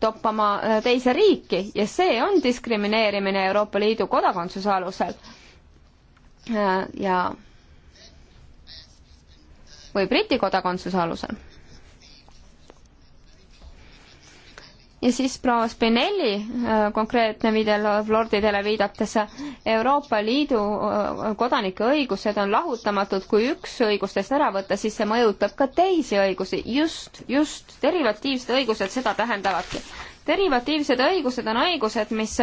toppama äh, teise riiki ja see on diskrimineerimine Euroopa Liidu kodakondsuse alusel. Äh, ja, ja või Briti kodakondsuse alusel. ja siis proua Spinelli äh, konkreetne video Lordidele viidates, Euroopa Liidu äh, kodanike õigused on lahutamatud, kui üks õigustest ära võtta, siis see mõjutab ka teisi õigusi, just, just, derivatiivsed õigused seda tähendavadki. derivatiivsed õigused on õigused, mis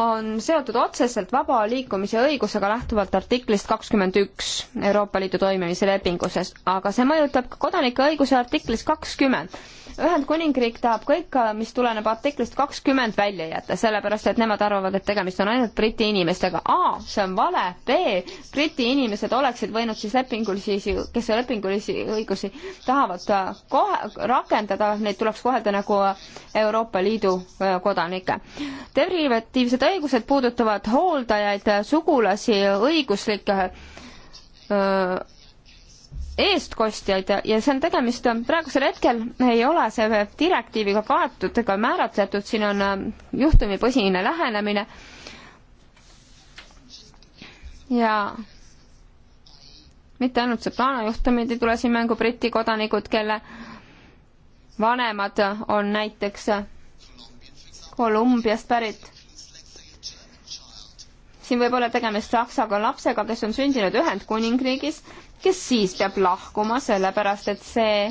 on seotud otseselt vaba liikumise õigusega lähtuvalt artiklist kakskümmend üks Euroopa Liidu toimimise lepinguses, aga see mõjutab ka kodanike õiguse artiklis kakskümmend Ühendkuningriik tahab kõik, mis tuleneb artiklist kakskümmend välja jätta, sellepärast et nemad arvavad, et tegemist on ainult Briti inimestega. A, see on vale, B, Briti inimesed oleksid võinud siis lepingulisi, kes lepingulisi õigusi tahavad äh, kohe rakendada, neid tuleks kohelda nagu äh, Euroopa Liidu äh, kodanikke. derivatiivsed õigused puudutavad hooldajaid, sugulasi, õiguslikke öö, eestkostjaid ja see on tegemist, praegusel hetkel ei ole see direktiiviga kaetud ega määratletud, siin on äh, juhtumipõhine lähenemine. ja mitte ainult Soprano juhtumid ei tule siin mängu, Briti kodanikud, kelle vanemad on näiteks Kolumbiast pärit siin võib olla tegemist saksaga lapsega, kes on sündinud Ühendkuningriigis, kes siis peab lahkuma, sellepärast et see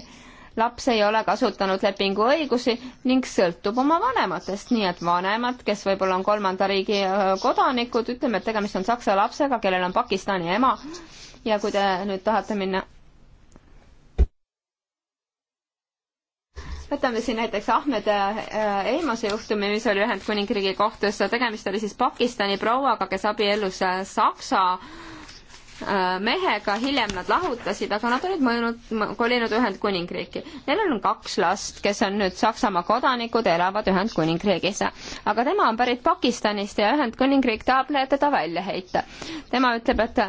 laps ei ole kasutanud lepinguõigusi ning sõltub oma vanematest, nii et vanemad, kes võib-olla on kolmanda riigi äh, kodanikud, ütleme, et tegemist on saksa lapsega, kellel on Pakistani ema ja kui te nüüd tahate minna võtame siin näiteks Ahmed äh, Eimose juhtumi, mis oli Ühendkuningriigi kohtus, tegemist oli siis Pakistani prouaga, kes abiellus äh, Saksa äh, mehega, hiljem nad lahutasid, aga nad olid mõelnud, kolinud Ühendkuningriiki. Neil on kaks last, kes on nüüd Saksamaa kodanikud, elavad Ühendkuningriigis. aga tema on pärit Pakistanist ja Ühendkuningriik tahab teda välja heita. tema ütleb, et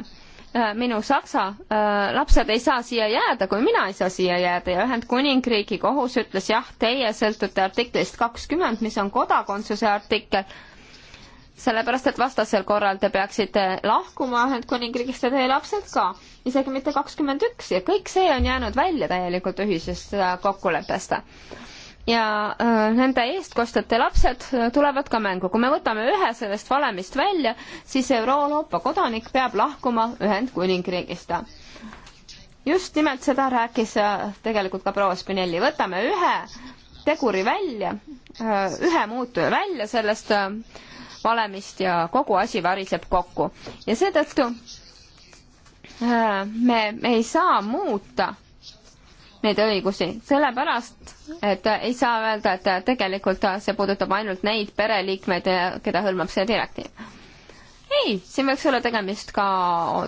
Äh, minu saksa äh, lapsed ei saa siia jääda, kui mina ei saa siia jääda ja Ühendkuningriigi kohus ütles jah, teie sõltute artiklist kakskümmend, mis on kodakondsuse artikkel, sellepärast et vastasel korral te peaksite lahkuma Ühendkuningriigist ja teie lapsed ka, isegi mitte kakskümmend üks ja kõik see on jäänud välja täielikult ühisest äh, kokkuleppest ja äh, nende eestkostjate lapsed äh, tulevad ka mängu. kui me võtame ühe sellest valemist välja, siis Euroopa kodanik peab lahkuma Ühendkuningriigist. just nimelt seda rääkis äh, tegelikult ka proua Spinelli. võtame ühe teguri välja, ühe muutuja välja sellest valemist ja kogu asi variseb kokku. ja seetõttu me, me ei saa muuta neid õigusi, sellepärast et ei saa öelda, et tegelikult see puudutab ainult neid pereliikmeid, keda hõlmab see direktiiv. ei, siin võiks olla tegemist ka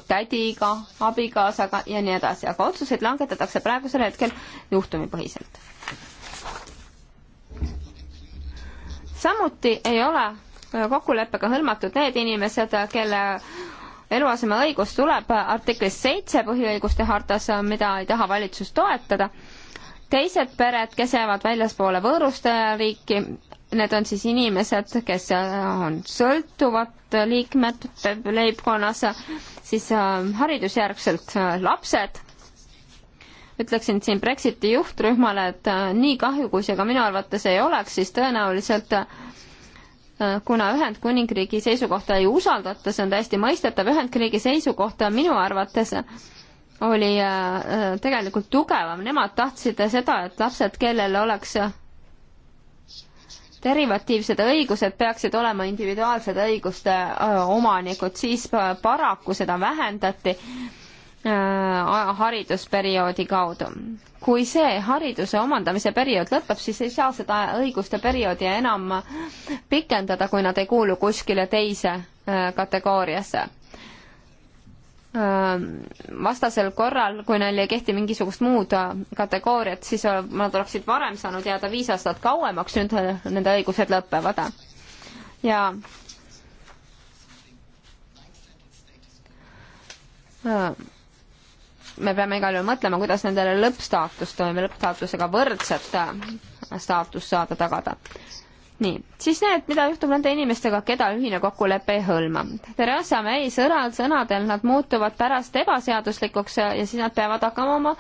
tädiga, abikaasaga ja nii edasi, aga otsuseid langetatakse praegusel hetkel juhtumipõhiselt. samuti ei ole kokkuleppega hõlmatud need inimesed, kelle eluasemeõigus tuleb artiklist seitse põhiõiguste hartas, mida ei taha valitsus toetada. teised pered, kes jäävad väljaspoole võõrustajariiki, need on siis inimesed, kes on sõltuvad liikmed leibkonnas, siis äh, haridusjärgselt äh, lapsed ütleksin siin Brexiti juhtrühmale, et äh, nii kahju, kui see ka minu arvates ei oleks, siis tõenäoliselt Äh, kuna Ühendkuningriigi seisukohta ei usaldata, see on täiesti mõistetav, Ühendkuningriigi seisukohta minu arvates oli äh, äh, tegelikult tugevam, nemad tahtsid seda, et lapsed, kellel oleks derivatiivsed õigused peaksid olema individuaalsete õiguste omanikud, siis paraku seda vähendati Äh, haridusperioodi kaudu. kui see hariduse omandamise periood lõpeb, siis ei saa seda õiguste perioodi enam pikendada, kui nad ei kuulu kuskile teise äh, kategooriasse. Äh, vastasel korral, kui neil ei kehti mingisugust muud kategooriat, siis nad oleksid varem saanud jääda viis aastat kauemaks, nüüd nende õigused lõpevad. ja äh, me peame igal juhul mõtlema, kuidas nendele lõppstaatust, lõppstaatusega võrdset staatust saada tagada. nii, siis need, mida juhtub nende inimestega, keda ühine kokkulepe ei hõlma. Theresa May sõnal, sõnadel nad muutuvad pärast ebaseaduslikuks ja siis nad peavad hakkama oma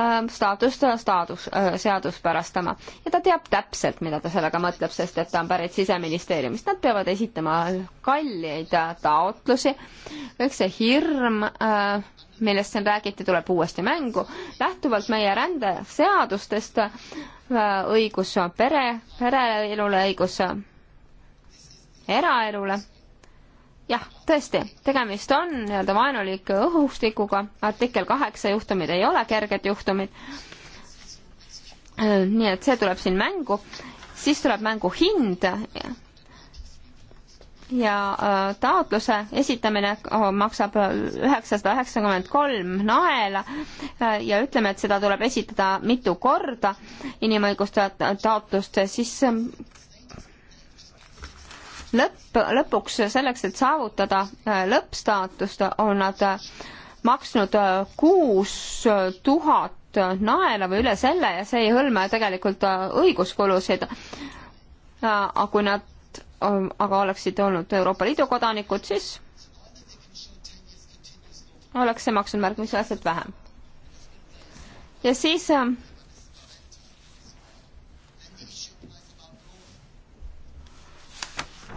Ähm, staatust äh, staadus, äh, seaduspärastama. ja ta teab täpselt, mida ta sellega mõtleb, sest et ta on pärit Siseministeeriumist. Nad peavad esitama kalleid äh, taotlusi, kõik see hirm, millest siin räägiti, tuleb uuesti mängu. lähtuvalt meie rändeseadustest õigus pere, pereelule, õigus eraelule jah, tõesti, tegemist on nii-öelda vaenulike õhustikuga, artikkel kaheksa juhtumid ei ole kerged juhtumid. Äh, nii et see tuleb siin mängu, siis tuleb mängu hind ja äh, taotluse esitamine äh, maksab üheksasada üheksakümmend kolm naela ja ütleme, et seda tuleb esitada mitu korda inimõiguste taotlust, siis lõpp, lõpuks selleks, et saavutada äh, lõppstaatust, on nad äh, maksnud äh, kuus tuhat naela või üle selle ja see ei hõlma tegelikult õiguskulusid. aga kui nad aga oleksid olnud Euroopa Liidu kodanikud, siis oleks see maksnud märkimisväärselt vähem. ja siis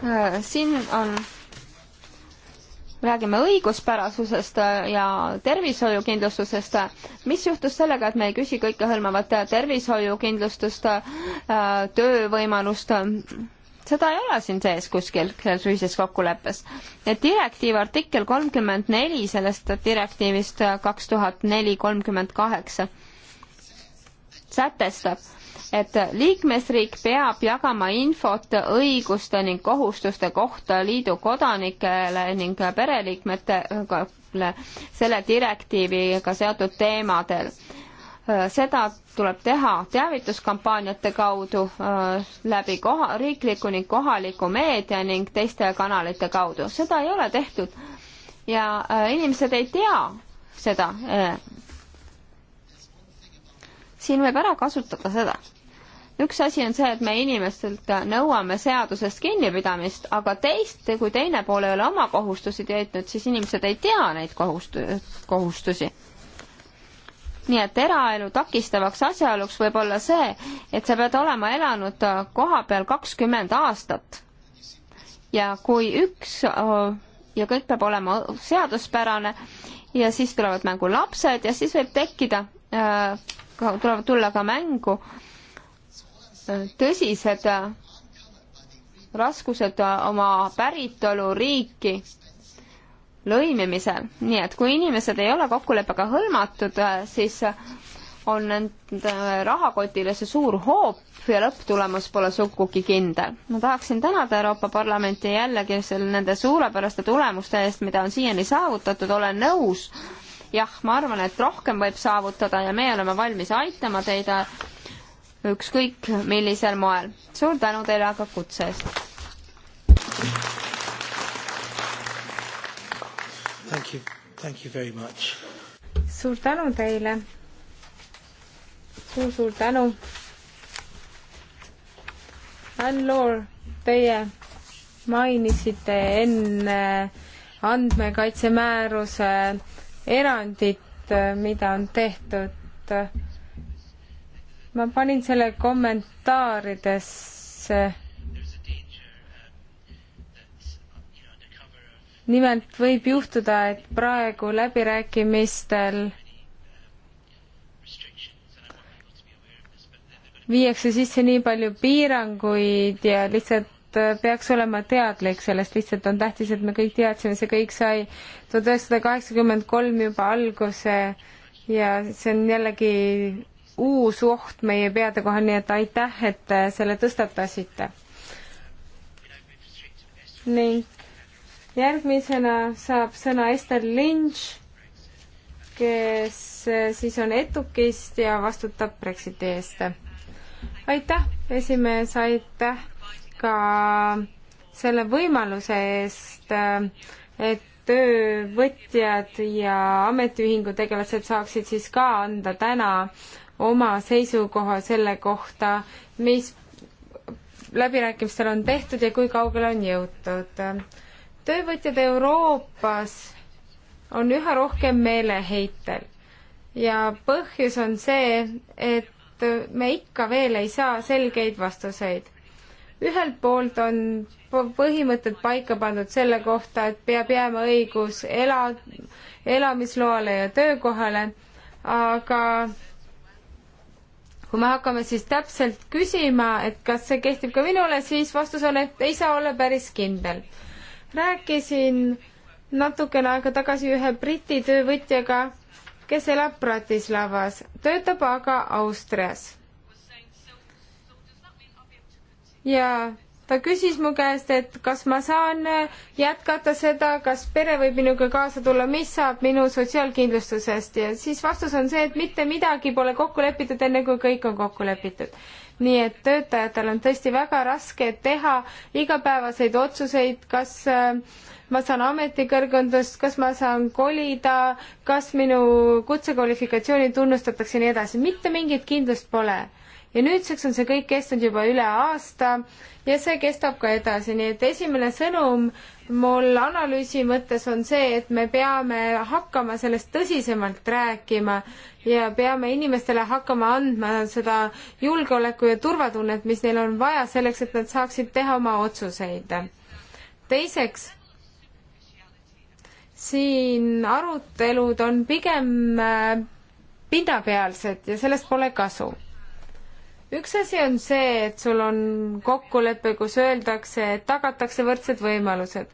Äh, siin on, räägime õiguspärasusest äh, ja tervishoiukindlustusest. mis juhtus sellega, et me ei küsi kõikehõlmavat tervishoiukindlustust, äh, töövõimalust? seda ei ole siin sees kuskil selles ühises kokkuleppes. et direktiiv artikkel kolmkümmend neli sellest direktiivist kaks tuhat neli kolmkümmend kaheksa sätestab, et liikmesriik peab jagama infot õiguste ning kohustuste kohta liidu kodanikele ning pereliikmetele selle direktiiviga seotud teemadel. seda tuleb teha teavituskampaaniate kaudu äh, läbi koha, riikliku ning kohaliku meedia ning teiste kanalite kaudu. seda ei ole tehtud ja äh, inimesed ei tea seda äh, siin võib ära kasutada seda. üks asi on see, et me inimestelt nõuame seadusest kinnipidamist, aga teist, kui teine pool ei ole oma kohustusi täitnud, siis inimesed ei tea neid kohust-, kohustusi nii et eraelu takistavaks asjaoluks võib olla see, et sa pead olema elanud koha peal kakskümmend aastat. ja kui üks ja kõik peab olema seaduspärane ja siis tulevad mängu lapsed ja siis võib tekkida äh, tulevad tulla ka mängu tõsised raskused oma päritoluriiki lõimimisel. nii et kui inimesed ei ole kokkuleppega hõlmatud, siis on nende rahakotile see suur hoop ja lõpptulemus pole sugugi kindel. ma tahaksin tänada Euroopa Parlamenti jällegi selle, nende suurepäraste tulemuste eest, mida on siiani saavutatud, olen nõus jah, ma arvan, et rohkem võib saavutada ja meie oleme valmis aitama teid äh, ükskõik millisel moel. suur tänu teile aga kutse eest. Thank you, thank you very much. suur tänu teile suur,. suur-suur tänu. Ann Loor, teie mainisite enne andmekaitsemääruse äh, erandit, äh, mida on tehtud. ma panin selle kommentaaridesse. nimelt võib juhtuda, et praegu läbirääkimistel viiakse sisse nii palju piiranguid ja lihtsalt Äh, peaks olema teadlik sellest, lihtsalt on tähtis, et me kõik teadsime, see kõik sai tuhat üheksasada kaheksakümmend kolm juba alguse ja see on jällegi uus oht meie peade kohal, nii et aitäh, et äh, selle tõstatasite. ning järgmisena saab sõna Ester Lynch, kes äh, siis on Etukist ja vastutab Brexiti eest. aitäh, esimees, aitäh ka selle võimaluse eest, et töövõtjad ja ametiühingu tegelased saaksid siis ka anda täna oma seisukoha selle kohta, mis läbirääkimistel on tehtud ja kui kaugele on jõutud. töövõtjad Euroopas on üha rohkem meeleheitel ja põhjus on see, et me ikka veel ei saa selgeid vastuseid ühelt poolt on põhimõtted paika pandud selle kohta, et peab jääma õigus ela, elamisloale ja töökohale, aga kui me hakkame siis täpselt küsima, et kas see kehtib ka minule, siis vastus on, et ei saa olla päris kindel. rääkisin natukene aega tagasi ühe Briti töövõtjaga, kes elab Bratislavas, töötab aga Austrias ja ta küsis mu käest, et kas ma saan jätkata seda, kas pere võib minuga kaasa tulla, mis saab minu sotsiaalkindlustusest ja siis vastus on see, et mitte midagi pole kokku lepitud, enne kui kõik on kokku lepitud. nii et töötajatel on tõesti väga raske teha igapäevaseid otsuseid, kas äh, ma saan ametikõrgendust, kas ma saan kolida, kas minu kutsekvalifikatsiooni tunnustatakse ja nii edasi, mitte mingit kindlust pole ja nüüdseks on see kõik kestnud juba üle aasta ja see kestab ka edasi, nii et esimene sõnum mul analüüsi mõttes on see, et me peame hakkama sellest tõsisemalt rääkima ja peame inimestele hakkama andma seda julgeoleku ja turvatunnet, mis neil on vaja selleks, et nad saaksid teha oma otsuseid. teiseks, siin arutelud on pigem äh, pinnapealsed ja sellest pole kasu üks asi on see, et sul on kokkulepe, kus öeldakse, et tagatakse võrdsed võimalused.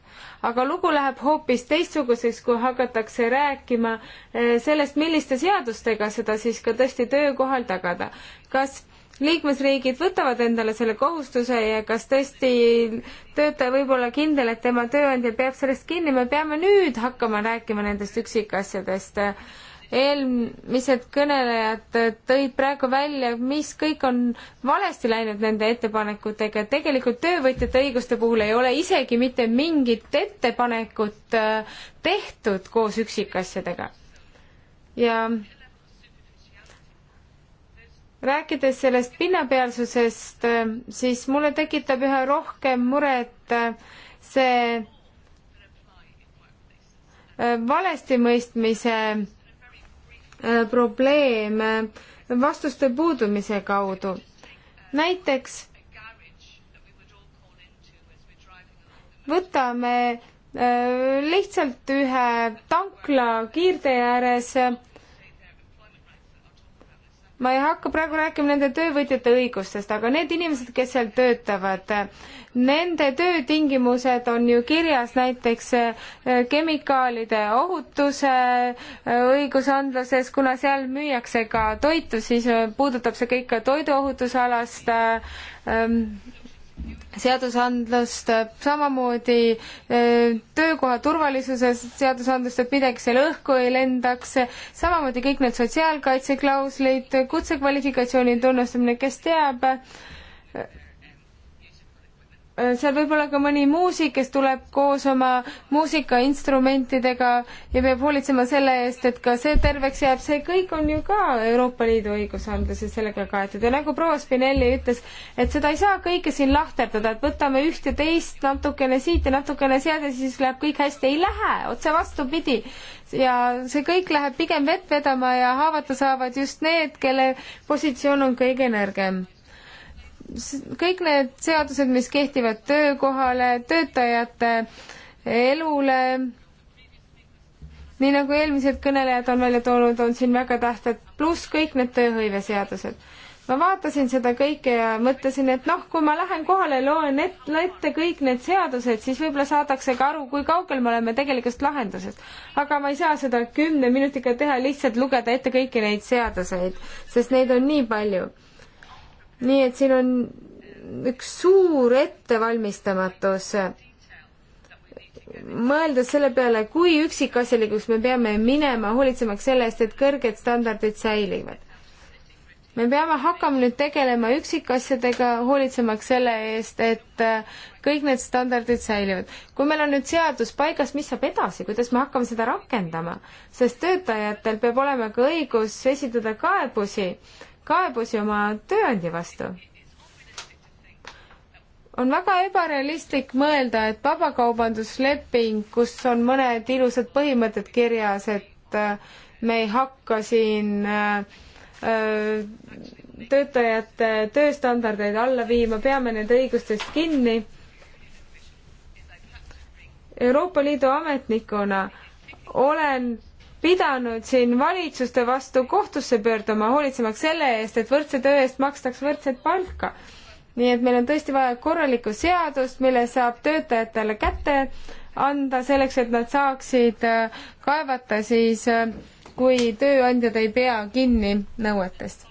aga lugu läheb hoopis teistsuguseks, kui hakatakse rääkima eh, sellest, milliste seadustega seda siis ka tõesti töökohal tagada. kas liikmesriigid võtavad endale selle kohustuse ja kas tõesti töötaja võib olla kindel, et tema tööandja peab sellest kinni, me peame nüüd hakkama rääkima nendest üksikasjadest eelmised kõnelejad tõid praegu välja, mis kõik on valesti läinud nende ettepanekutega, et tegelikult töövõtjate õiguste puhul ei ole isegi mitte mingit ettepanekut äh, tehtud koos üksikasjadega. ja rääkides sellest pinnapealsusest, äh, siis mulle tekitab üha rohkem muret äh, see valestimõistmise Äh, probleem äh, vastuste puudumise kaudu. näiteks võtame äh, lihtsalt ühe tankla kiirtee ääres ma ei hakka praegu rääkima nende töövõtjate õigustest, aga need inimesed, kes seal töötavad, nende töötingimused on ju kirjas näiteks eh, kemikaalide ohutuse eh, õigusandluses, kuna seal müüakse ka toitu, siis eh, puudutab see kõik ka toiduohutusalast ähm, seadusandlust, samamoodi eh, töökoha turvalisuse seadusandlust, et midagi seal õhku ei lendaks, samamoodi kõik need sotsiaalkaitseklauslid, kutsekvalifikatsiooni tunnustamine, kes teab, seal võib olla ka mõni muusik, kes tuleb koos oma muusikainstrumentidega ja peab hoolitsema selle eest, et ka see terveks jääb, see kõik on ju ka Euroopa Liidu õigusandluses sellega kaetud ja nagu proua Spinelli ütles, et seda ei saa kõike siin lahterdada, et võtame üht ja teist natukene siit ja natukene sealt ja siis läheb kõik hästi, ei lähe, otse vastupidi ja see kõik läheb pigem vett vedama ja haavata saavad just need, kelle positsioon on kõige nõrgem kõik need seadused, mis kehtivad töökohale, töötajate elule, nii nagu eelmised kõnelejad on välja toonud, on siin väga tähtsad, pluss kõik need tööhõiveseadused. ma vaatasin seda kõike ja mõtlesin, et noh, kui ma lähen kohale, loen ette, ette kõik need seadused, siis võib-olla saadakse ka aru, kui kaugel me oleme tegelikult lahendusest. aga ma ei saa seda kümne minutiga teha, lihtsalt lugeda ette kõiki neid seaduseid, sest neid on nii palju nii et siin on üks suur ettevalmistamatus. mõeldes selle peale, kui üksikasjalikuks me peame minema, hoolitsemaks selle eest, et kõrged standardid säilivad. me peame hakkama nüüd tegelema üksikasjadega, hoolitsemaks selle eest, et äh, kõik need standardid säilivad. kui meil on nüüd seadus paigas, mis saab edasi, kuidas me hakkame seda rakendama, sest töötajatel peab olema ka õigus esitada kaebusi kaebusi oma tööandja vastu. on väga ebarealistlik mõelda, et vabakaubandusleping, kus on mõned ilusad põhimõtted kirjas, et äh, me ei hakka siin äh, äh, töötajate tööstandardeid alla viima, peame nende õigustest kinni. Euroopa Liidu ametnikuna olen pidanud siin valitsuste vastu kohtusse pöörduma, hoolitsemaks selle eest, et võrdse töö eest makstaks võrdset palka. nii et meil on tõesti vaja korralikku seadust, mille saab töötajatele kätte anda selleks, et nad saaksid äh, kaevata siis, äh, kui tööandjad ei pea kinni nõuetest.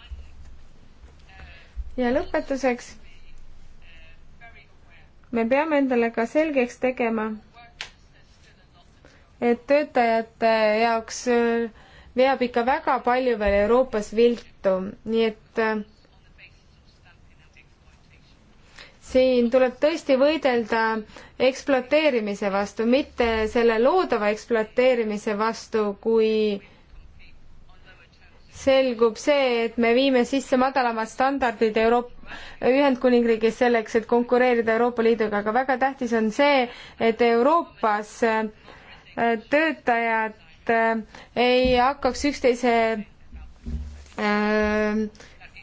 ja lõpetuseks me peame endale ka selgeks tegema et töötajate jaoks äh, veab ikka väga palju veel Euroopas viltu, nii et äh, siin tuleb tõesti võidelda ekspluateerimise vastu, mitte selle loodava ekspluateerimise vastu, kui selgub see, et me viime sisse madalamad standardid Euroopa Ühendkuningriigis selleks, et konkureerida Euroopa Liiduga, aga väga tähtis on see, et Euroopas äh, töötajad äh, ei hakkaks üksteise äh,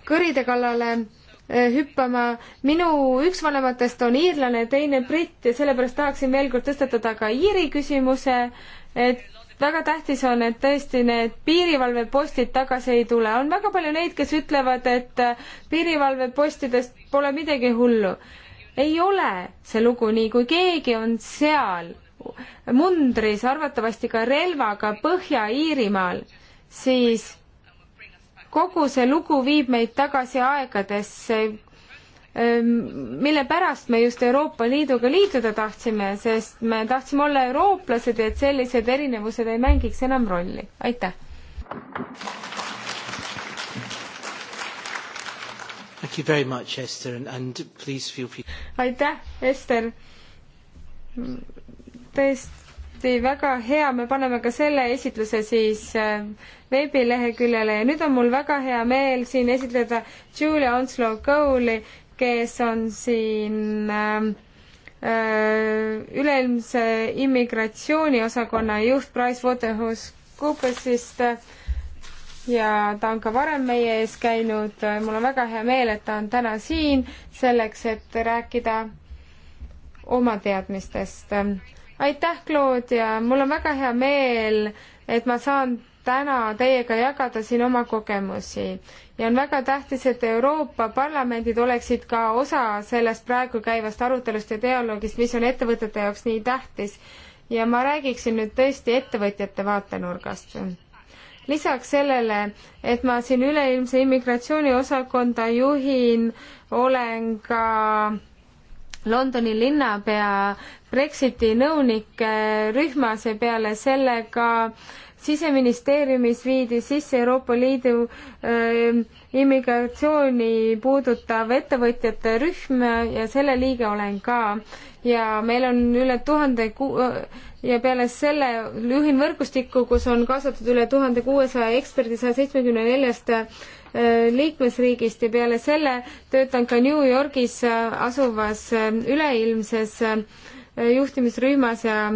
kõride kallale äh, hüppama. minu üks vanematest on iirlane, teine britt ja sellepärast tahaksin veel kord tõstatada ka Iiri küsimuse, et väga tähtis on, et tõesti need piirivalvepostid tagasi ei tule. on väga palju neid, kes ütlevad, et piirivalvepostidest pole midagi hullu. ei ole see lugu nii, kui keegi on seal mundris, arvatavasti ka relvaga Põhja-Iirimaal, siis kogu see lugu viib meid tagasi aegadesse, ehm, mille pärast me just Euroopa Liiduga liituda tahtsime, sest me tahtsime olla eurooplased ja et sellised erinevused ei mängiks enam rolli. aitäh! Thank you very much, Esther, and, and please feel free. aitäh, Ester! tõesti väga hea, me paneme ka selle esitluse siis äh, veebileheküljele ja nüüd on mul väga hea meel siin esitleda Julia Onslow Cole'i, kes on siin ähm, äh, üleilmse immigratsiooniosakonna juht PricewaterhouseCoopersist äh, ja ta on ka varem meie ees käinud. mul on väga hea meel, et ta on täna siin selleks, et rääkida oma teadmistest aitäh, Claude, ja mul on väga hea meel, et ma saan täna teiega jagada siin oma kogemusi ja on väga tähtis, et Euroopa parlamendid oleksid ka osa sellest praegu käivast arutelust ja dialoogist, mis on ettevõtete jaoks nii tähtis. ja ma räägiksin nüüd tõesti ettevõtjate vaatenurgast. lisaks sellele, et ma siin üleilmse immigratsiooni osakonda juhin, olen ka Londoni linnapea Brexiti nõunike rühmas ja peale sellega siseministeeriumis viidi sisse Euroopa Liidu äh, immigratsiooni puudutav ettevõtjate rühm ja selle liige olen ka. ja meil on üle tuhande ku- äh, ja peale selle juhin võrgustikku, kus on kaasatud üle tuhande kuuesaja eksperdi saja seitsmekümne neljast äh, Äh, liikmesriigist ja peale selle töötan ka New Yorgis äh, asuvas äh, üleilmses juhtimisrühmas ja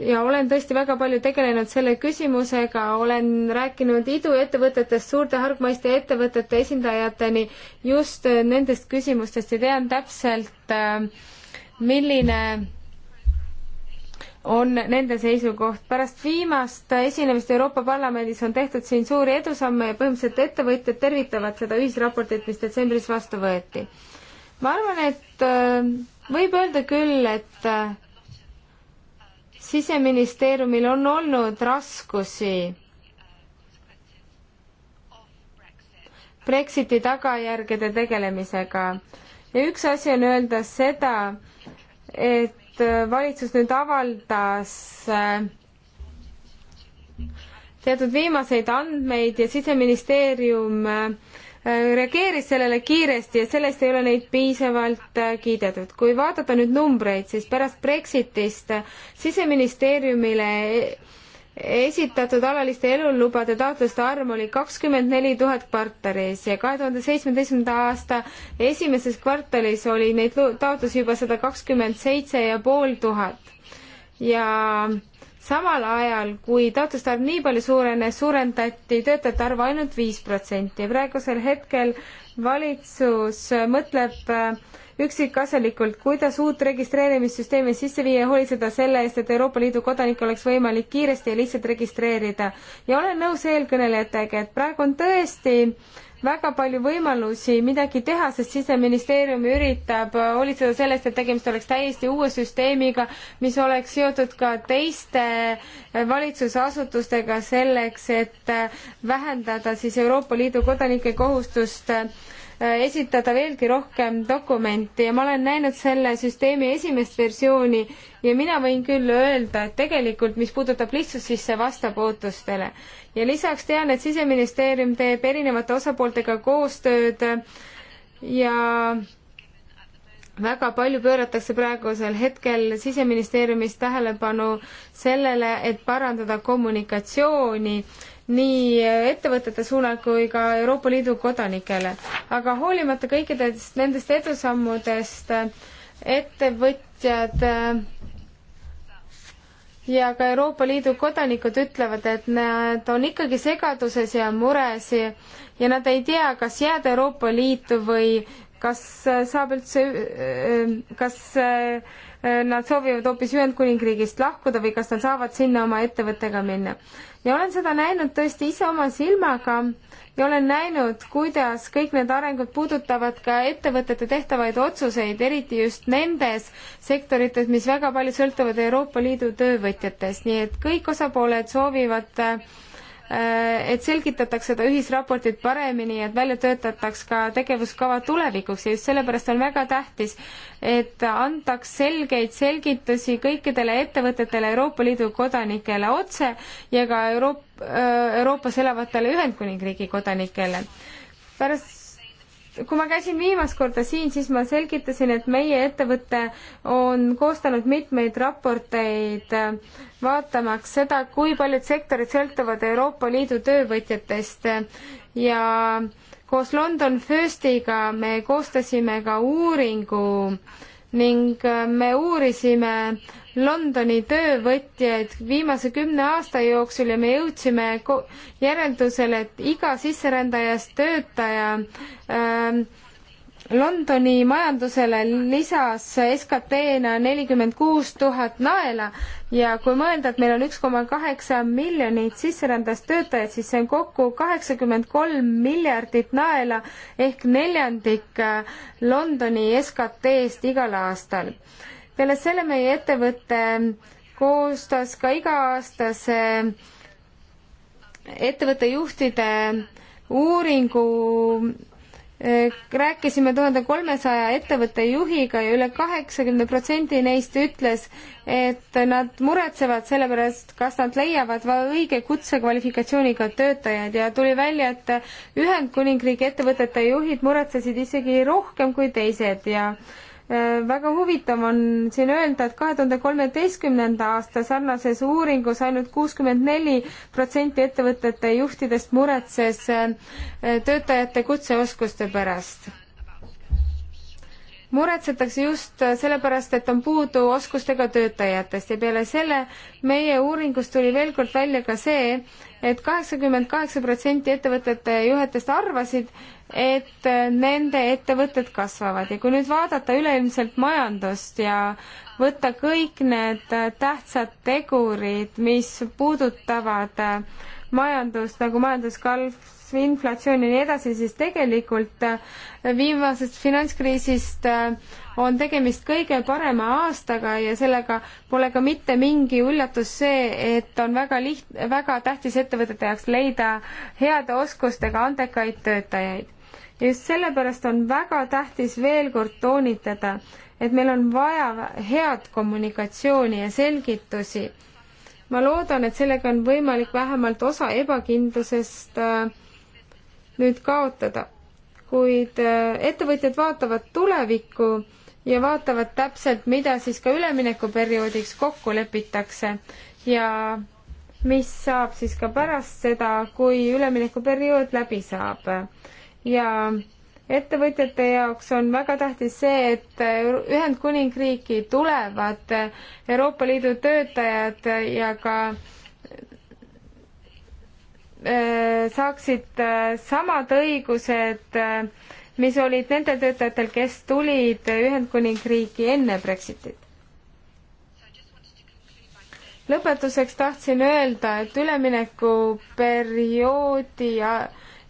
ja olen tõesti väga palju tegelenud selle küsimusega, olen rääkinud iduettevõtetest suurte hargmaiste ettevõtete esindajateni just nendest küsimustest ja tean täpselt, milline on nende seisukoht. pärast viimast esinemist Euroopa Parlamendis on tehtud siin suuri edusamme ja põhimõtteliselt ettevõtjad tervitavad seda ühisraportit, mis detsembris vastu võeti. ma arvan, et äh, võib öelda küll, et äh, siseministeeriumil on olnud raskusi Brexiti tagajärgede tegelemisega ja üks asi on öelda seda, et et äh, valitsus nüüd avaldas äh, teatud viimaseid andmeid ja siseministeerium äh, reageeris sellele kiiresti ja sellest ei ole neid piisavalt kiidetud. kui vaadata nüüd numbreid, siis pärast Brexitist siseministeeriumile esitatud alaliste elulubade taotluste arv oli kakskümmend neli tuhat kvartalis ja kahe tuhande seitsmeteistkümnenda aasta esimeses kvartalis oli neid taotlusi juba sada kakskümmend seitse ja pool tuhat. ja samal ajal, kui taotluste arv nii palju suurenes, suurendati töötajate arvu ainult viis protsenti ja praegusel hetkel valitsus mõtleb äh, üksikasjalikult, kuidas uut registreerimissüsteemi sisse viia ja hoolitseda selle eest, et Euroopa Liidu kodanik oleks võimalik kiiresti ja lihtsalt registreerida. ja olen nõus eelkõnelejatega, et praegu on tõesti väga palju võimalusi midagi teha, sest siseministeerium üritab hoolitseda sellest, et tegemist oleks täiesti uue süsteemiga, mis oleks seotud ka teiste valitsusasutustega selleks, et vähendada siis Euroopa Liidu kodanike kohustust äh, Äh, esitada veelgi rohkem dokumenti ja ma olen näinud selle süsteemi esimest versiooni ja mina võin küll öelda, et tegelikult, mis puudutab lihtsust, siis see vastab ootustele. ja lisaks tean, et siseministeerium teeb erinevate osapooltega koostööd ja väga palju pööratakse praegusel hetkel siseministeeriumis tähelepanu sellele, et parandada kommunikatsiooni nii ettevõtete suunal kui ka Euroopa Liidu kodanikele. aga hoolimata kõikidest nendest edusammudest ettevõtjad äh, ja ka Euroopa Liidu kodanikud ütlevad, et nad on ikkagi segaduses ja mures ja nad ei tea, kas jääda Euroopa Liitu või kas saab üldse, äh, kas äh, Äh, nad soovivad hoopis Ühendkuningriigist lahkuda või kas nad saavad sinna oma ettevõttega minna. ja olen seda näinud tõesti ise oma silmaga ja olen näinud, kuidas kõik need arengud puudutavad ka ettevõtete tehtavaid otsuseid, eriti just nendes sektorites, mis väga palju sõltuvad Euroopa Liidu töövõtjatest, nii et kõik osapooled soovivad äh, Äh, et selgitataks seda ühisraportit paremini, et välja töötataks ka tegevuskava tulevikuks ja just sellepärast on väga tähtis, et antaks selgeid selgitusi kõikidele ettevõtetele, Euroopa Liidu kodanikele otse ja ka Euroop-, äh, Euroopas elavatele Ühendkuningriigi kodanikele. pärast kui ma käisin viimast korda siin, siis ma selgitasin, et meie ettevõte on koostanud mitmeid raporteid vaatamaks seda, kui paljud sektorid sõltuvad Euroopa Liidu töövõtjatest ja koos London Firstiga me koostasime ka uuringu ning me uurisime Londoni töövõtjaid viimase kümne aasta jooksul ja me jõudsime järeldusele, et iga sisserändajast töötaja ähm, Londoni majandusele lisas SKT-na nelikümmend kuus tuhat naela ja kui mõelda, et meil on üks koma kaheksa miljonit sisserändajast töötajaid, siis see on kokku kaheksakümmend kolm miljardit naela ehk neljandik äh, Londoni SKT-st igal aastal peale selle meie ettevõte koostas ka iga-aastase ettevõtte juhtide uuringu rääkisime tuhande kolmesaja ettevõtte juhiga ja üle kaheksakümne protsendi neist ütles, et nad muretsevad selle pärast, kas nad leiavad õige kutsekvalifikatsiooniga töötajaid ja tuli välja, et Ühendkuningriigi ettevõtete juhid muretsesid isegi rohkem kui teised ja äh, Äh, väga huvitav on siin öelda, et kahe tuhande kolmeteistkümnenda aasta sarnases uuringus ainult kuuskümmend neli protsenti ettevõtete juhtidest muretses äh, töötajate kutseoskuste pärast muretsetakse just sellepärast, et on puudu oskustega töötajatest ja peale selle meie uuringust tuli veel kord välja ka see, et kaheksakümmend kaheksa protsenti ettevõtete juhetest arvasid, et nende ettevõtted kasvavad ja kui nüüd vaadata üleilmselt majandust ja võtta kõik need tähtsad tegurid, mis puudutavad majandust nagu majanduskasv, kasv, inflatsioon ja nii edasi, siis tegelikult äh, viimasest finantskriisist äh, on tegemist kõige parema aastaga ja sellega pole ka mitte mingi üllatus see, et on väga liht-, väga tähtis ettevõtete jaoks leida heade oskustega andekaid töötajaid. just sellepärast on väga tähtis veel kord toonitada, et meil on vaja head kommunikatsiooni ja selgitusi ma loodan, et sellega on võimalik vähemalt osa ebakindlusest äh, nüüd kaotada. kuid äh, ettevõtjad vaatavad tulevikku ja vaatavad täpselt, mida siis ka üleminekuperioodiks kokku lepitakse ja mis saab siis ka pärast seda, kui üleminekuperiood läbi saab. ja ettevõtjate jaoks on väga tähtis see, et Ühendkuningriiki tulevad Euroopa Liidu töötajad ja ka Äh, saaksid äh, samad õigused, äh, mis olid nendel töötajatel, kes tulid Ühendkuningriiki enne Brexitit. lõpetuseks tahtsin öelda, et üleminekuperioodi ja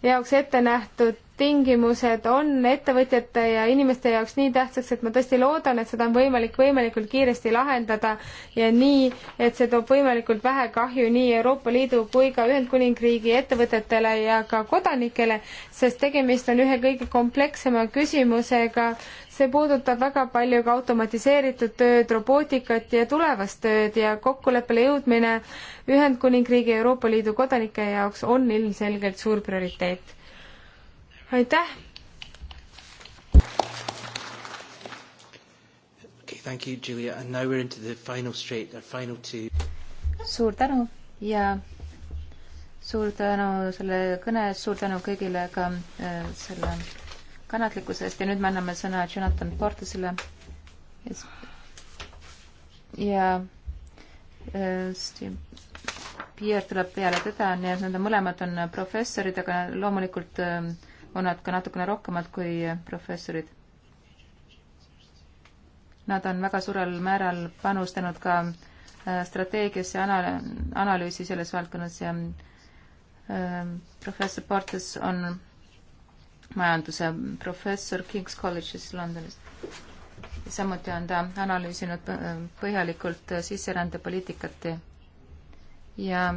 jaoks ette nähtud tingimused on ettevõtjate ja inimeste jaoks nii tähtsaks, et ma tõesti loodan, et seda on võimalik võimalikult kiiresti lahendada ja nii, et see toob võimalikult vähe kahju nii Euroopa Liidu kui ka Ühendkuningriigi ettevõtetele ja ka kodanikele, sest tegemist on ühe kõige komplekssema küsimusega. see puudutab väga palju ka automatiseeritud tööd, robootikat ja tulevast tööd ja kokkuleppele jõudmine Ühendkuningriigi ja Euroopa Liidu kodanike jaoks on ilmselgelt suur prioriteet aitäh okay,! Thank you, Julia, and now we are into the final straight, our final two. suur tänu ja suur tänu selle kõne eest, suur tänu kõigile ka äh, selle kannatlikkuse eest ja nüüd me anname sõna Jonathan Portasele. ja äh, Pierre tuleb peale teda, nii et nad mõlemad on professorid, aga loomulikult äh, on nad ka natukene rohkemad kui professorid. Nad on väga suurel määral panustanud ka äh, strateegiasse anal, analüüsi selles valdkonnas ja ähm, professor Portes on majanduse professor King's College'is Londonis. samuti on ta analüüsinud äh, põhjalikult äh, sisserändepoliitikat ja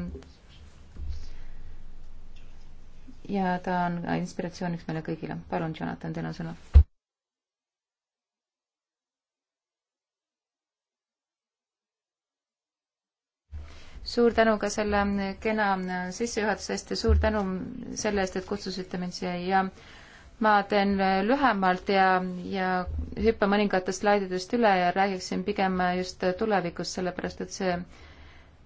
ja ta on inspiratsiooniks meile kõigile. palun, Jonathan, teil on sõna. suur tänu ka selle kena sissejuhatuse eest ja suur tänu selle eest, et kutsusite mind siia ja ma teen lühemalt ja, ja hüppan mõningatest slaididest üle ja räägiksin pigem just tulevikust, sellepärast et see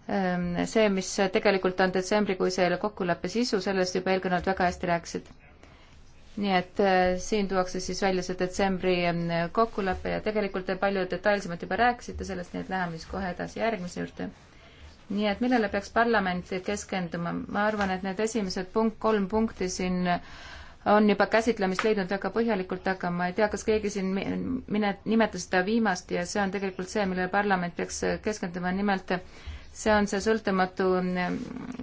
Ehm, see, mis tegelikult on detsembrikuise kokkuleppe sisu, sellest juba eelkõnelejad väga hästi rääkisid. nii et äh, siin tuuakse siis välja see detsembri ehm, kokkulepe ja tegelikult te palju detailsemalt juba rääkisite sellest, nii et läheme siis kohe edasi järgmise juurde. nii et millele peaks parlament keskenduma, ma arvan, et need esimesed punkt, kolm punkti siin on juba käsitlemist leidnud väga põhjalikult, aga ma ei tea, kas keegi siin mine, nimetas seda viimast ja see on tegelikult see, millele parlament peaks keskenduma, nimelt see on see sõltumatu mm,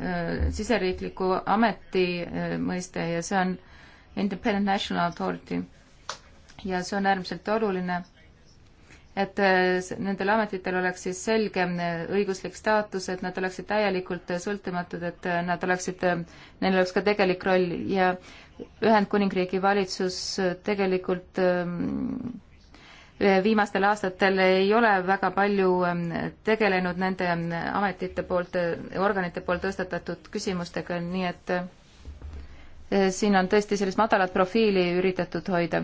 äh, siseriikliku ameti äh, mõiste ja see on Independent National Authority. ja see on äärmiselt oluline, et äh, nendel ametitel oleks siis selge mm, õiguslik staatus, et nad oleksid täielikult sõltumatud, et nad oleksid, neil oleks ka tegelik roll ja Ühendkuningriigi valitsus tegelikult ähm, viimastel aastatel ei ole väga palju ähm, tegelenud nende ähm, ametite poolt, äh, organite poolt tõstatatud küsimustega, nii et äh, siin on tõesti sellist madalat profiili üritatud hoida,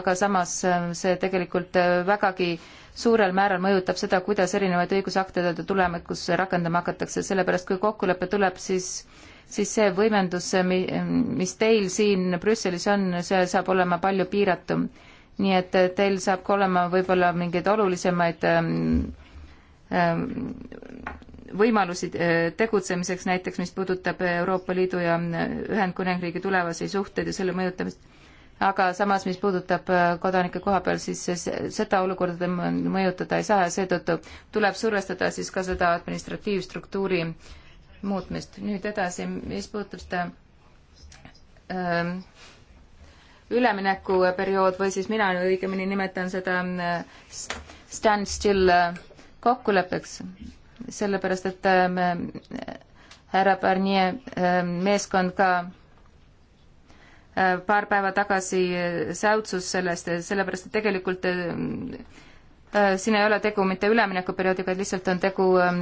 aga samas ähm, see tegelikult äh, vägagi suurel määral mõjutab seda, kuidas erinevaid õigusakte tulevikus rakendama hakatakse, sellepärast kui kokkulepe tuleb, siis siis see võimendus, mis teil siin Brüsselis on, see saab olema palju piiratum nii et teil saab ka olema võib-olla mingeid olulisemaid ähm, ähm, võimalusi äh, tegutsemiseks, näiteks mis puudutab Euroopa Liidu ja äh, Ühendkuningriigi tulevasi suhteid ja selle mõjutamist. aga samas, mis puudutab äh, kodanike koha peal, siis seda olukorda te mõjutada ei saa ja seetõttu tuleb survestada siis ka seda administratiivstruktuuri muutmist. nüüd edasi, mis puudutab seda ähm, üleminekuperiood või siis mina õigemini nimetan seda mm, stand-still äh, kokkuleppeks, sellepärast et ähm, härra Barnier ähm, meeskond ka äh, paar päeva tagasi äh, säutsus sellest, sellepärast et tegelikult Äh, siin ei ole tegu mitte üleminekuperioodiga, vaid lihtsalt on tegu ähm,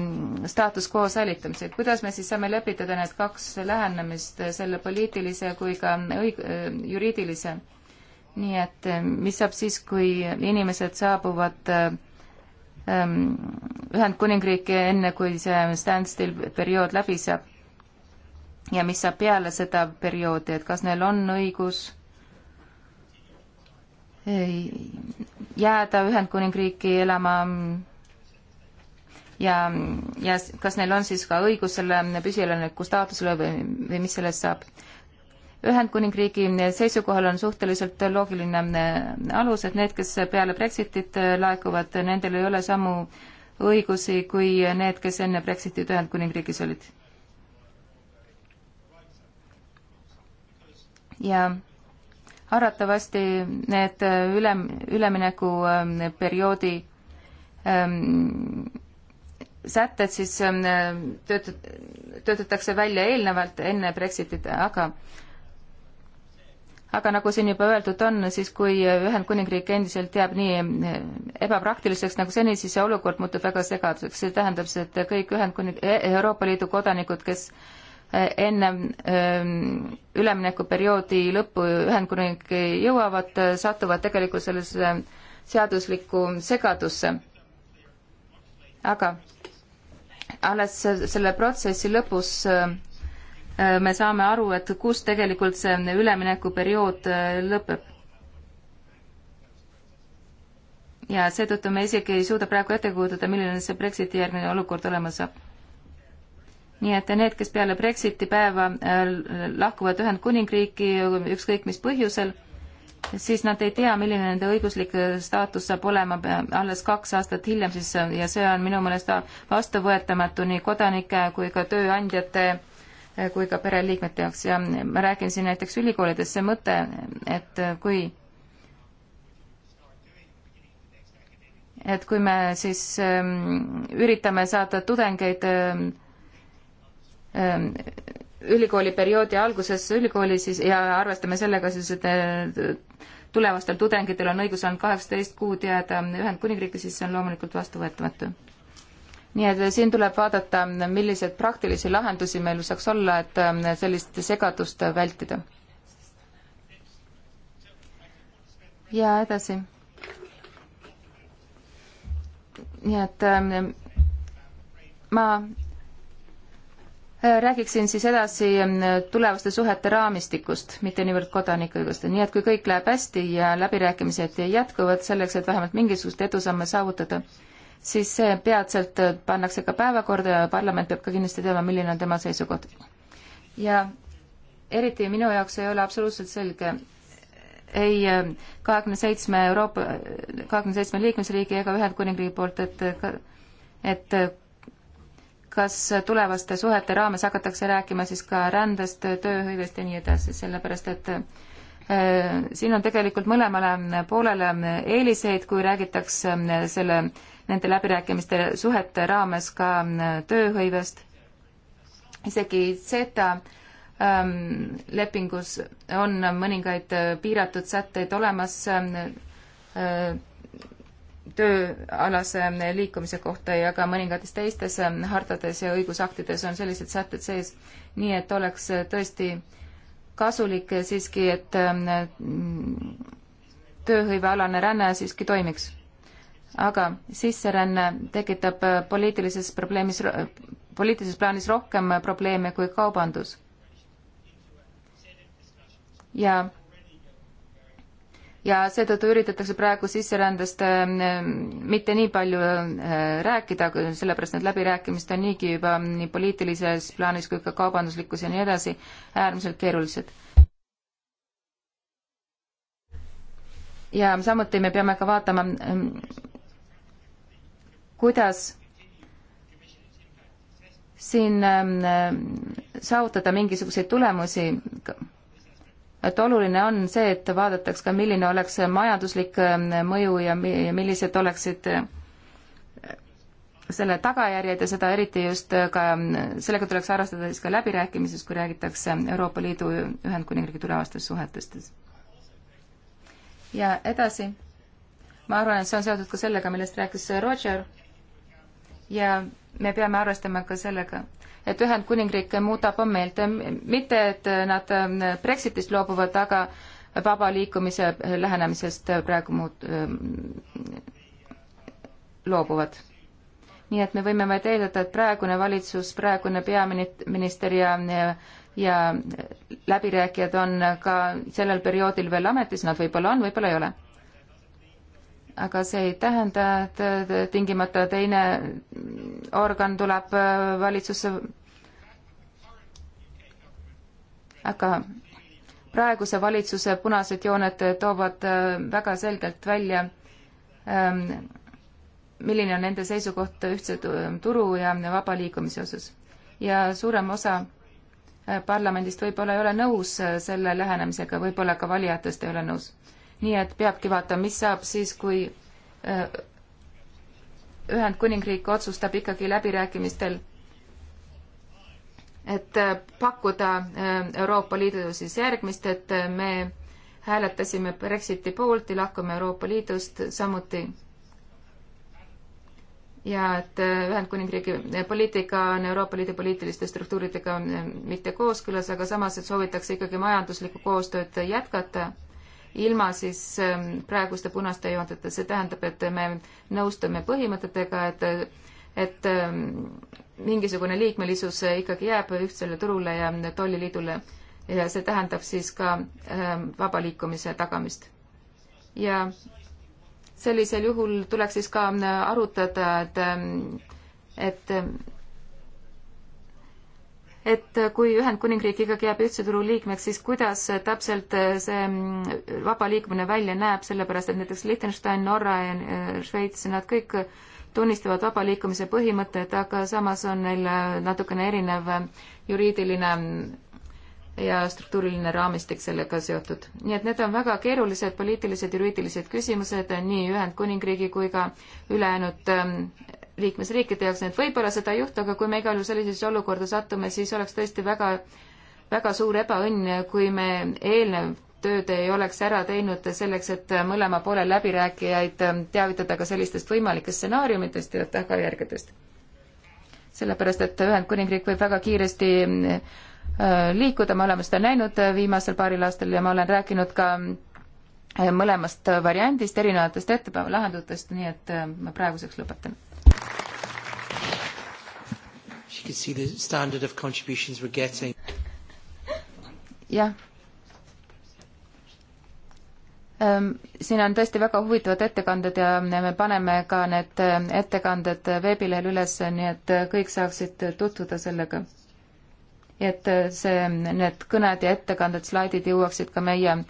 staatus quo säilitamisega. kuidas me siis saame lepitada need kaks lähenemist, äh, selle poliitilise kui ka ähm, õig-, äh, juriidilise? nii et mis saab siis, kui inimesed saabuvad ähm, Ühendkuningriiki enne, kui see standstill periood läbi saab? ja mis saab peale seda perioodi, et kas neil on õigus jääda Ühendkuningriiki elama ja, ja kas neil on siis ka õigus selle püsielaniku staatusele või, või mis sellest saab. Ühendkuningriigi seisukohal on suhteliselt loogiline alus, et need, kes peale Brexitit laekuvad, nendel ei ole samu õigusi kui need, kes enne Brexitit Ühendkuningriigis olid. ja arvatavasti need äh, üle, üleminekuperioodi ähm, ähm, sätted siis ähm, töötat-, töötatakse välja eelnevalt, enne Brexitit, aga aga nagu siin juba öeldud on, siis kui Ühendkuningriik endiselt jääb nii äh, ebapraktiliseks nagu seni, siis see olukord muutub väga segaduseks. see tähendab, et kõik Ühendkuning-, e-, Euroopa Liidu kodanikud, kes äh, enne ähm, üleminekuperioodi lõppu Ühendkuningriiki jõuavad, satuvad tegelikult sellesse seaduslikku segadusse. aga alles selle protsessi lõpus äh, me saame aru, et kus tegelikult see üleminekuperiood äh, lõpeb. ja seetõttu me isegi ei suuda praegu ette kujutada, milline see Brexiti järgmine olukord olema saab nii et need, kes peale Brexiti päeva äh, lahkuvad Ühendkuningriiki ükskõik mis põhjusel, siis nad ei tea, milline nende õiguslik äh, staatus saab olema äh, alles kaks aastat hiljem siis ja see on minu meelest vastuvõetamatu nii kodanike kui ka tööandjate kui ka pereliikmete jaoks ja ma räägin siin näiteks ülikoolides, see mõte, et kui et kui me siis ähm, üritame saada tudengeid ähm, Ehm, ülikooli perioodi alguses ülikooli siis ja arvestame sellega siis, et tulevastel tudengitel on õigus ainult kaheksateist kuud jääda Ühendkuningriiki, siis see on loomulikult vastuvõetamatu. nii et siin tuleb vaadata, milliseid praktilisi lahendusi meil saaks olla, et sellist segadust vältida. ja edasi. nii et ehm, ma räägiksin siis edasi mm, tulevaste suhete raamistikust, mitte niivõrd kodanikuõiguste, nii et kui kõik läheb hästi ja läbirääkimised jätkuvad selleks, et vähemalt mingisugust edusamme saavutada, siis see peatselt pannakse ka päevakorda ja parlament peab ka kindlasti teadma, milline on tema seisukoht. ja eriti minu jaoks ei ole absoluutselt selge ei äh, kahekümne seitsme Euroopa, kahekümne seitsme liikmesriigi ega Ühendkuningriigi poolt, et et kas tulevaste suhete raames hakatakse rääkima siis ka rändest, tööhõivest ja nii edasi, sellepärast et äh, siin on tegelikult mõlemale poolele eeliseid, kui räägitakse äh, selle, nende läbirääkimiste suhete raames ka äh, tööhõivest. isegi seda ähm, lepingus on mõningaid piiratud sätteid olemas tööalase liikumise kohta ja ka mõningates teistes hartades ja õigusaktides on sellised sätted sees, nii et oleks tõesti kasulik siiski, et mm, tööhõivealane ränne siiski toimiks. aga sisseränne tekitab poliitilises probleemis, poliitilises plaanis rohkem probleeme kui kaubandus. ja ja seetõttu üritatakse praegu sisserändest ähm, mitte nii palju äh, rääkida, sellepärast need läbirääkimised on niigi juba nii poliitilises plaanis kui ka kaubanduslikus ja nii edasi äärmiselt keerulised. ja samuti me peame ka vaatama, ähm, kuidas siin ähm, saavutada mingisuguseid tulemusi et oluline on see, et vaadataks ka, milline oleks majanduslik ähm, mõju ja millised oleksid äh, selle tagajärjed ja seda eriti just ka, ähm, sellega tuleks arvestada siis ka läbirääkimises, kui räägitakse Euroopa Liidu Ühendkuningriigi tulevastest suhetest. ja edasi, ma arvan, et see on seotud ka sellega, millest rääkis Roger ja me peame arvestama ka sellega, et Ühendkuningriik muudab oma meelt, mitte et nad ähm, Brexitist loobuvad, aga vaba liikumise lähenemisest praegu muud, ähm, loobuvad. nii et me võime vaid eeldada, et praegune valitsus, praegune peaminister ja, ja läbirääkijad on ka sellel perioodil veel ametis, nad võib-olla on, võib-olla ei ole aga see ei tähenda, et tingimata teine organ tuleb äh, valitsusse. aga praeguse valitsuse punased jooned toovad äh, väga selgelt välja, ähm, milline on nende seisukoht ühtse turu ja vaba liikumise osas. ja suurem osa äh, parlamendist võib-olla ei ole nõus selle lähenemisega, võib-olla ka valijatest ei ole nõus nii et peabki vaatama, mis saab siis, kui äh, Ühendkuningriik otsustab ikkagi läbirääkimistel, et äh, pakkuda äh, Euroopa Liidu siis järgmist, et me hääletasime Brexiti poolt ja lahkume Euroopa Liidust samuti. ja et Ühendkuningriigi poliitika on Euroopa Liidu poliitiliste struktuuridega mitte kooskõlas, aga samas, et soovitakse ikkagi majanduslikku koostööd jätkata ilma siis ähm, praeguste punaste joonteta, see tähendab, et me nõustume põhimõtetega, et et ähm, mingisugune liikmelisus ikkagi jääb ühtsele turule ja tolliliidule ja see tähendab siis ka ähm, vaba liikumise tagamist. ja sellisel juhul tuleks siis ka äh, arutada, et et et kui Ühendkuningriik ikkagi jääb ühtse turu liikmeks, siis kuidas täpselt see mm, vaba liikumine välja näeb, sellepärast et näiteks Liechtenstein, Norra ja äh, Šveits, nad kõik tunnistavad vaba liikumise põhimõtted, aga samas on neil äh, natukene erinev äh, juriidiline mm, ja struktuuriline raamistik sellega seotud. nii et need on väga keerulised poliitilised, juriidilised küsimused nii Ühendkuningriigi kui ka ülejäänud mm, liikmesriikide jaoks, nii et võib-olla seda ei juhtu, aga kui me igal juhul sellisesse olukorda satume, siis oleks tõesti väga, väga suur ebaõnn, kui me eelnev tööd ei oleks ära teinud selleks, et mõlema poole läbirääkijaid teavitada ka sellistest võimalikest stsenaariumitest ja tagajärgedest. sellepärast, et Ühendkuningriik võib väga kiiresti äh, liikuda, me oleme seda näinud viimasel paaril aastal ja ma olen rääkinud ka äh, mõlemast variandist, erinevatest ettepäeva lahendustest, nii et äh, ma praeguseks lõpetan She could see the standard of contributions we're getting. jah. Ehm, siin on tõesti väga huvitavad ettekanded ja me paneme ka need ehm, ettekanded veebilehel üles, nii et kõik saaksid tutvuda sellega. et ehm, see, need kõned ja ettekanded, slaidid jõuaksid ka meie äh,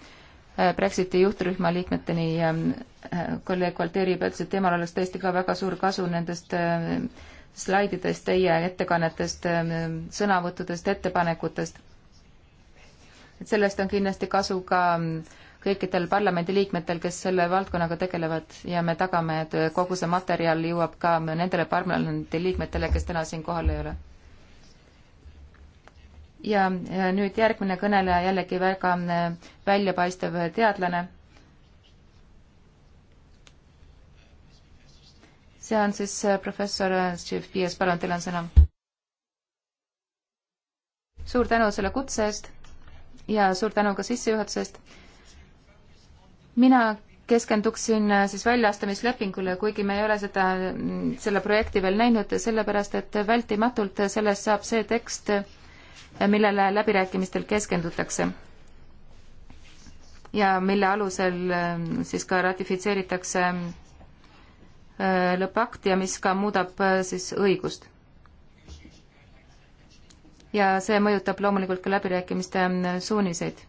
Äh, Brexiti juhtrühma liikmeteni ja äh, kolleeg Valteri juba ütles, et temal oleks tõesti ka väga suur kasu nendest äh, slaididest, teie ettekannetest, sõnavõttudest, ettepanekutest. et sellest on kindlasti kasu ka mm, kõikidel parlamendiliikmetel, kes selle valdkonnaga tegelevad ja me tagame, et kogu see materjal jõuab ka nendele parlamendiliikmetele, kes täna siin kohal ei ole ja nüüd järgmine kõneleja, jällegi väga äh, väljapaistev teadlane. see on siis äh, professor äh, Steve Pies, palun, teil on sõna. suur tänu selle kutse eest ja suur tänu ka sissejuhatuse eest. mina keskenduksin siis väljaastumislepingule, kuigi me ei ole seda, mm, selle projekti veel näinud, sellepärast et vältimatult sellest saab see tekst, millele läbirääkimistel keskendutakse ja mille alusel ähm, siis ka ratifitseeritakse äh, lõppakt ja mis ka muudab äh, siis õigust. ja see mõjutab loomulikult ka läbirääkimiste ähm, suuniseid.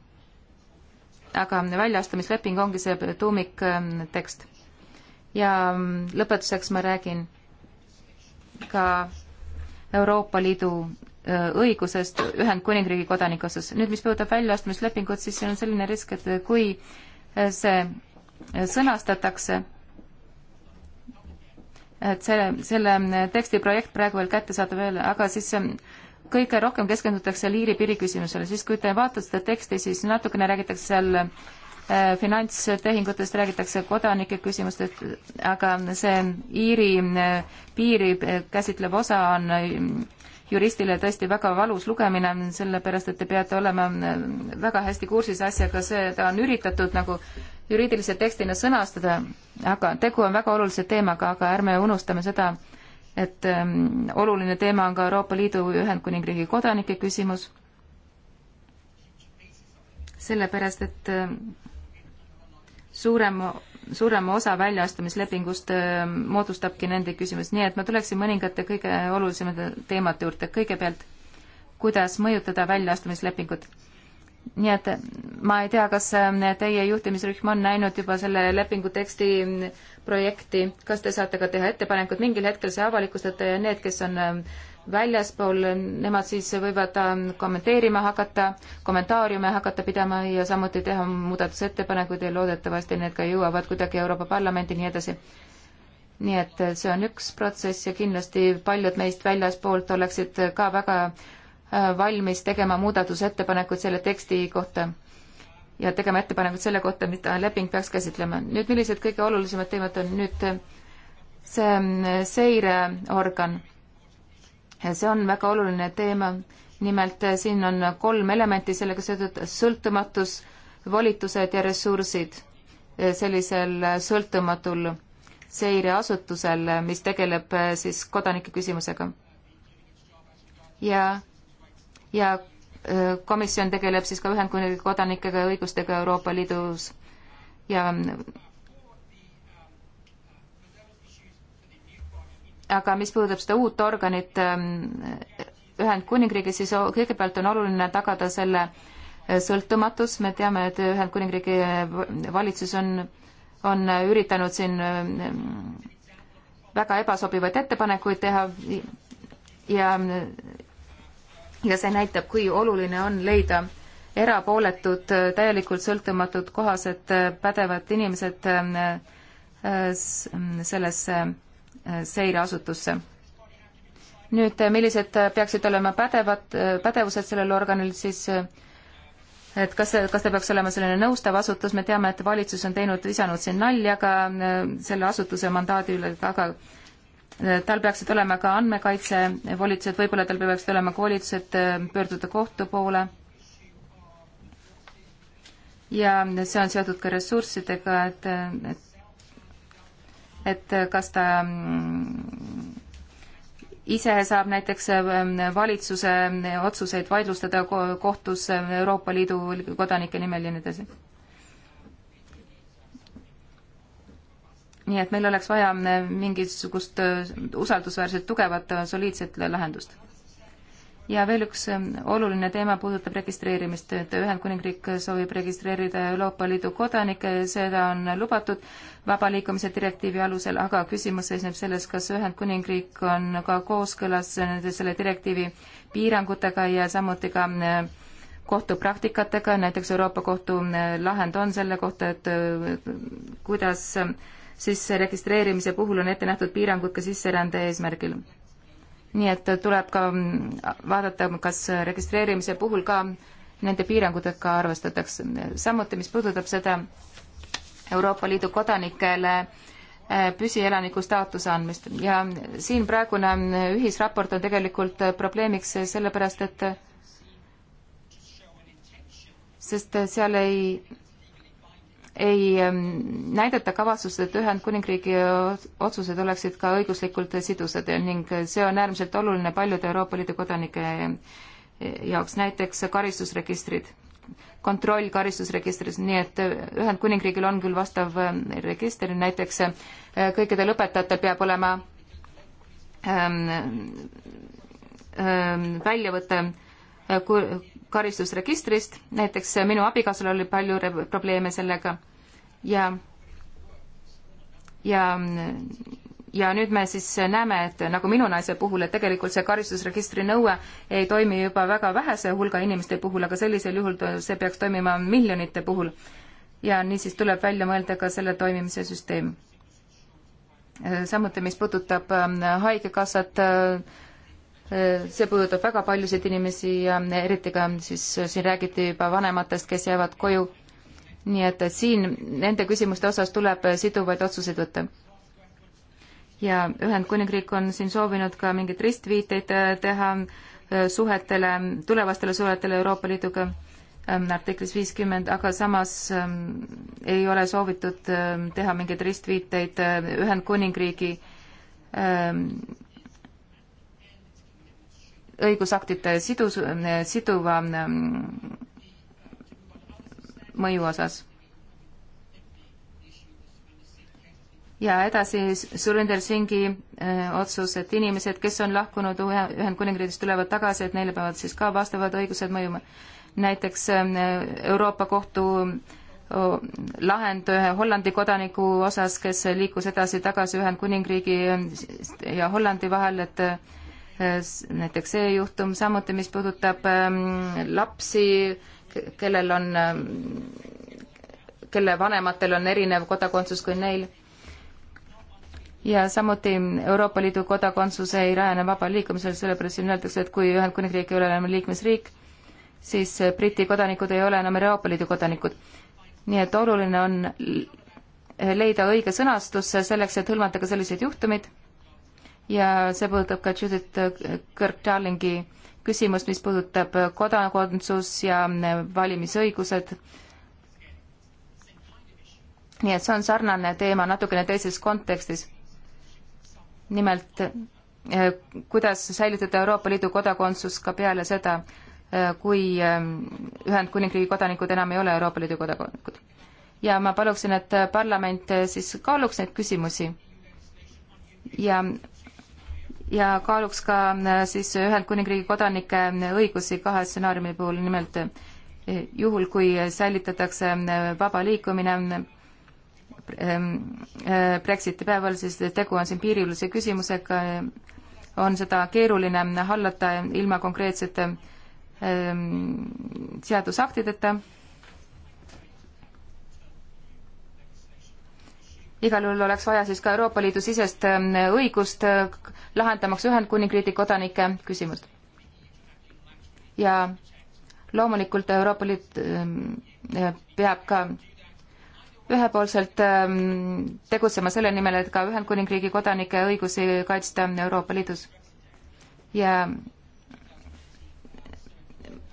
aga väljaastumisleping ongi see tuumiktekst. Ähm, ja lõpetuseks ma räägin ka Euroopa Liidu õigusest Ühendkuningriigi kodanike osas. nüüd, mis puudutab väljaostmislepingut, siis siin on selline risk, et kui see sõnastatakse, et selle, selle teksti projekt praegu veel kättesaadav ei ole, aga siis kõige rohkem keskendutakse liiri-piiri küsimusele, siis kui te vaatate seda teksti, siis natukene räägitakse seal Äh, finantstehingutest räägitakse kodanike küsimustest, aga see Iiri äh, piiri äh, käsitlev osa on juristile tõesti väga valus lugemine, sellepärast et te peate olema väga hästi kursis asjaga, seda on üritatud nagu juriidilise tekstina sõnastada, aga tegu on väga olulise teemaga, aga ärme unustame seda, et ähm, oluline teema on ka Euroopa Liidu Ühendkuningriigi kodanike küsimus, sellepärast et äh, suurem, suurema osa väljaastumislepingust äh, moodustabki nende küsimus, nii et ma tuleksin mõningate kõige olulisemate teemade juurde. kõigepealt, kuidas mõjutada väljaastumislepingut? nii et ma ei tea, kas äh, teie juhtimisrühm on näinud juba selle lepingu teksti mm, projekti, kas te saate ka teha ettepanekud, mingil hetkel see avalikustada ja need, kes on äh, väljaspool, nemad siis võivad ähm, kommenteerima hakata, kommentaariume hakata pidama ja samuti teha muudatusettepanekuid ja loodetavasti need ka jõuavad kuidagi Euroopa Parlamenti, nii edasi. nii et äh, see on üks protsess ja kindlasti paljud meist väljaspoolt oleksid ka väga äh, valmis tegema muudatusettepanekuid selle teksti kohta ja tegema ettepanekud selle kohta, mida leping peaks käsitlema. nüüd millised kõige olulisemad teemad on nüüd äh, see mm, seireorgan see on väga oluline teema, nimelt eh, siin on kolm elementi sellega seotud, sõltumatus, volitused ja ressursid eh, sellisel eh, sõltumatul seireasutusel, mis tegeleb siis kodanike küsimusega. ja, ja komisjon tegeleb siis ka Ühendkuningriigi kodanikega ja õigustega Euroopa Liidus ja mm, aga mis puudutab seda uut organit ähm, Ühendkuningriigis, siis kõigepealt on oluline tagada selle äh, sõltumatus, me teame, et Ühendkuningriigi äh, valitsus on, on äh, üritanud siin ähm, väga ebasobivaid ettepanekuid teha ja, ja see näitab, kui oluline on leida erapooletud, täielikult sõltumatud, kohased, pädevad inimesed ähm, sellesse Äh, seireasutusse. nüüd, äh, millised äh, peaksid olema pädevad, pädevused sellel organil siis et kas, kas ta peaks olema selline nõustav asutus, me teame, et valitsus on teinud, visanud siin nalja ka selle asutuse mandaadi üle, aga tal peaksid olema ka andmekaitsevolitused, võib-olla tal peaksid olema ka volitused pöörduda kohtu poole. ja see on seotud ka ressurssidega, et, et et kas ta mm, ise saab näiteks mm, valitsuse otsuseid vaidlustada kohtus mm, Euroopa Liidu kodanike nimel ja nii edasi. nii et meil oleks vaja mingisugust usaldusväärset, tugevat, soliidset lahendust ja veel üks ähm, oluline teema puudutab registreerimist, et Ühendkuningriik soovib registreerida Euroopa Liidu kodanikke ja seda on lubatud vaba liikumise direktiivi alusel, aga küsimus seisneb selles, kas Ühendkuningriik on ka kooskõlas selle direktiivi piirangutega ja samuti ka äh, kohtupraktikatega, näiteks Euroopa Kohtu äh, lahend on selle kohta, et äh, kuidas siis registreerimise puhul on ette nähtud piirangud ka sisserände eesmärgil nii et tuleb ka mm, vaadata, kas registreerimise puhul ka nende piirangutega arvestatakse. samuti, mis puudutab seda Euroopa Liidu kodanikele eh, püsielaniku staatuse andmist ja siin praegune mm, ühisraport on tegelikult probleemiks sellepärast, et sest seal ei ei ähm, näidata kavatsust, et Ühendkuningriigi otsused oleksid ka õiguslikult sidusad ning see on äärmiselt oluline paljude Euroopa Liidu kodanike äh, jaoks, näiteks karistusregistrid, kontroll karistusregistris, nii et Ühendkuningriigil on küll vastav ähm, register, näiteks äh, kõikidel õpetajatel peab olema ähm, ähm, väljavõte äh, karistusregistrist, näiteks minu abikaasal oli palju probleeme sellega ja ja, ja nüüd me siis näeme, et nagu minu naise puhul, et tegelikult see karistusregistri nõue ei toimi juba väga vähese hulga inimeste puhul, aga sellisel juhul see peaks toimima miljonite puhul. ja niisiis tuleb välja mõelda ka selle toimimise süsteem. samuti, mis puudutab ähm, haigekassat äh,, see puudutab väga paljusid inimesi ja eriti ka siis siin räägiti juba vanematest, kes jäävad koju. nii et siin nende küsimuste osas tuleb siduvaid otsuseid võtta. ja Ühendkuningriik on siin soovinud ka mingeid ristviiteid teha äh, suhetele, tulevastele suhetele Euroopa Liiduga ähm, artiklis viiskümmend, aga samas ähm, ei ole soovitud ähm, teha mingeid ristviiteid äh, Ühendkuningriigi ähm, õigusaktide sidus, siduva mm, mõju osas. ja edasi Surinder Singi äh, otsus, et inimesed, kes on lahkunud Ühendkuningriigist, tulevad tagasi, et neile peavad siis ka vastavad õigused mõjuma. näiteks äh, Euroopa Kohtu lahend ühe Hollandi kodaniku osas, kes liikus edasi-tagasi Ühendkuningriigi äh, ja Hollandi vahel, et Äh, näiteks see juhtum samuti, mis puudutab ähm, lapsi, kellel on, ähm, kelle vanematel on erinev kodakondsus kui neil. ja samuti Euroopa Liidu kodakondsus ei rajane vabal liikumisel, sellepärast siin öeldakse, et kui Ühendkuningriik ei ole enam liikmesriik, siis äh, Briti kodanikud ei ole enam Euroopa Liidu kodanikud. nii et oluline on leida õige sõnastus selleks, et hõlmata ka selliseid juhtumeid ja see puudutab ka Judith Kirk-Darlingi küsimust, mis puudutab kodakondsus ja valimisõigused. nii et see on sarnane teema natukene teises kontekstis. nimelt, eh, kuidas säilitada Euroopa Liidu kodakondsus ka peale seda, eh, kui eh, Ühendkuningriigi kodanikud enam ei ole Euroopa Liidu kodanikud. ja ma paluksin, et parlament siis kaaluks neid küsimusi ja ja kaaluks ka äh, siis Ühendkuningriigi kodanike äh, õigusi kahe stsenaariumi puhul, nimelt äh, juhul, kui säilitatakse vaba liikumine Brexiti päeval, siis tegu on siin piiriülese küsimusega, on seda keeruline hallata ilma konkreetsete seadusaktideta igal juhul oleks vaja siis ka Euroopa Liidu sisest ähm, õigust äh, lahendamaks Ühendkuningriigi kodanike küsimust. ja loomulikult Euroopa Liit ähm, äh, peab ka ühepoolselt ähm, tegutsema selle nimel, et ka Ühendkuningriigi kodanike õigusi kaitsta Euroopa Liidus. ja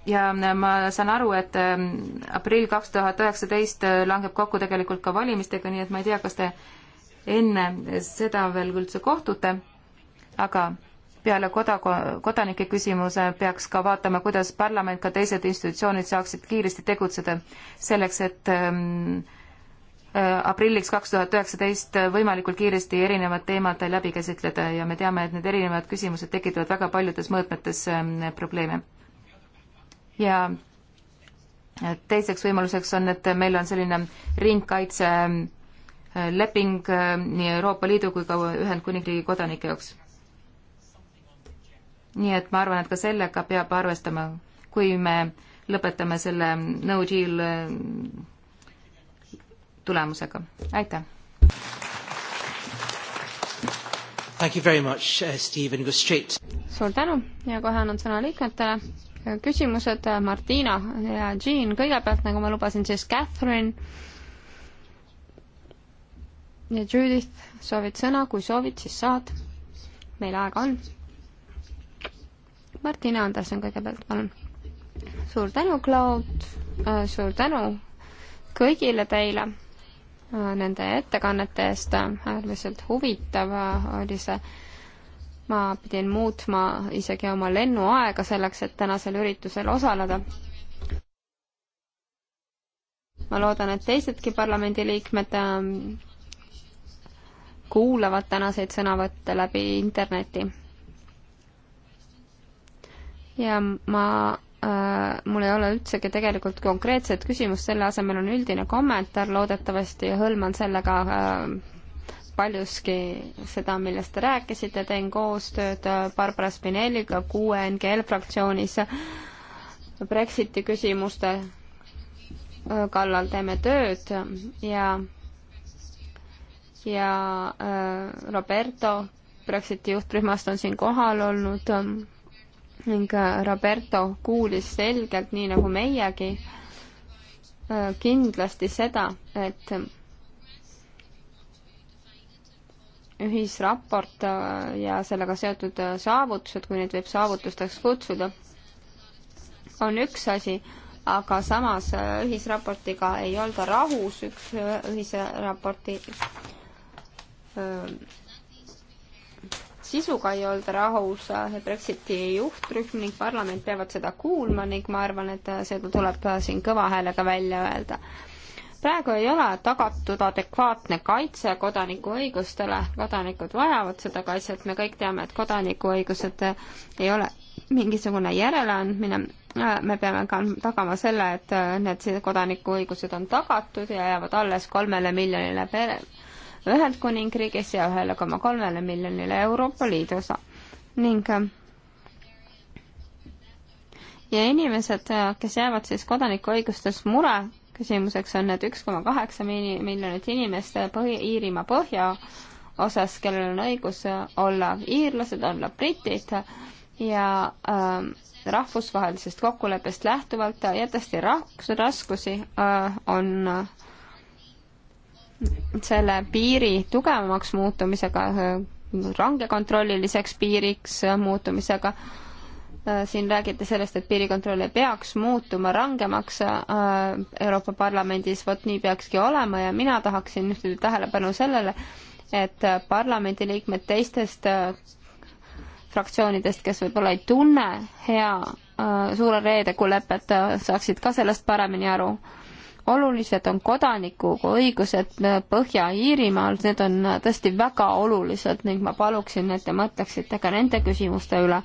ja ma saan aru, et ähm, aprill kaks tuhat üheksateist äh, langeb kokku tegelikult ka valimistega, nii et ma ei tea, kas te enne seda veel üldse kohtute, aga peale koda-, kodanike küsimuse peaks ka vaatama, kuidas parlament, ka teised institutsioonid saaksid kiiresti tegutseda selleks, et ähm, äh, aprilliks kaks tuhat üheksateist võimalikult kiiresti erinevad teemad läbi käsitleda ja me teame, et need erinevad küsimused tekitavad väga paljudes mõõtmetes ähm, probleeme ja äh, teiseks võimaluseks on, et meil on selline ringkaitseleping äh, äh, nii Euroopa Liidu kui ka Ühendkuningriigi kodanike jaoks. nii et ma arvan, et ka sellega peab arvestama, kui me lõpetame selle no deal tulemusega. aitäh! Thank you very much, Steve, and go straight. suur tänu ja kohe annan sõna liikmetele küsimused äh, Martina ja Jean kõigepealt, nagu ma lubasin, siis Catherine ja Judith, soovid sõna, kui soovid, siis saad. meil aega on. Martina Anderson kõigepealt, palun. suur tänu, Claude, äh, suur tänu kõigile teile äh, nende ettekannete eest, äärmiselt huvitav oli see ma pidin muutma isegi oma lennuaega selleks, et tänasel üritusel osaleda. ma loodan, et teisedki parlamendiliikmed ähm, kuulavad tänaseid sõnavõtte läbi interneti. ja ma äh,, mul ei ole üldsegi tegelikult konkreetset küsimust, selle asemel on üldine kommentaar, loodetavasti hõlman sellega äh, paljuski seda, millest te rääkisite, teen koostööd Barbara Spinelliga QNGL fraktsioonis Brexiti küsimuste kallal teeme tööd ja ja äh, Roberto Brexiti juhtrühmast on siin kohal olnud ning äh, Roberto kuulis selgelt, nii nagu meiegi, äh, kindlasti seda, et ühisraport äh, ja sellega seotud äh, saavutused, kui neid võib saavutusteks kutsuda, on üks asi, aga samas äh, ühisraportiga ei olda rahus, üks ühisraporti sisuga ei olda rahus, Brexiti juhtrühm ning parlament peavad seda kuulma ning ma arvan, et seda tuleb siin kõva häälega välja öelda praegu ei ole tagatud adekvaatne kaitse kodanikuõigustele, kodanikud vajavad seda kaitset, me kõik teame, et kodanikuõigused ei ole mingisugune järeleandmine, me peame ka tagama selle, et need kodanikuõigused on tagatud ja jäävad alles kolmele miljonile pere, Ühendkuningriigis ja ühele koma kolmele miljonile Euroopa Liidus ning ja inimesed, kes jäävad siis kodanikuõigustes mure küsimuseks on need üks koma kaheksa miljonit inimest põhi, Iirimaa põhjaosas, kellel on õigus olla iirlased, olla britid ja äh, rahvusvahelisest kokkuleppest lähtuvalt jätesti rahvus, raskusi äh, on äh, selle piiri tugevamaks muutumisega äh,, rangekontrolliliseks piiriks äh, muutumisega äh, Äh, siin räägiti sellest, et piirikontroll ei peaks muutuma rangemaks äh, Euroopa Parlamendis, vot nii peakski olema ja mina tahaksin juhtida tähelepanu sellele, et äh, parlamendiliikmed teistest fraktsioonidest, kes võib-olla ei tunne hea suure reedeku lepet, saaksid ka sellest paremini aru. olulised on kodanikuõigused Põhja-Iirimaal, need on tõesti väga olulised ning ma paluksin, et te mõtleksite ka nende küsimuste üle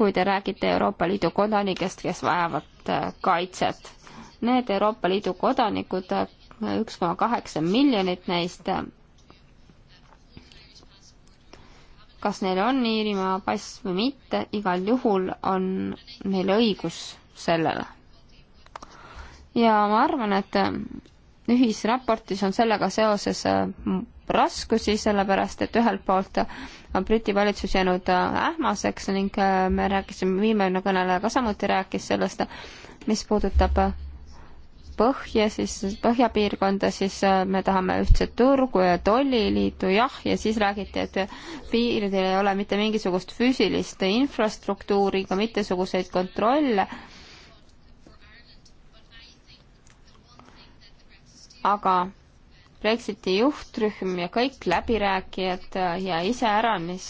kui te räägite Euroopa Liidu kodanikest, kes vajavad äh, kaitset. Need Euroopa Liidu kodanikud, äh, üks koma kaheksa miljonit neist, äh, kas neil on Iirimaa pass või mitte, igal juhul on neil õigus sellele. ja ma arvan, et ühisraportis on sellega seoses raskusi, sellepärast et ühelt poolt on Briti valitsus jäänud äh, ähmaseks ning äh, me rääkisime, viimane kõneleja ka samuti rääkis sellest, mis puudutab põhja, siis põhjapiirkonda, siis äh, me tahame ühtset turgu ja tolliliitu, jah, ja siis räägiti, et piiridel ei ole mitte mingisugust füüsilist infrastruktuuri, ka mitmesuguseid kontrolle. aga Brexiti juhtrühm ja kõik läbirääkijad äh, ja iseäranis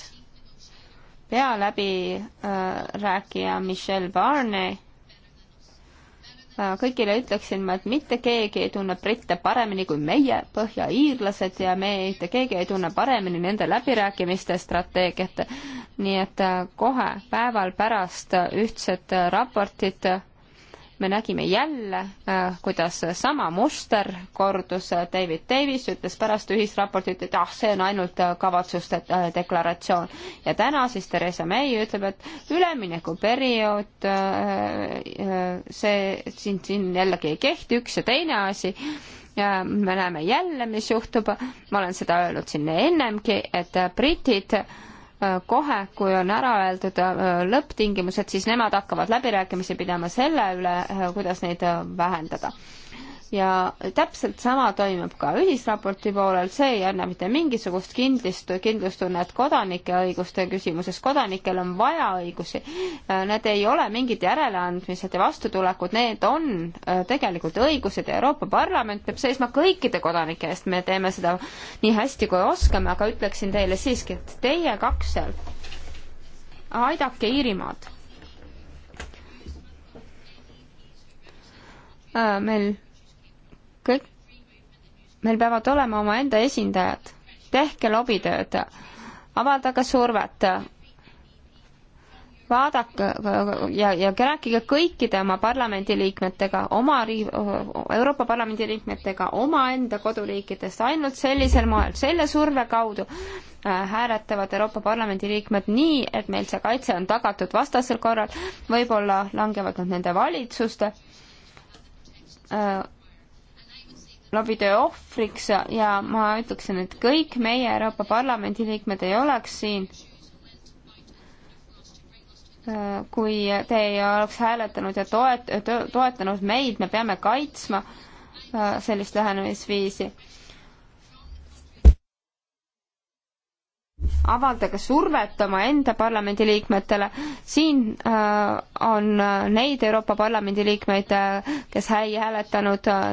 pealäbirääkija äh, Michelle Barney äh,. kõigile ütleksin ma, et mitte keegi ei tunne britte paremini kui meie, põhjaiirlased, ja me mitte keegi ei tunne paremini nende läbirääkimiste strateegiat. nii et äh, kohe päeval pärast ühtset äh, raportit me nägime jälle, äh, kuidas sama muster kordus, äh, David Davis ütles pärast ühisraportit, et ah, see on ainult äh, kavatsuste deklaratsioon. ja täna siis Theresa May ütleb, et üleminekuperiood, see siin, siin jällegi ei kehti, üks ja teine asi ja me näeme jälle, mis juhtub, ma olen seda öelnud siin ennemgi, et britid äh, Äh, kohe, kui on ära öeldud äh, lõpptingimused, siis nemad hakkavad läbirääkimisi pidama selle üle, äh, kuidas neid vähendada ja täpselt sama toimub ka ühisraporti poolel, see ei anna mitte mingisugust kindlist, kindlustunnet kodanike õiguste küsimuses, kodanikel on vaja õigusi. Need ei ole mingid järeleandmised ja vastutulekud, need on äh, tegelikult õigused ja Euroopa Parlament peab seisma kõikide kodanike eest, me teeme seda nii hästi, kui oskame, aga ütleksin teile siiski, et teie kaks seal, aidake Iirimaad. Äh, meil kõik, meil peavad olema omaenda esindajad, tehke lobitööd, avaldage survet, vaadake ja, ja rääkige kõikide oma parlamendiliikmetega, oma riik, Euroopa Parlamendi liikmetega omaenda koduriikidest, ainult sellisel moel, selle surve kaudu äh, hääletavad Euroopa Parlamendi liikmed nii, et meil see kaitse on tagatud vastasel korral, võib-olla langevad nad nende valitsuste äh, lobitöö ohvriks ja ma ütleksin, et kõik meie Euroopa Parlamendi liikmed ei oleks siin, äh, kui te ei oleks hääletanud ja toet-, toetanud meid, me peame kaitsma äh, sellist lähenemisviisi avaldage survet omaenda parlamendi liikmetele. siin äh, on äh, neid Euroopa Parlamendi liikmeid, äh, kes ei hääletanud äh,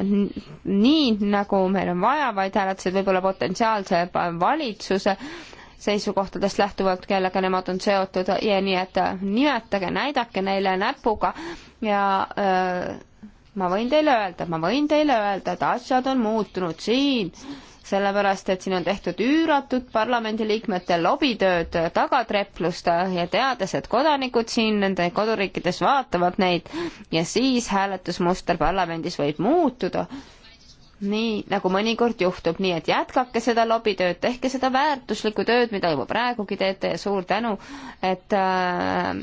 nii, nagu meil on vaja, vaid hääletasid võib-olla potentsiaalse valitsuse seisukohtadest lähtuvalt, kellega nemad on seotud ja nii, et äh, nimetage, näidake neile näpuga ja öö, äh, ma võin teile öelda, ma võin teile öelda, et asjad on muutunud siin sellepärast et siin on tehtud üüratud parlamendiliikmete lobitööd, tagatreplust ja teades, et kodanikud siin nende koduriikides vaatavad neid ja siis hääletusmuster parlamendis võib muutuda. nii nagu mõnikord juhtub, nii et jätkake seda lobitööd, tehke seda väärtuslikku tööd, mida juba praegugi teete ja suur tänu, et äh,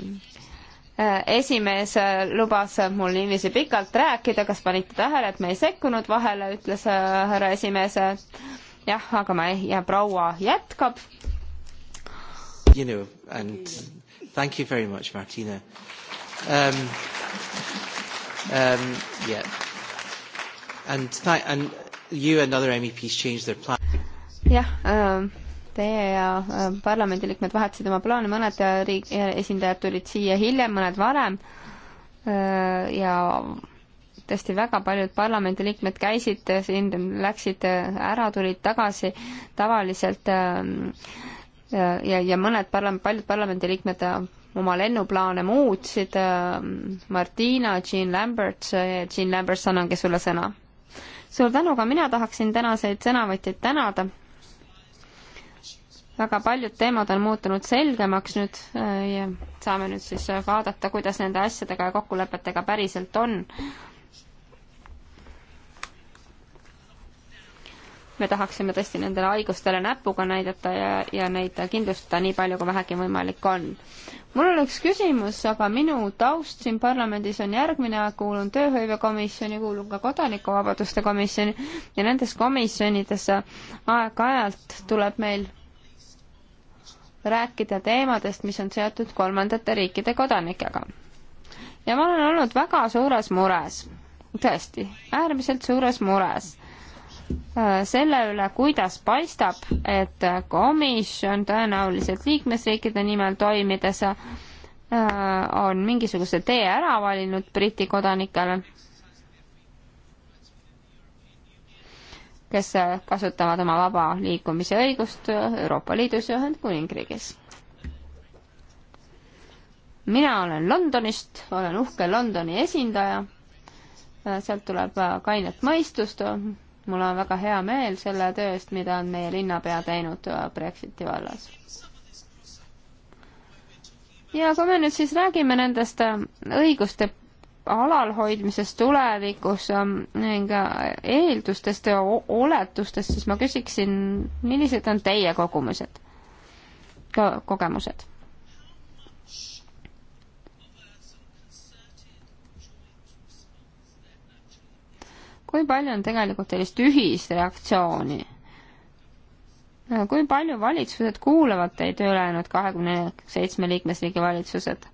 Äh, esimees äh, lubas mul niiviisi pikalt rääkida, kas panite tähele, et me ei sekkunud vahele, ütles äh, härra esimees. jah, aga ma ei, ja proua jätkab. You know and thank you very much, Martina um,. Um, yeah. And, and you and other MEPs changed their plan. jah um, Teie ja äh, parlamendiliikmed vahetasid oma plaane, mõned äh, riik-, äh, esindajad tulid siia hiljem, mõned varem ja tõesti väga paljud parlamendiliikmed käisid siin, läksid ära, tulid tagasi, tavaliselt ja, ja mõned parlam-, paljud parlamendiliikmed oma lennuplaane muutsid, Martina, Jean Lambert, Jean Lambert, annan sulle sõna. suur tänu, ka mina tahaksin tänaseid sõnavõtjaid tänada väga paljud teemad on muutunud selgemaks nüüd äh, ja saame nüüd siis vaadata, kuidas nende asjadega ja kokkulepetega päriselt on. me tahaksime tõesti nendele haigustele näpuga näidata ja, ja neid kindlustada nii palju, kui vähegi võimalik on. mul oleks küsimus, aga minu taust siin parlamendis on järgmine, kuulun tööhõivekomisjoni, kuulun ka kodanikuvabaduste komisjoni ja nendes komisjonides aeg-ajalt tuleb meil rääkida teemadest, mis on seotud kolmandate riikide kodanikega. ja ma olen olnud väga suures mures, tõesti, äärmiselt suures mures äh, selle üle, kuidas paistab, et komisjon tõenäoliselt liikmesriikide nimel toimides äh, on mingisuguse tee ära valinud Briti kodanikele kes kasutavad oma vaba liikumise õigust Euroopa Liidus ja Ühendkuningriigis. mina olen Londonist, olen uhke Londoni esindaja, sealt tuleb kainet mõistust, mul on väga hea meel selle töö eest, mida on meie linnapea teinud Brexiti vallas. ja kui me nüüd siis räägime nendest õiguste alalhoidmisest tulevikus ähm, ning äh, eeldustest ja oletustest, siis ma küsiksin, millised on teie kogumused ko, kogemused? kui palju on tegelikult sellist ühisreaktsiooni? Äh, kui palju valitsused kuulavad teid ülejäänud kahekümne seitsme liikmesriigi valitsused?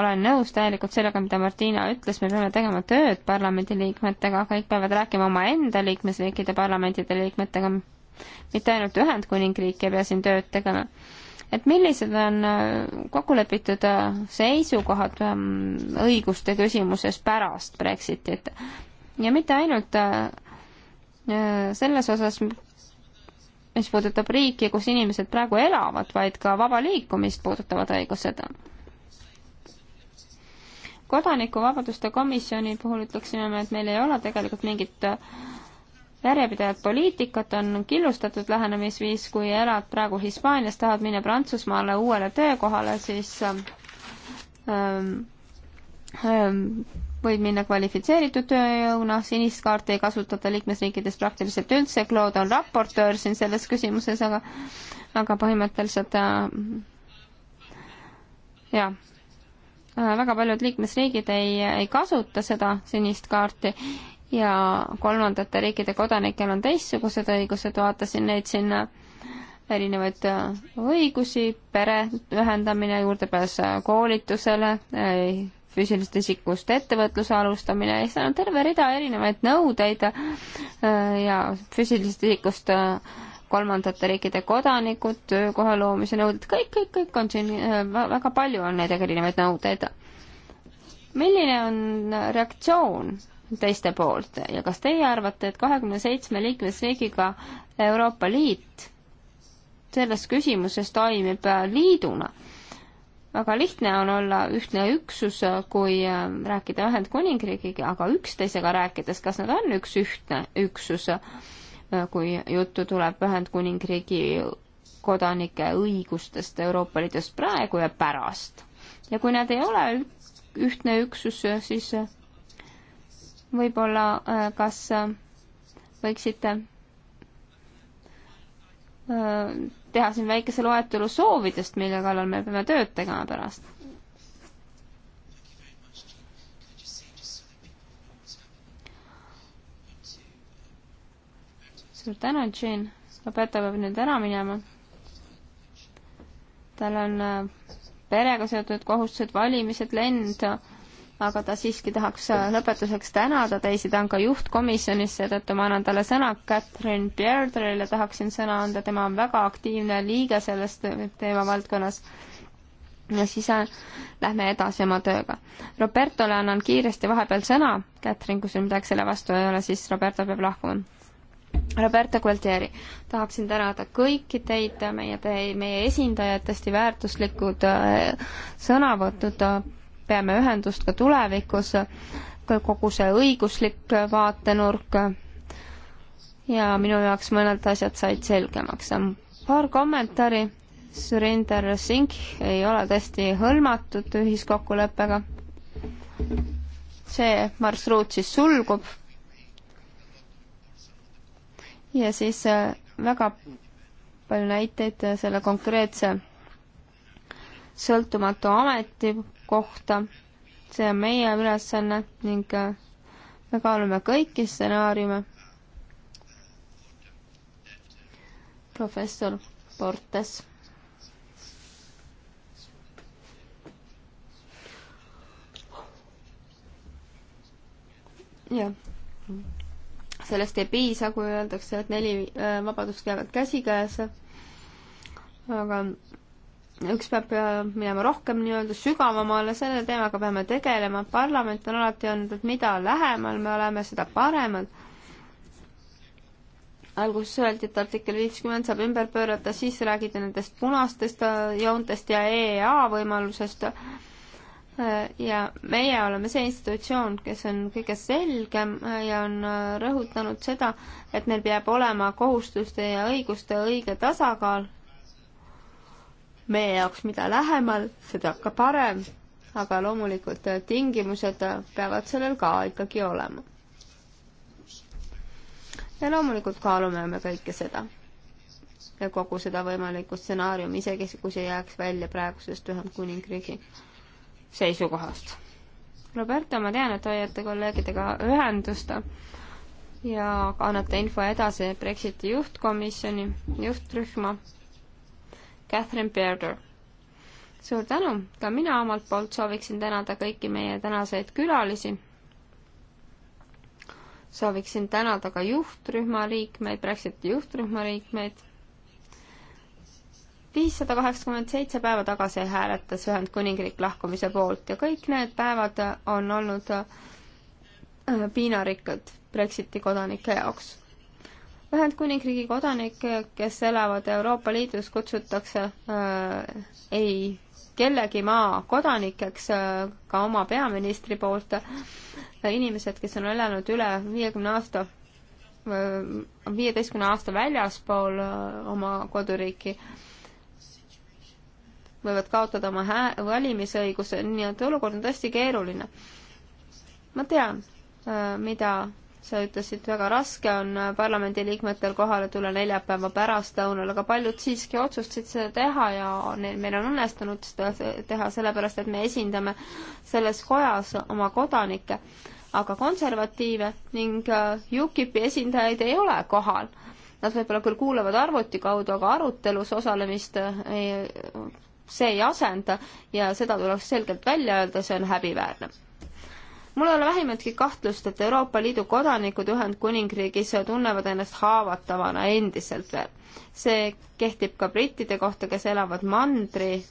olen nõus täielikult sellega, mida Martina ütles, me peame tegema tööd parlamendiliikmetega, kõik peavad rääkima omaenda liikmesriikide parlamentide liikmetega, mitte ainult Ühendkuningriik ei pea siin tööd tegema. et millised on äh, kokku lepitud äh, seisukohad ähm, õiguste küsimuses pärast Brexitit ja mitte ainult äh, selles osas, mis puudutab riiki, kus inimesed praegu elavad, vaid ka vaba liikumist puudutavad õigused kodanikuvabaduste komisjoni puhul ütleksime me, et meil ei ole tegelikult mingit äh, järjepidevat poliitikat, on killustatud lähenemisviis, kui elad praegu Hispaanias, tahad minna Prantsusmaale uuele töökohale, siis ähm, ähm, ähm, võid minna kvalifitseeritud tööjõuna, sinist kaarti ei kasutata liikmesriikides praktiliselt üldse, Claude on raportöör siin selles küsimuses, aga aga põhimõtteliselt äh, jah Äh, väga paljud liikmesriigid ei, ei kasuta seda sinist kaarti ja kolmandate riikide kodanikel on teistsugused õigused, vaatasin neid sinna erinevaid äh, õigusi, pere ühendamine, juurdepääs äh, koolitusele, füüsilisest isikust ettevõtluse alustamine ja seal on terve rida erinevaid nõudeid ja füüsilisest isikust äh, kolmandate riikide kodanikud, töökoha loomise nõuded, kõik, kõik, kõik on siin, äh, väga palju on neid erinevaid nõudeid. milline on reaktsioon teiste poolt ja kas teie arvate, et kahekümne seitsme liikmesriigiga Euroopa Liit selles küsimuses toimib liiduna? väga lihtne on olla ühtne üksus, kui äh, rääkida Ühendkuningriigiga, aga üksteisega rääkides, kas nad on üks ühtne üksus? Äh, kui juttu tuleb Ühendkuningriigi kodanike õigustest Euroopa Liidus praegu ja pärast. ja kui nad ei ole ühtne üksus, siis äh, võib-olla äh, kas võiksite teha siin väikese loetelu soovidest, mille kallal me peame tööd tegema pärast suur tänu, Jean. Roberta peab nüüd ära minema. tal on äh, perega seotud kohustused, valimised, lend, aga ta siiski tahaks äh, lõpetuseks tänada teisi, ta on ka juhtkomisjonis, seetõttu ma annan talle sõna. Catherine Pierderile tahaksin sõna anda, tema on väga aktiivne liige selles teemavaldkonnas ja siis äh, lähme edasi oma tööga. Robertole annan kiiresti vahepeal sõna, Katrin, kui sul midagi selle vastu ei ole, siis Roberto peab lahkuma. Roberta Gualtieri, tahaksin tänada kõiki teid, meie, meie esindajad, tõesti väärtuslikud äh, sõnavõtud, peame ühendust ka tulevikus, kogu see õiguslik äh, vaatenurk ja minu jaoks mõned asjad said selgemaks. paar kommentaari, Surinder Singh ei ole tõesti hõlmatud ühiskokkuleppega, see marsruut siis sulgub ja siis äh, väga palju näiteid äh, selle konkreetse sõltumatu ameti kohta. see on meie ülesanne ning äh, me kaalume kõiki stsenaariume. professor Portes. jah sellest ei piisa, kui öeldakse, et neli äh, vabadust käivad käsikäes. aga üks peab äh, minema rohkem nii-öelda sügavamale, selle teemaga peame tegelema. parlament on alati öelnud, et mida lähemal me oleme, seda paremal. alguses öeldi, et artikkel viiskümmend saab ümber pöörata, siis räägiti nendest punastest äh, joontest ja EEA võimalusest Äh, ja meie oleme see institutsioon, kes on kõige selgem äh, ja on äh, rõhutanud seda, et neil peab olema kohustuste ja õiguste õige tasakaal meie jaoks, mida lähemal, seda ka parem, aga loomulikult tingimused peavad sellel ka ikkagi olema. ja loomulikult kaalume me kõike seda ja kogu seda võimalikku stsenaariumi, isegi kui see jääks välja praegusest Ühendkuningriigi seisukohast. Roberto, ma tean, et hoiate kolleegidega ühendust ja annate info edasi Brexiti juhtkomisjoni, juhtrühma. Catherine Berder. suur tänu, ka mina omalt poolt sooviksin tänada kõiki meie tänaseid külalisi. sooviksin tänada ka juhtrühma liikmeid, Brexiti juhtrühma liikmeid viissada kaheksakümmend seitse päeva tagasi hääletas Ühendkuningriik lahkumise poolt ja kõik need päevad on olnud äh, piinarikkad Brexiti kodanike jaoks. Ühendkuningriigi kodanikke, kes elavad Euroopa Liidus, kutsutakse äh, ei kellegi maa kodanikeks äh, ka oma peaministri poolt äh,. inimesed, kes on elanud üle viiekümne aasta äh, viieteistkümne aasta väljaspool äh, oma koduriiki äh,, võivad kaotada oma hää-, valimisõiguse, nii et olukord on tõesti keeruline. ma tean, äh, mida sa ütlesid, väga raske on äh, parlamendiliikmetel kohale tulla neljapäeva pärastlõunal, aga paljud siiski otsustasid seda teha ja meil on õnnestunud seda teha, sellepärast et me esindame selles kojas oma kodanikke, aga konservatiive ning äh, UKIP-i esindajaid ei ole kohal. Nad võib-olla küll kuulavad arvuti kaudu, aga arutelus osalemist ei, see ei asenda ja seda tuleks selgelt välja öelda, see on häbiväärne. mul ei ole vähimatki kahtlust, et Euroopa Liidu kodanikud Ühendkuningriigis tunnevad ennast haavatavana endiselt veel. see kehtib ka brittide kohta, kes elavad mandrialal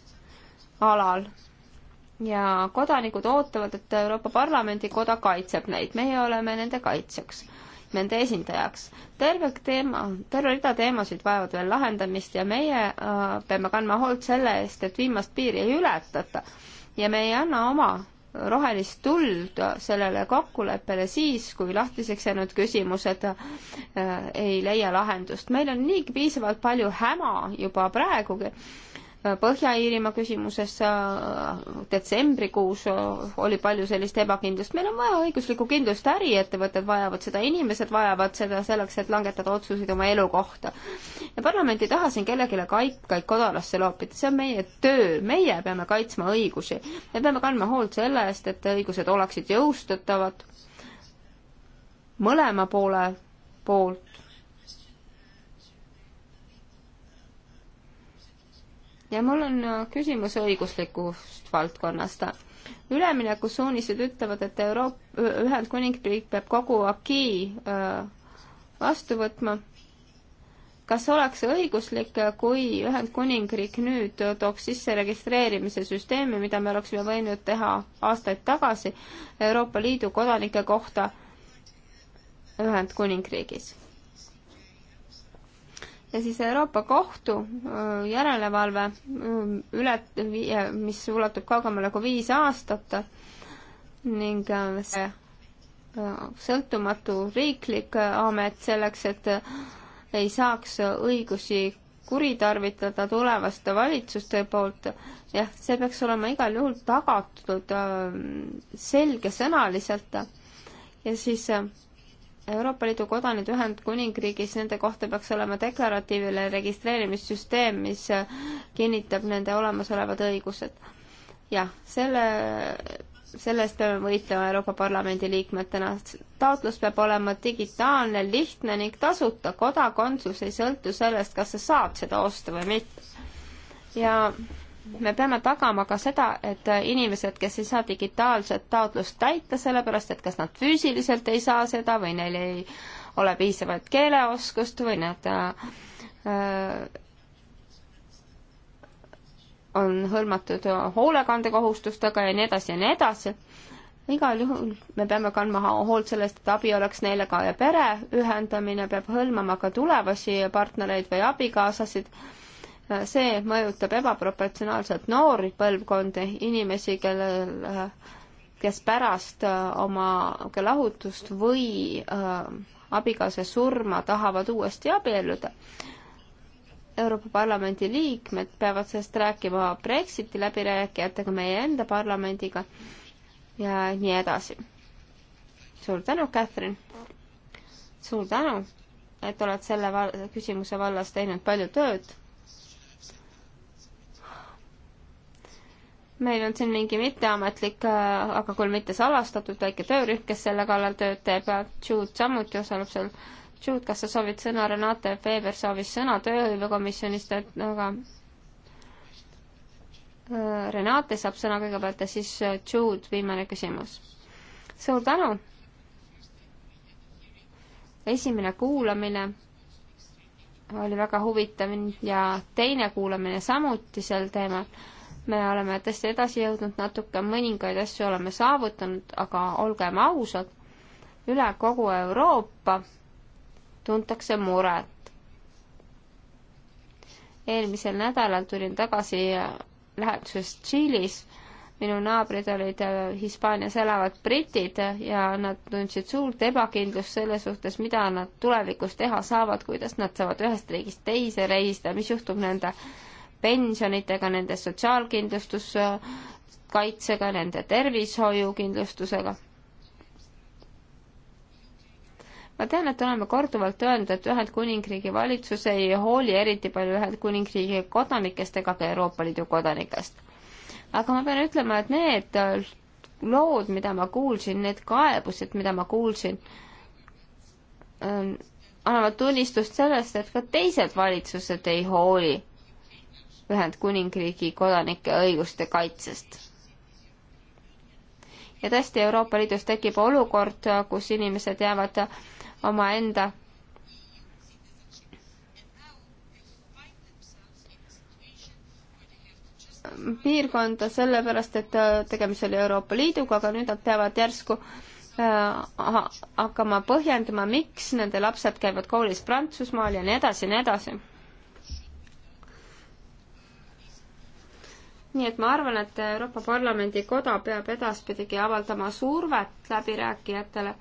ja kodanikud ootavad, et Euroopa Parlamendi koda kaitseb neid, meie oleme nende kaitsjaks nende esindajaks. terve teema, terve rida teemasid vajavad veel lahendamist ja meie äh, peame kandma hoolt selle eest, et viimast piiri ei ületata ja me ei anna oma rohelist tuld sellele kokkuleppele siis, kui lahtiseks jäänud küsimused äh, ei leia lahendust. meil on niigi piisavalt palju häma juba praegugi Põhja-Iirimaa küsimuses äh, detsembrikuus äh, oli palju sellist ebakindlust. meil on vaja õiguslikku kindlust, äriettevõtted vajavad seda, inimesed vajavad seda selleks, et langetada otsuseid oma elu kohta. ja parlament ei taha siin kellelegi kaikaid kodalasse loopida, see on meie töö, meie peame kaitsma õigusi. me peame kandma hoolt selle eest, et õigused oleksid jõustatavad mõlema poole poolt ja mul on äh, küsimus õiguslikust valdkonnast. üleminekusuunised ütlevad, et Euroopa, Ühendkuningriik peab kogu AKI äh, vastu võtma. kas oleks õiguslik, äh, kui Ühendkuningriik nüüd tooks sisse registreerimise süsteemi, mida me oleksime võinud teha aastaid tagasi Euroopa Liidu kodanike kohta Ühendkuningriigis? ja siis Euroopa Kohtu järelevalve üle, mis ulatub kaugemale kui viis aastat ning see sõltumatu riiklik amet selleks, et ei saaks õigusi kuritarvitada tulevaste valitsuste poolt, jah, see peaks olema igal juhul tagatud selgesõnaliselt ja siis Euroopa Liidu kodanik Ühendkuningriigis, nende kohta peaks olema deklaratiivne registreerimissüsteem, mis kinnitab nende olemasolevad õigused. jah, selle, selle eest peame võitlema Euroopa Parlamendi liikmetena. taotlus peab olema digitaalne, lihtne ning tasuta. kodakondsus ei sõltu sellest, kas sa saad seda osta või mitte. ja me peame tagama ka seda, et inimesed, kes ei saa digitaalset taotlust täita, sellepärast et kas nad füüsiliselt ei saa seda või neil ei ole piisavalt keeleoskust või nad äh, on hõlmatud hoolekandekohustustega ja nii edasi ja nii edasi. igal juhul me peame kandma hoolt sellest, et abi oleks neile ka ja pere ühendamine peab hõlmama ka tulevasi partnereid või abikaasasid see mõjutab ebaproportsionaalselt noori põlvkondi, inimesi, kellel, kes pärast äh, oma lahutust või äh, abikaasa surma tahavad uuesti abielluda. Euroopa Parlamendi liikmed peavad sellest rääkima Brexiti läbirääkijatega, meie enda parlamendiga ja nii edasi. suur tänu, Catherine! suur tänu, et oled selle val-, küsimuse vallas teinud palju tööd meil on siin mingi mitteametlik, äh, aga küll mitte salastatud väike töörühm, kes selle kallal tööd teeb ja Jude samuti osaleb seal. Jude, kas sa soovid sõna, Renate Veber soovis sõna tööhõivekomisjonist, et aga äh, Renate saab sõna kõigepealt ja siis äh, Jude, viimane küsimus. suur tänu! esimene kuulamine oli väga huvitav ja teine kuulamine samuti sel teemal me oleme tõesti edasi jõudnud natuke, mõningaid asju oleme saavutanud, aga olgem ausad, üle kogu Euroopa tuntakse muret. eelmisel nädalal tulin tagasi lähetusest Tšiilis, minu naabrid olid äh, Hispaanias elavad britid ja nad tundsid suurt ebakindlust selle suhtes, mida nad tulevikus teha saavad, kuidas nad saavad ühest riigist teise reisida, mis juhtub nende pensionitega, nende sotsiaalkindlustuskaitsega, nende tervishoiukindlustusega. ma tean, et oleme korduvalt öelnud, et Ühendkuningriigi valitsus ei hooli eriti palju Ühendkuningriigi kodanikest ega ka Euroopa Liidu kodanikest. aga ma pean ütlema, et need lood, mida ma kuulsin, need kaebused, mida ma kuulsin, ähm, annavad tunnistust sellest, et ka teised valitsused ei hooli Ühendkuningriigi kodanike õiguste kaitsest. ja tõesti, Euroopa Liidus tekib olukord, kus inimesed jäävad omaenda piirkonda, sellepärast et tegemist oli Euroopa Liiduga, aga nüüd nad peavad järsku äh, hakkama põhjendama, miks nende lapsed käivad koolis Prantsusmaal ja nii edasi ja nii edasi. nii et ma arvan, et Euroopa Parlamendi koda peab edaspidigi avaldama survet läbirääkijatele,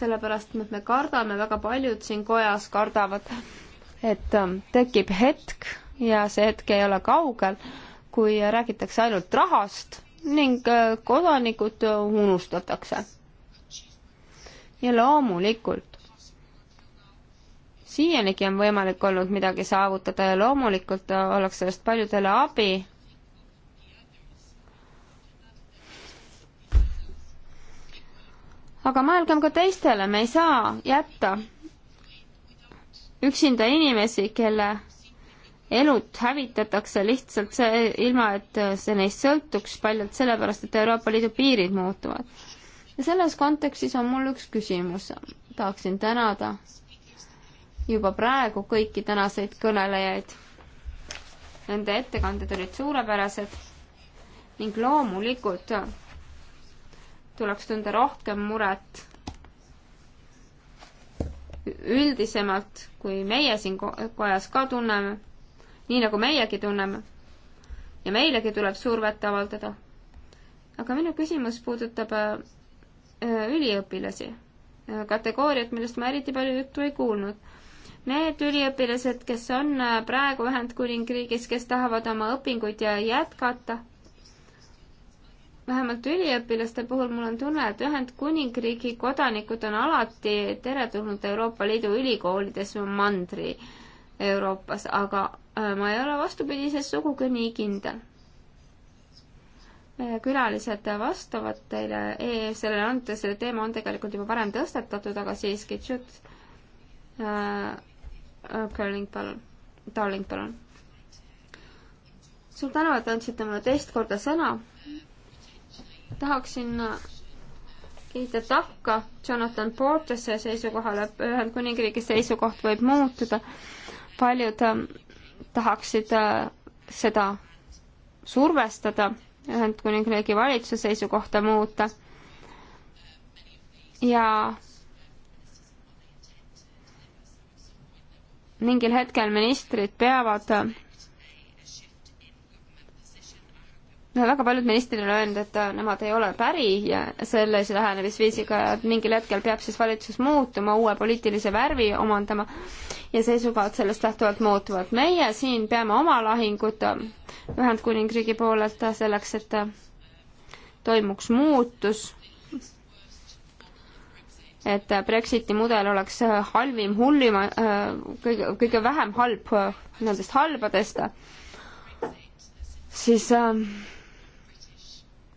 sellepärast et me kardame, väga paljud siin kojas kardavad, et ähm, tekib hetk ja see hetk ei ole kaugel, kui räägitakse ainult rahast ning äh, kodanikud unustatakse. ja loomulikult, siianigi on võimalik olnud midagi saavutada ja loomulikult äh, oleks sellest paljudele abi aga mõelgem ka teistele, me ei saa jätta üksinda inimesi, kelle elud hävitatakse lihtsalt see, ilma et see neist sõltuks paljalt sellepärast, et Euroopa Liidu piirid muutuvad. ja selles kontekstis on mul üks küsimus. tahaksin tänada juba praegu kõiki tänaseid kõnelejaid. Nende ettekanded olid suurepärased ning loomulikult tuleks tunda rohkem muret üldisemalt, kui meie siin kojas ka tunneme, nii nagu meiegi tunneme. ja meilegi tuleb survet avaldada. aga minu küsimus puudutab äh, äh, üliõpilasi, äh, kategooriat, millest ma eriti palju juttu ei kuulnud. Need üliõpilased, kes on praegu Ühendkuningriigis, kes tahavad oma õpinguid jätkata vähemalt üliõpilaste puhul mul on tunne, et Ühendkuningriigi kodanikud on alati teretulnud Euroopa Liidu ülikoolides või mandri Euroopas, aga äh, ma ei ole vastupidises sugugi nii kindel. meie külalised vastavad teile e, sellele antud, selle teema on tegelikult juba varem tõstatatud, aga siiski, tšut äh, äh,. Curling, palun. Darling, palun. suur tänu, et andsite mulle teist korda sõna tahaksin kiita takka Jonathan Portese seisukohale, Ühendkuningriigi seisukoht võib muutuda. paljud ähm, tahaksid äh, seda survestada, Ühendkuningriigi valitsuse seisukohta muuta. ja mingil hetkel ministrid peavad äh, väga paljud ministrid on öelnud, et äh, nemad ei ole päri ja selles lähenemisviisiga, et mingil hetkel peab siis valitsus muutuma, uue poliitilise värvi omandama ja seisukohad sellest lähtuvalt muutuvad. meie siin peame oma lahingut äh, Ühendkuningriigi poolelt selleks, et äh, toimuks muutus, et Brexiti mudel oleks halvim, hullim, kõige, kõige vähem halb nendest halbadest, siis äh,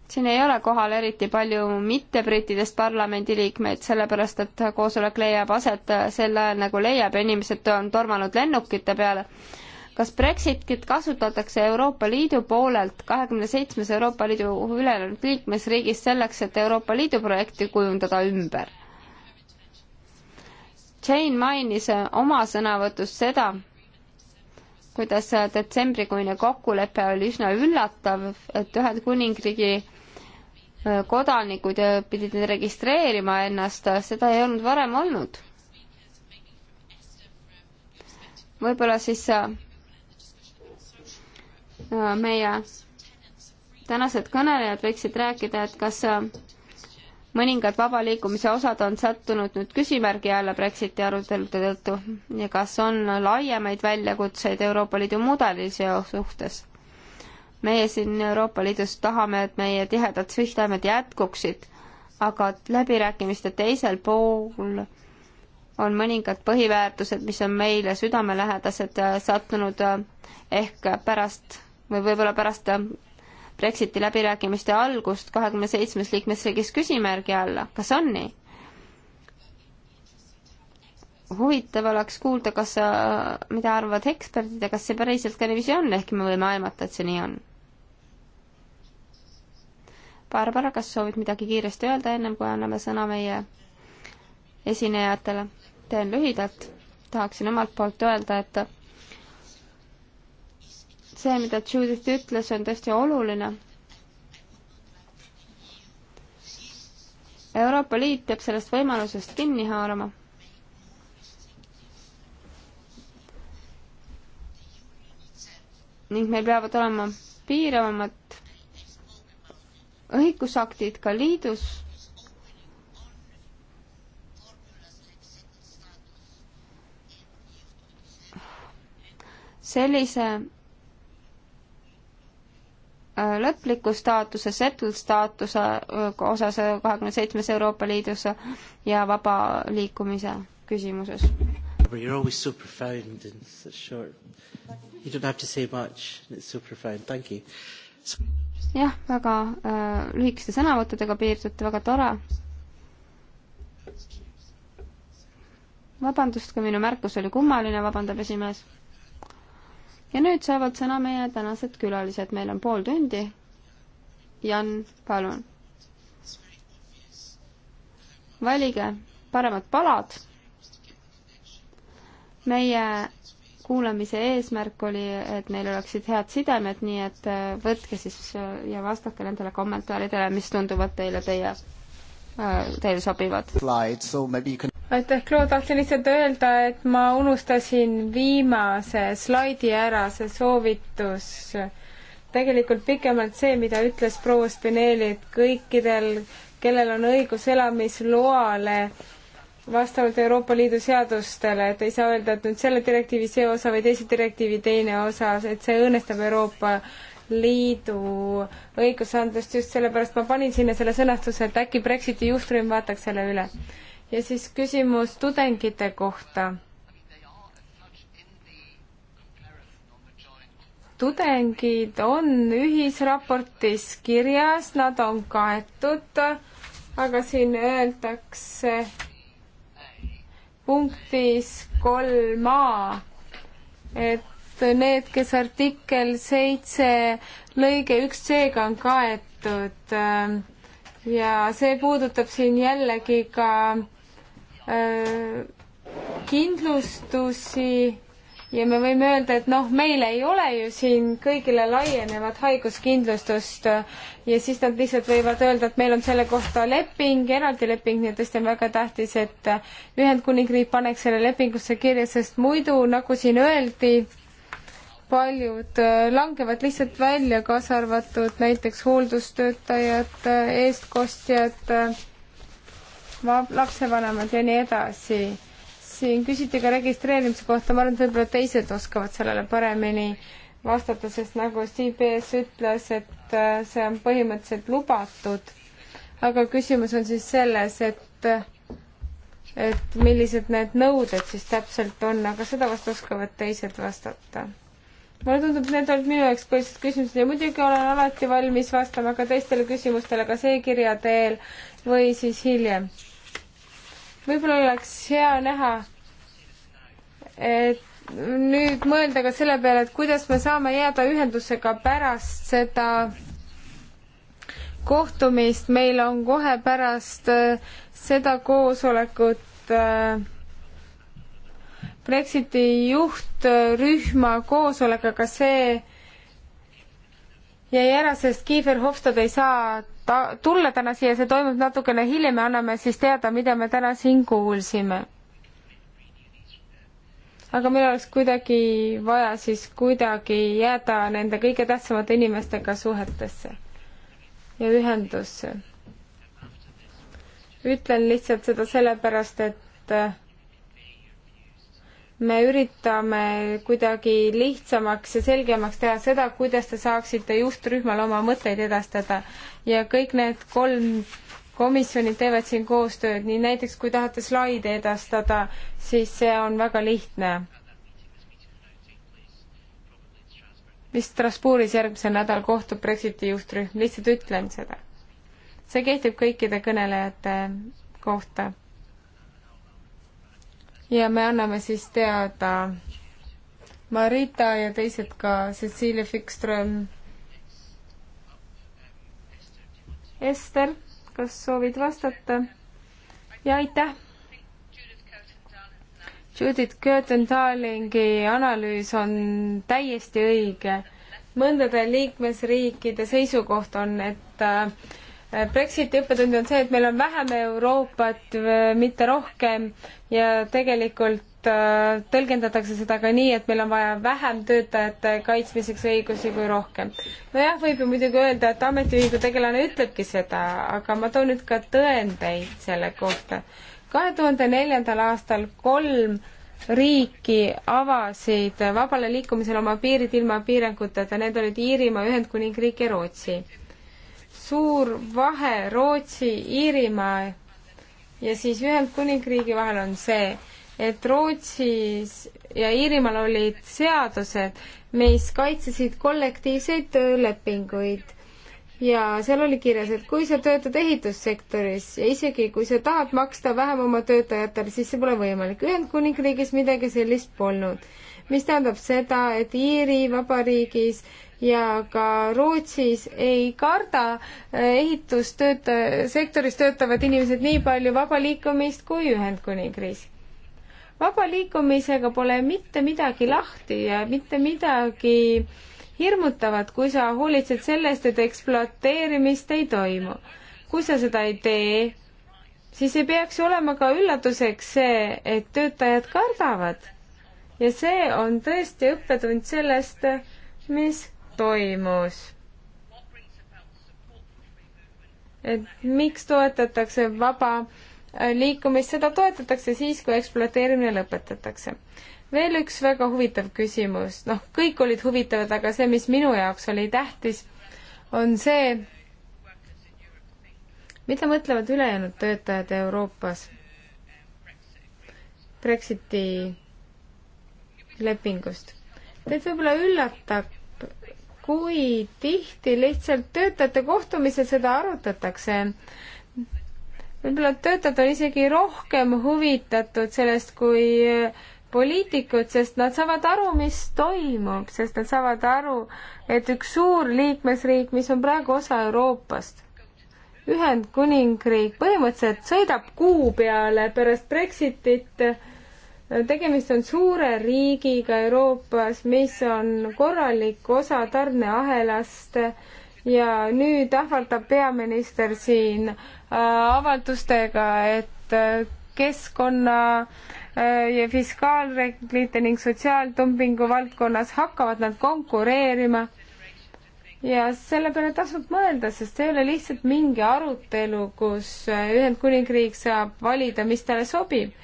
siin ei ole kohal eriti palju mitte-brittidest parlamendiliikmeid, sellepärast et koosolek leiab aset sel ajal, nagu leiab ja inimesed on tormanud lennukite peale. kas Brexitit kasutatakse Euroopa Liidu poolelt kahekümne seitsmes Euroopa Liidu ülejäänud liikmesriigis selleks, et Euroopa Liidu projekti kujundada ümber? Jane mainis oma sõnavõtus seda, kuidas detsembrikuine kokkulepe oli üsna üllatav, et Ühendkuningriigi kodanikud pidid registreerima ennast, seda ei olnud varem olnud. võib-olla siis äh, meie tänased kõnelejad võiksid rääkida, et kas äh, mõningad vaba liikumise osad on sattunud nüüd küsimärgi alla Brexiti arutelude tõttu ja kas on laiemaid väljakutseid Euroopa Liidu mudeli seos suhtes? meie siin Euroopa Liidus tahame, et meie tihedad suhtlemed jätkuksid, aga läbirääkimiste teisel pool on mõningad põhiväärtused, mis on meile südamelähedased sattunud äh, ehk pärast või võib-olla pärast äh, Brexiti läbirääkimiste algust kahekümne seitsmes liikmesriigis küsimärgi alla, kas on nii? huvitav oleks kuulda, kas, äh, mida arvavad eksperdid ja kas see päriselt ka niiviisi on, ehkki me võime aimata, et see nii on Barbara, kas soovid midagi kiiresti öelda, ennem kui anname sõna meie esinejatele? teen lühidalt, tahaksin omalt poolt öelda, et see, mida Judith ütles, on tõesti oluline. Euroopa Liit peab sellest võimalusest kinni haarama ning meil peavad olema piiravamad õigusaktid ka liidus sellise äh, lõpliku staatuse, settled staatuse äh, osas äh, kahekümne seitsmes Euroopa Liidus ja vaba liikumise küsimuses. You are always so profound and such short. You don't have to say much. It's so profound. Thank you jah, väga äh, lühikeste sõnavõttudega piirdute, väga tore. vabandust, kui minu märkus oli kummaline, vabandab esimees. ja nüüd saavad sõna meie tänased külalised, meil on pool tundi. Jan, palun. valige paremad palad. meie kuulamise eesmärk oli, et neil oleksid head sidemed, nii et äh, võtke siis äh, ja vastake nendele kommentaaridele, mis tunduvad teile teie, äh, teile sobivad. aitäh, Claude, tahtsin lihtsalt öelda, et ma unustasin viimase slaidi ära, see soovitus, tegelikult pikemalt see, mida ütles proua Spinelli, et kõikidel, kellel on õigus elamisloale, vastavalt Euroopa Liidu seadustele, et ei saa öelda, et nüüd selle direktiivi see osa või teise direktiivi teine osa, et see õõnestab Euroopa Liidu õigusandlust, just sellepärast ma panin sinna selle sõnastuse, et äkki Brexiti juhtrühm vaataks selle üle. ja siis küsimus tudengite kohta. tudengid on ühisraportis kirjas, nad on kaetud, aga siin öeldakse punktis kolm A, et need, kes artikkel seitse lõige üks C-ga on kaetud äh, ja see puudutab siin jällegi ka äh, kindlustusi ja me võime öelda, et noh, meil ei ole ju siin kõigile laienevat haiguskindlustust ja siis nad lihtsalt võivad öelda, et meil on selle kohta leping, eraldi leping, nii et tõesti on väga tähtis, et Ühendkuningriik paneks selle lepingusse kirja, sest muidu, nagu siin öeldi, paljud äh, langevad lihtsalt välja, kaasa arvatud näiteks hooldustöötajad, äh, eestkostjad, äh, lapsevanemad ja nii edasi siin küsiti ka registreerimise kohta, ma arvan, et võib-olla teised oskavad sellele paremini vastata, sest nagu CBS ütles, et äh, see on põhimõtteliselt lubatud. aga küsimus on siis selles, et et millised need nõuded siis täpselt on, aga seda vast oskavad teised vastata. mulle tundub, et need olid minu jaoks põhilised küsimused ja muidugi olen alati valmis vastama ka teistele küsimustele, ka e-kirja teel või siis hiljem võib-olla oleks hea näha, et nüüd mõelda ka selle peale, et kuidas me saame jääda ühendusega pärast seda kohtumist, meil on kohe pärast äh, seda koosolekut äh, Brexiti juhtrühma koosolek, aga see jäi ära, sest Kiefer Hofstad ei saa ta-, tulla täna siia, see toimub natukene hiljem ja anname siis teada, mida me täna siin kuulsime. aga meil oleks kuidagi vaja siis kuidagi jääda nende kõige tähtsamate inimestega suhetesse ja ühendusse. ütlen lihtsalt seda sellepärast, et me üritame kuidagi lihtsamaks ja selgemaks teha seda, kuidas te saaksite juhtrühmale oma mõtteid edastada ja kõik need kolm komisjonid teevad siin koostööd, nii näiteks kui tahate slaide edastada, siis see on väga lihtne. vist Strasbourgis järgmisel nädalal kohtub Brexiti juhtrühm, lihtsalt ütlen seda. see kehtib kõikide kõnelejate kohta ja me anname siis teada Marita ja teised ka, Cecilia Fikström. Ester, kas soovid vastata? ja aitäh! Judith Curtin-Darlingi analüüs on täiesti õige. mõndade liikmesriikide seisukoht on, et äh, Brexiti õppetund on see, et meil on vähem Euroopat, mitte rohkem ja tegelikult äh, tõlgendatakse seda ka nii, et meil on vaja vähem töötajate kaitsmiseks õigusi kui rohkem. nojah, võib ju muidugi öelda, et ametiühingu tegelane ütlebki seda, aga ma toon nüüd ka tõendeid selle kohta. kahe tuhande neljandal aastal kolm riiki avasid vabale liikumisele oma piirid ilma piiranguteta, need olid Iirimaa, Ühendkuningriik ja Rootsi suur vahe Rootsi, Iirimaa ja siis Ühendkuningriigi vahel on see, et Rootsis ja Iirimaal olid seadused, mis kaitsesid kollektiivseid töölepinguid ja seal oli kirjas, et kui sa töötad ehitussektoris ja isegi kui sa tahad maksta vähem oma töötajatele, siis see pole võimalik. Ühendkuningriigis midagi sellist polnud, mis tähendab seda, et Iiri Vabariigis ja ka Rootsis ei karda eh, ehitustööta-, sektoris töötavad inimesed nii palju vaba liikumist kui Ühendkuningriigis. vaba liikumisega pole mitte midagi lahti ja mitte midagi hirmutavat, kui sa hoolitsed sellest, et ekspluateerimist ei toimu. kui sa seda ei tee, siis ei peaks ju olema ka üllatuseks see, et töötajad kardavad. ja see on tõesti õppetund sellest, mis toimus. et miks toetatakse vaba äh, liikumist, seda toetatakse siis, kui ekspluateerimine lõpetatakse. veel üks väga huvitav küsimus, noh, kõik olid huvitavad, aga see, mis minu jaoks oli tähtis, on see, mida mõtlevad ülejäänud töötajad Euroopas Brexiti lepingust. Teid võib-olla üllatab kui tihti lihtsalt töötajate kohtumisel seda arutatakse. võib-olla töötajad on isegi rohkem huvitatud sellest, kui äh, poliitikud, sest nad saavad aru, mis toimub, sest nad saavad aru, et üks suur liikmesriik, mis on praegu osa Euroopast, Ühendkuningriik põhimõtteliselt sõidab kuu peale pärast Brexitit tegemist on suure riigiga Euroopas, mis on korralik osa tarneahelast ja nüüd ähvardab peaminister siin äh, avaldustega, et äh, keskkonna äh, ja fiskaalreeglite ning sotsiaaltumpingu valdkonnas hakkavad nad konkureerima. ja selle peale tasub mõelda, sest see ei ole lihtsalt mingi arutelu, kus Ühendkuningriik saab valida, mis talle sobib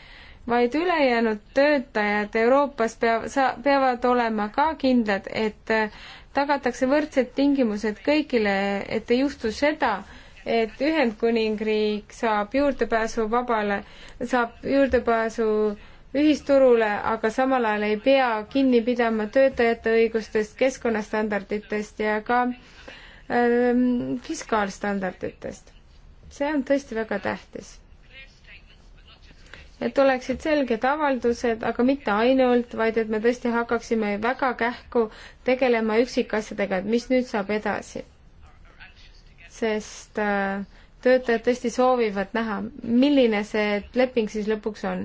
vaid ülejäänud töötajad Euroopas peav, sa-, peavad olema ka kindlad, et äh, tagatakse võrdsed tingimused kõigile, et ei juhtu seda, et Ühendkuningriik saab juurdepääsu vabale, saab juurdepääsu ühisturule, aga samal ajal ei pea kinni pidama töötajate õigustest, keskkonnastandarditest ja ka ähm, fiskaalstandarditest. see on tõesti väga tähtis et oleksid selged avaldused, aga mitte ainult, vaid et me tõesti hakkaksime väga kähku tegelema üksikasjadega, et mis nüüd saab edasi. sest äh, töötajad tõesti soovivad näha, milline see leping siis lõpuks on.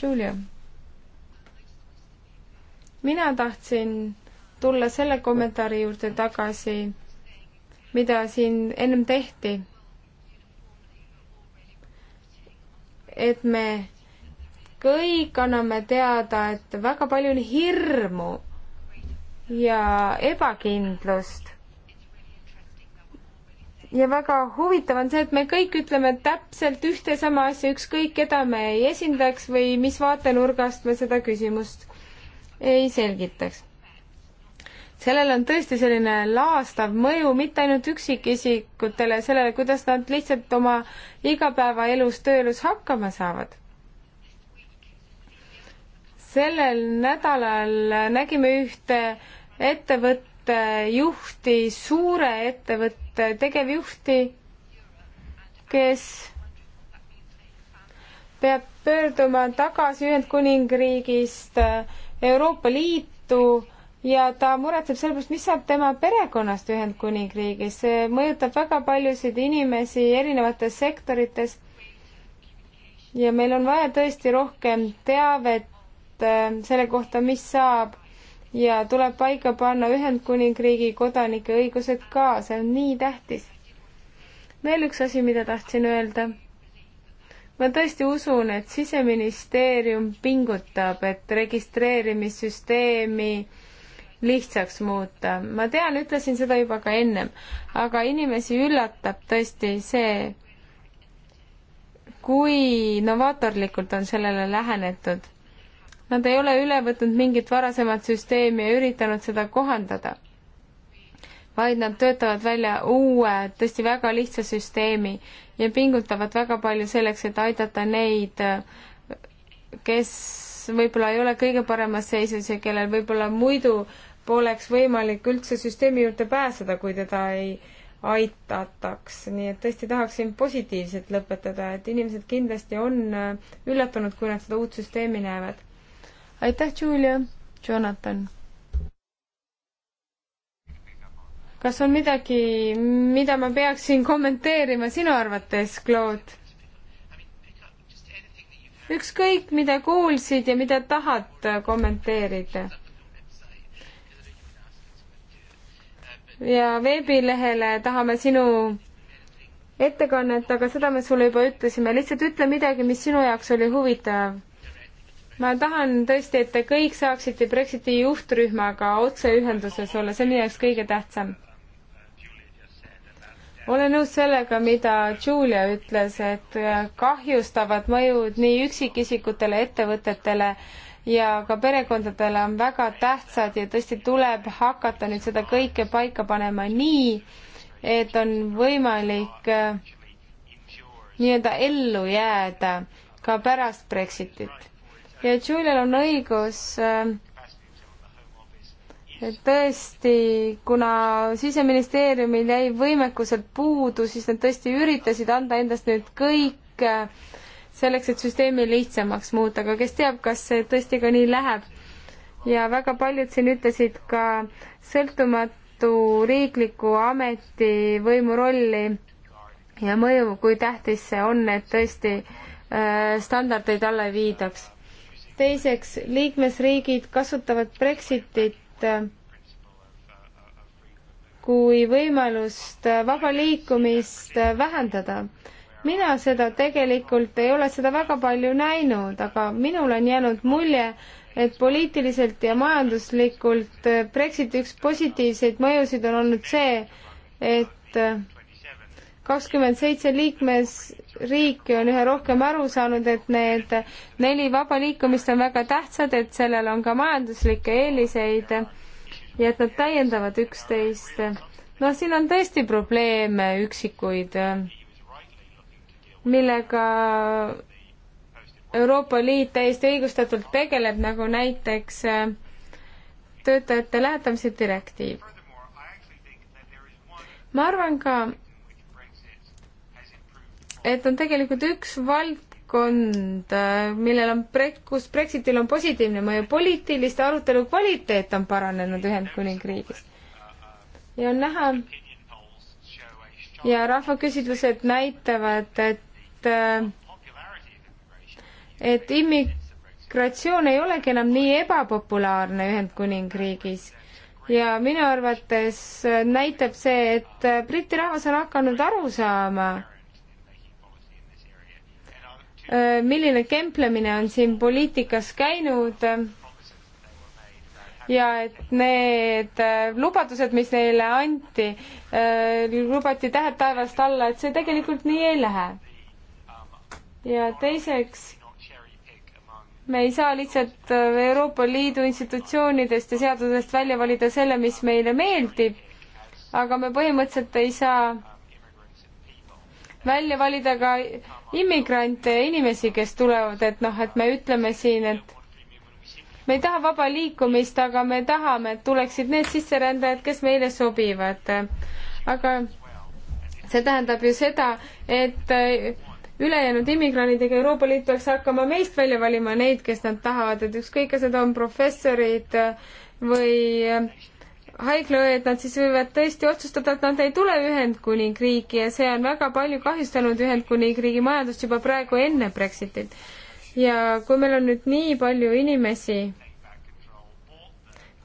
Julia. mina tahtsin tulla selle kommentaari juurde tagasi, mida siin ennem tehti et me kõik anname teada, et väga palju on hirmu ja ebakindlust. ja väga huvitav on see, et me kõik ütleme täpselt ühte sama asja, ükskõik keda me ei esindaks või mis vaatenurgast me seda küsimust ei selgitaks sellel on tõesti selline laastav mõju mitte ainult üksikisikutele, sellele, kuidas nad lihtsalt oma igapäevaelus, tööelus hakkama saavad. sellel nädalal nägime ühte ettevõtte juhti, suure ettevõtte tegevjuhti, kes peab pöörduma tagasi Ühendkuningriigist Euroopa Liitu ja ta muretseb selle pärast, mis saab tema perekonnast Ühendkuningriigis, see mõjutab väga paljusid inimesi erinevates sektorites. ja meil on vaja tõesti rohkem teavet äh, selle kohta, mis saab ja tuleb paika panna Ühendkuningriigi kodanike õigused ka, see on nii tähtis. veel üks asi, mida tahtsin öelda. ma tõesti usun, et siseministeerium pingutab, et registreerimissüsteemi lihtsaks muuta. ma tean, ütlesin seda juba ka ennem, aga inimesi üllatab tõesti see, kui novaatorlikult on sellele lähenetud. Nad ei ole üle võtnud mingit varasemat süsteemi ja üritanud seda kohandada, vaid nad töötavad välja uue, tõesti väga lihtsa süsteemi ja pingutavad väga palju selleks, et aidata neid, kes võib-olla ei ole kõige paremas seisus ja kellel võib-olla muidu poleks võimalik üldse süsteemi juurde pääseda, kui teda ei aitataks, nii et tõesti tahaksin positiivselt lõpetada, et inimesed kindlasti on äh, üllatunud, kui nad seda uut süsteemi näevad. aitäh, Julia, Jonathan. kas on midagi, mida ma peaksin kommenteerima sinu arvates, Claude? ükskõik, mida kuulsid ja mida tahad kommenteerida ja veebilehele tahame sinu ettekannet, aga seda me sulle juba ütlesime, lihtsalt ütle midagi, mis sinu jaoks oli huvitav. ma tahan tõesti, et te kõik saaksite Brexiti juhtrühmaga otseühenduses olla, see on minu jaoks kõige tähtsam. olen nõus sellega, mida Julia ütles, et kahjustavad mõjud nii üksikisikutele, ettevõtetele ja ka perekondadele on väga tähtsad ja tõesti tuleb hakata nüüd seda kõike paika panema nii, et on võimalik äh, nii-öelda ellu jääda ka pärast Brexitit. ja Julial on õigus, äh, et tõesti, kuna siseministeeriumil jäi võimekuselt puudu, siis nad tõesti üritasid anda endast nüüd kõik äh, selleks, et süsteemi lihtsamaks muuta, aga kes teab, kas see tõesti ka nii läheb. ja väga paljud siin ütlesid ka sõltumatu riikliku ametivõimu rolli ja mõju, kui tähtis see on, et tõesti äh, standardeid alla ei viidaks. teiseks, liikmesriigid kasutavad Brexitit äh, kui võimalust vaba liikumist äh, vähendada mina seda tegelikult ei ole seda väga palju näinud, aga minul on jäänud mulje, et poliitiliselt ja majanduslikult eh, Brexiti üks positiivseid mõjusid on olnud see, et eh, kakskümmend seitse liikmesriiki on üha rohkem aru saanud, et need neli vaba liikumist on väga tähtsad, et sellel on ka majanduslikke eeliseid ja et nad täiendavad üksteist. noh, siin on tõesti probleeme üksikuid eh, millega Euroopa Liit täiesti õigustatult tegeleb, nagu näiteks äh, töötajate lähetamise direktiiv. ma arvan ka, et on tegelikult üks valdkond, äh, millel on pre-, kus Brexitil on positiivne mõju, poliitiliste arutelu kvaliteet on paranenud Ühendkuningriigis. ja on näha ja rahvaküsitlused näitavad, et et äh, et immigratsioon ei olegi enam nii ebapopulaarne Ühendkuningriigis ja minu arvates näitab see, et äh, Briti rahvas on hakanud aru saama, äh, milline kemplemine on siin poliitikas käinud ja et need lubadused, mis neile anti, lubati tähed taevast alla, et see tegelikult nii ei lähe ja teiseks, me ei saa lihtsalt äh, Euroopa Liidu institutsioonidest ja seadusest välja valida selle, mis meile meeldib, aga me põhimõtteliselt ei saa välja valida ka immigrante ja inimesi, kes tulevad, et noh, et me ütleme siin, et me ei taha vaba liikumist, aga me tahame, et tuleksid need sisserändajad, kes meile sobivad. aga see tähendab ju seda, et äh, ülejäänud immigrantidega Euroopa Liit peaks hakkama meist välja valima neid, kes nad tahavad, et ükskõik, kas need on professorid või haiglaõed, nad siis võivad tõesti otsustada, et nad ei tule Ühendkuningriiki ja see on väga palju kahjustanud Ühendkuningriigi majandust juba praegu enne Brexitit. ja kui meil on nüüd nii palju inimesi,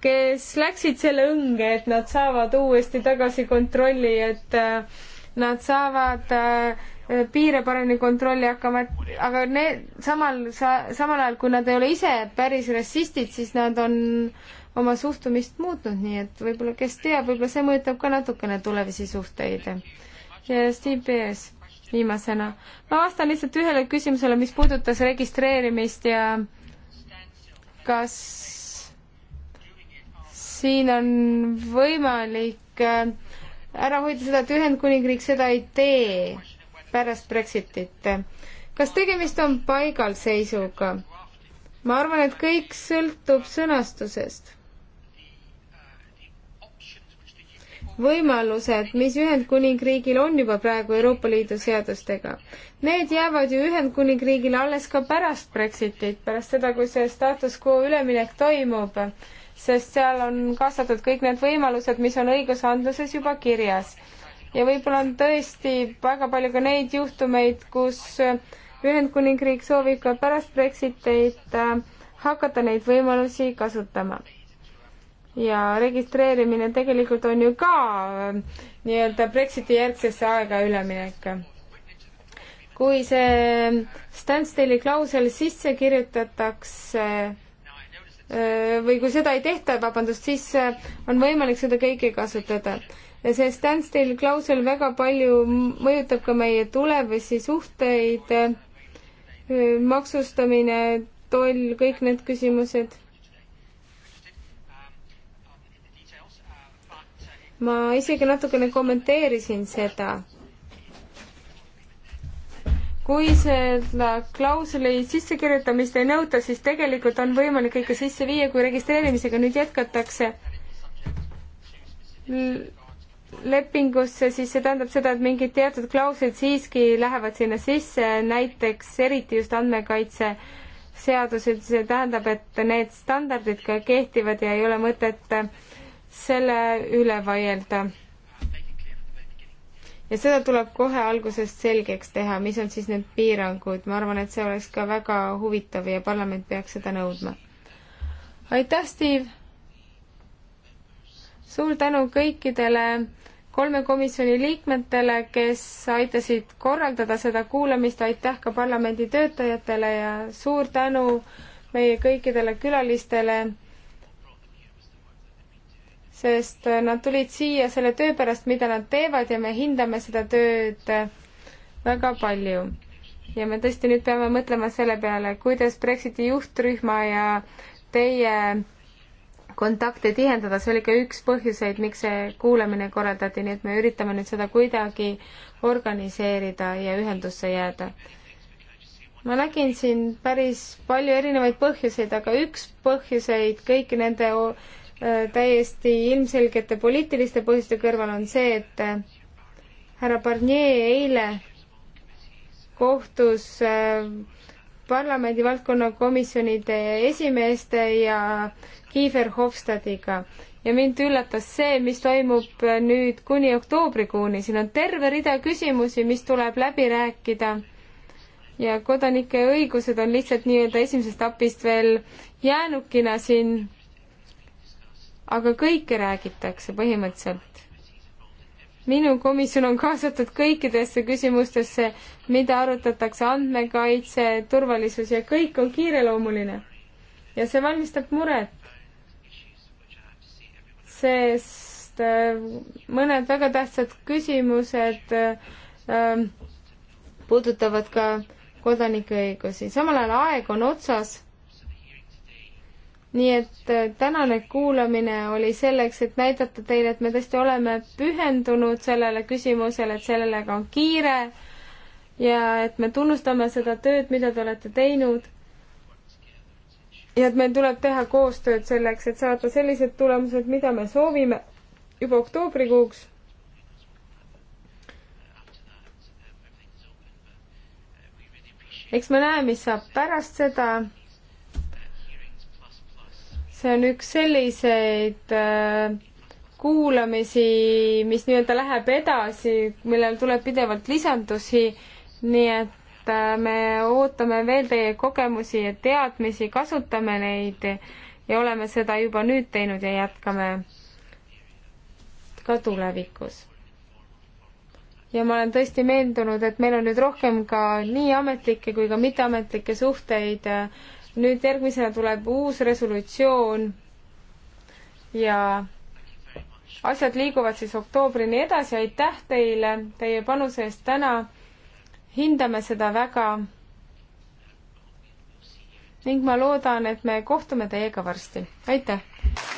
kes läksid selle õnge, et nad saavad uuesti tagasi kontrolli, et äh, nad saavad äh, piire paremini kontrolli hakkama, et aga need samal sa-, samal ajal, kui nad ei ole ise päris rassistid, siis nad on oma suhtumist muutnud, nii et võib-olla, kes teab, võib-olla see mõjutab ka natukene tulevasi suhteid. ja Steve Pears viimasena. ma vastan lihtsalt ühele küsimusele, mis puudutas registreerimist ja kas siin on võimalik äh, ära hoida seda, et Ühendkuningriik seda ei tee pärast Brexitit. kas tegemist on paigalseisuga? ma arvan, et kõik sõltub sõnastusest. võimalused, mis Ühendkuningriigil on juba praegu Euroopa Liidu seadustega, need jäävad ju Ühendkuningriigile alles ka pärast Brexitit, pärast seda, kui see status quo üleminek toimub sest seal on kaasatud kõik need võimalused, mis on õigusandluses juba kirjas. ja võib-olla on tõesti väga palju ka neid juhtumeid, kus Ühendkuningriik soovib ka pärast Brexitit äh, hakata neid võimalusi kasutama. ja registreerimine tegelikult on ju ka äh, nii-öelda Brexiti järgsesse aega üleminek kui see standstill'i klausel sisse kirjutatakse Äh, või kui seda ei tehta, vabandust, siis äh, on võimalik seda kõike kasutada. ja see standstill klausel väga palju mõjutab ka meie tulevasi suhteid, äh, maksustamine, toll, kõik need küsimused. ma isegi natukene kommenteerisin seda kui selle klausli sissekirjutamist ei nõuta, siis tegelikult on võimalik ikka sisse viia, kui registreerimisega nüüd jätkatakse lepingusse, siis see tähendab seda, et mingid teatud klauslid siiski lähevad sinna sisse, näiteks eriti just andmekaitse seadused, see tähendab, et need standardid ka kehtivad ja ei ole mõtet selle üle vaielda ja seda tuleb kohe algusest selgeks teha, mis on siis need piirangud, ma arvan, et see oleks ka väga huvitav ja parlament peaks seda nõudma. aitäh, Steve! suur tänu kõikidele kolme komisjoni liikmetele, kes aitasid korraldada seda kuulamist, aitäh ka parlamendi töötajatele ja suur tänu meie kõikidele külalistele sest nad tulid siia selle töö pärast, mida nad teevad ja me hindame seda tööd väga palju. ja me tõesti nüüd peame mõtlema selle peale, kuidas Brexiti juhtrühma ja teie kontakte tihendada, see oli ka üks põhjuseid, miks see kuulamine korraldati, nii et me üritame nüüd seda kuidagi organiseerida ja ühendusse jääda. ma nägin siin päris palju erinevaid põhjuseid, aga üks põhjuseid kõiki nende Äh, täiesti ilmselgete poliitiliste põhjuste kõrval on see, et äh, härra Barnier eile kohtus äh, parlamendi valdkonnakomisjonide esimeeste ja Kiefer Hofstadiga ja mind üllatas see, mis toimub nüüd kuni oktoobrikuuni, siin on terve rida küsimusi, mis tuleb läbi rääkida ja kodanike õigused on lihtsalt nii-öelda esimesest apist veel jäänukina siin aga kõike räägitakse põhimõtteliselt. minu komisjon on kaasatud kõikidesse küsimustesse, mida arutatakse, andmekaitse, turvalisus ja kõik on kiireloomuline. ja see valmistab muret. sest äh, mõned väga tähtsad küsimused äh, puudutavad ka kodanikuõigusi, samal ajal aeg on otsas nii et äh, tänane kuulamine oli selleks, et näidata teile, et me tõesti oleme pühendunud sellele küsimusele, et sellega on kiire ja et me tunnustame seda tööd, mida te olete teinud. ja et meil tuleb teha koostööd selleks, et saada sellised tulemused, mida me soovime juba oktoobrikuuks eks me näe, mis saab pärast seda see on üks selliseid äh, kuulamisi, mis nii-öelda läheb edasi, millel tuleb pidevalt lisandusi, nii et äh, me ootame veel teie kogemusi ja teadmisi, kasutame neid ja oleme seda juba nüüd teinud ja jätkame ka tulevikus ja ma olen tõesti meeldunud, et meil on nüüd rohkem ka nii ametlikke kui ka mitteametlikke suhteid äh, nüüd järgmisena tuleb uus resolutsioon ja asjad liiguvad siis oktoobrini edasi, aitäh teile teie panuse eest täna, hindame seda väga ning ma loodan, et me kohtume teiega varsti, aitäh!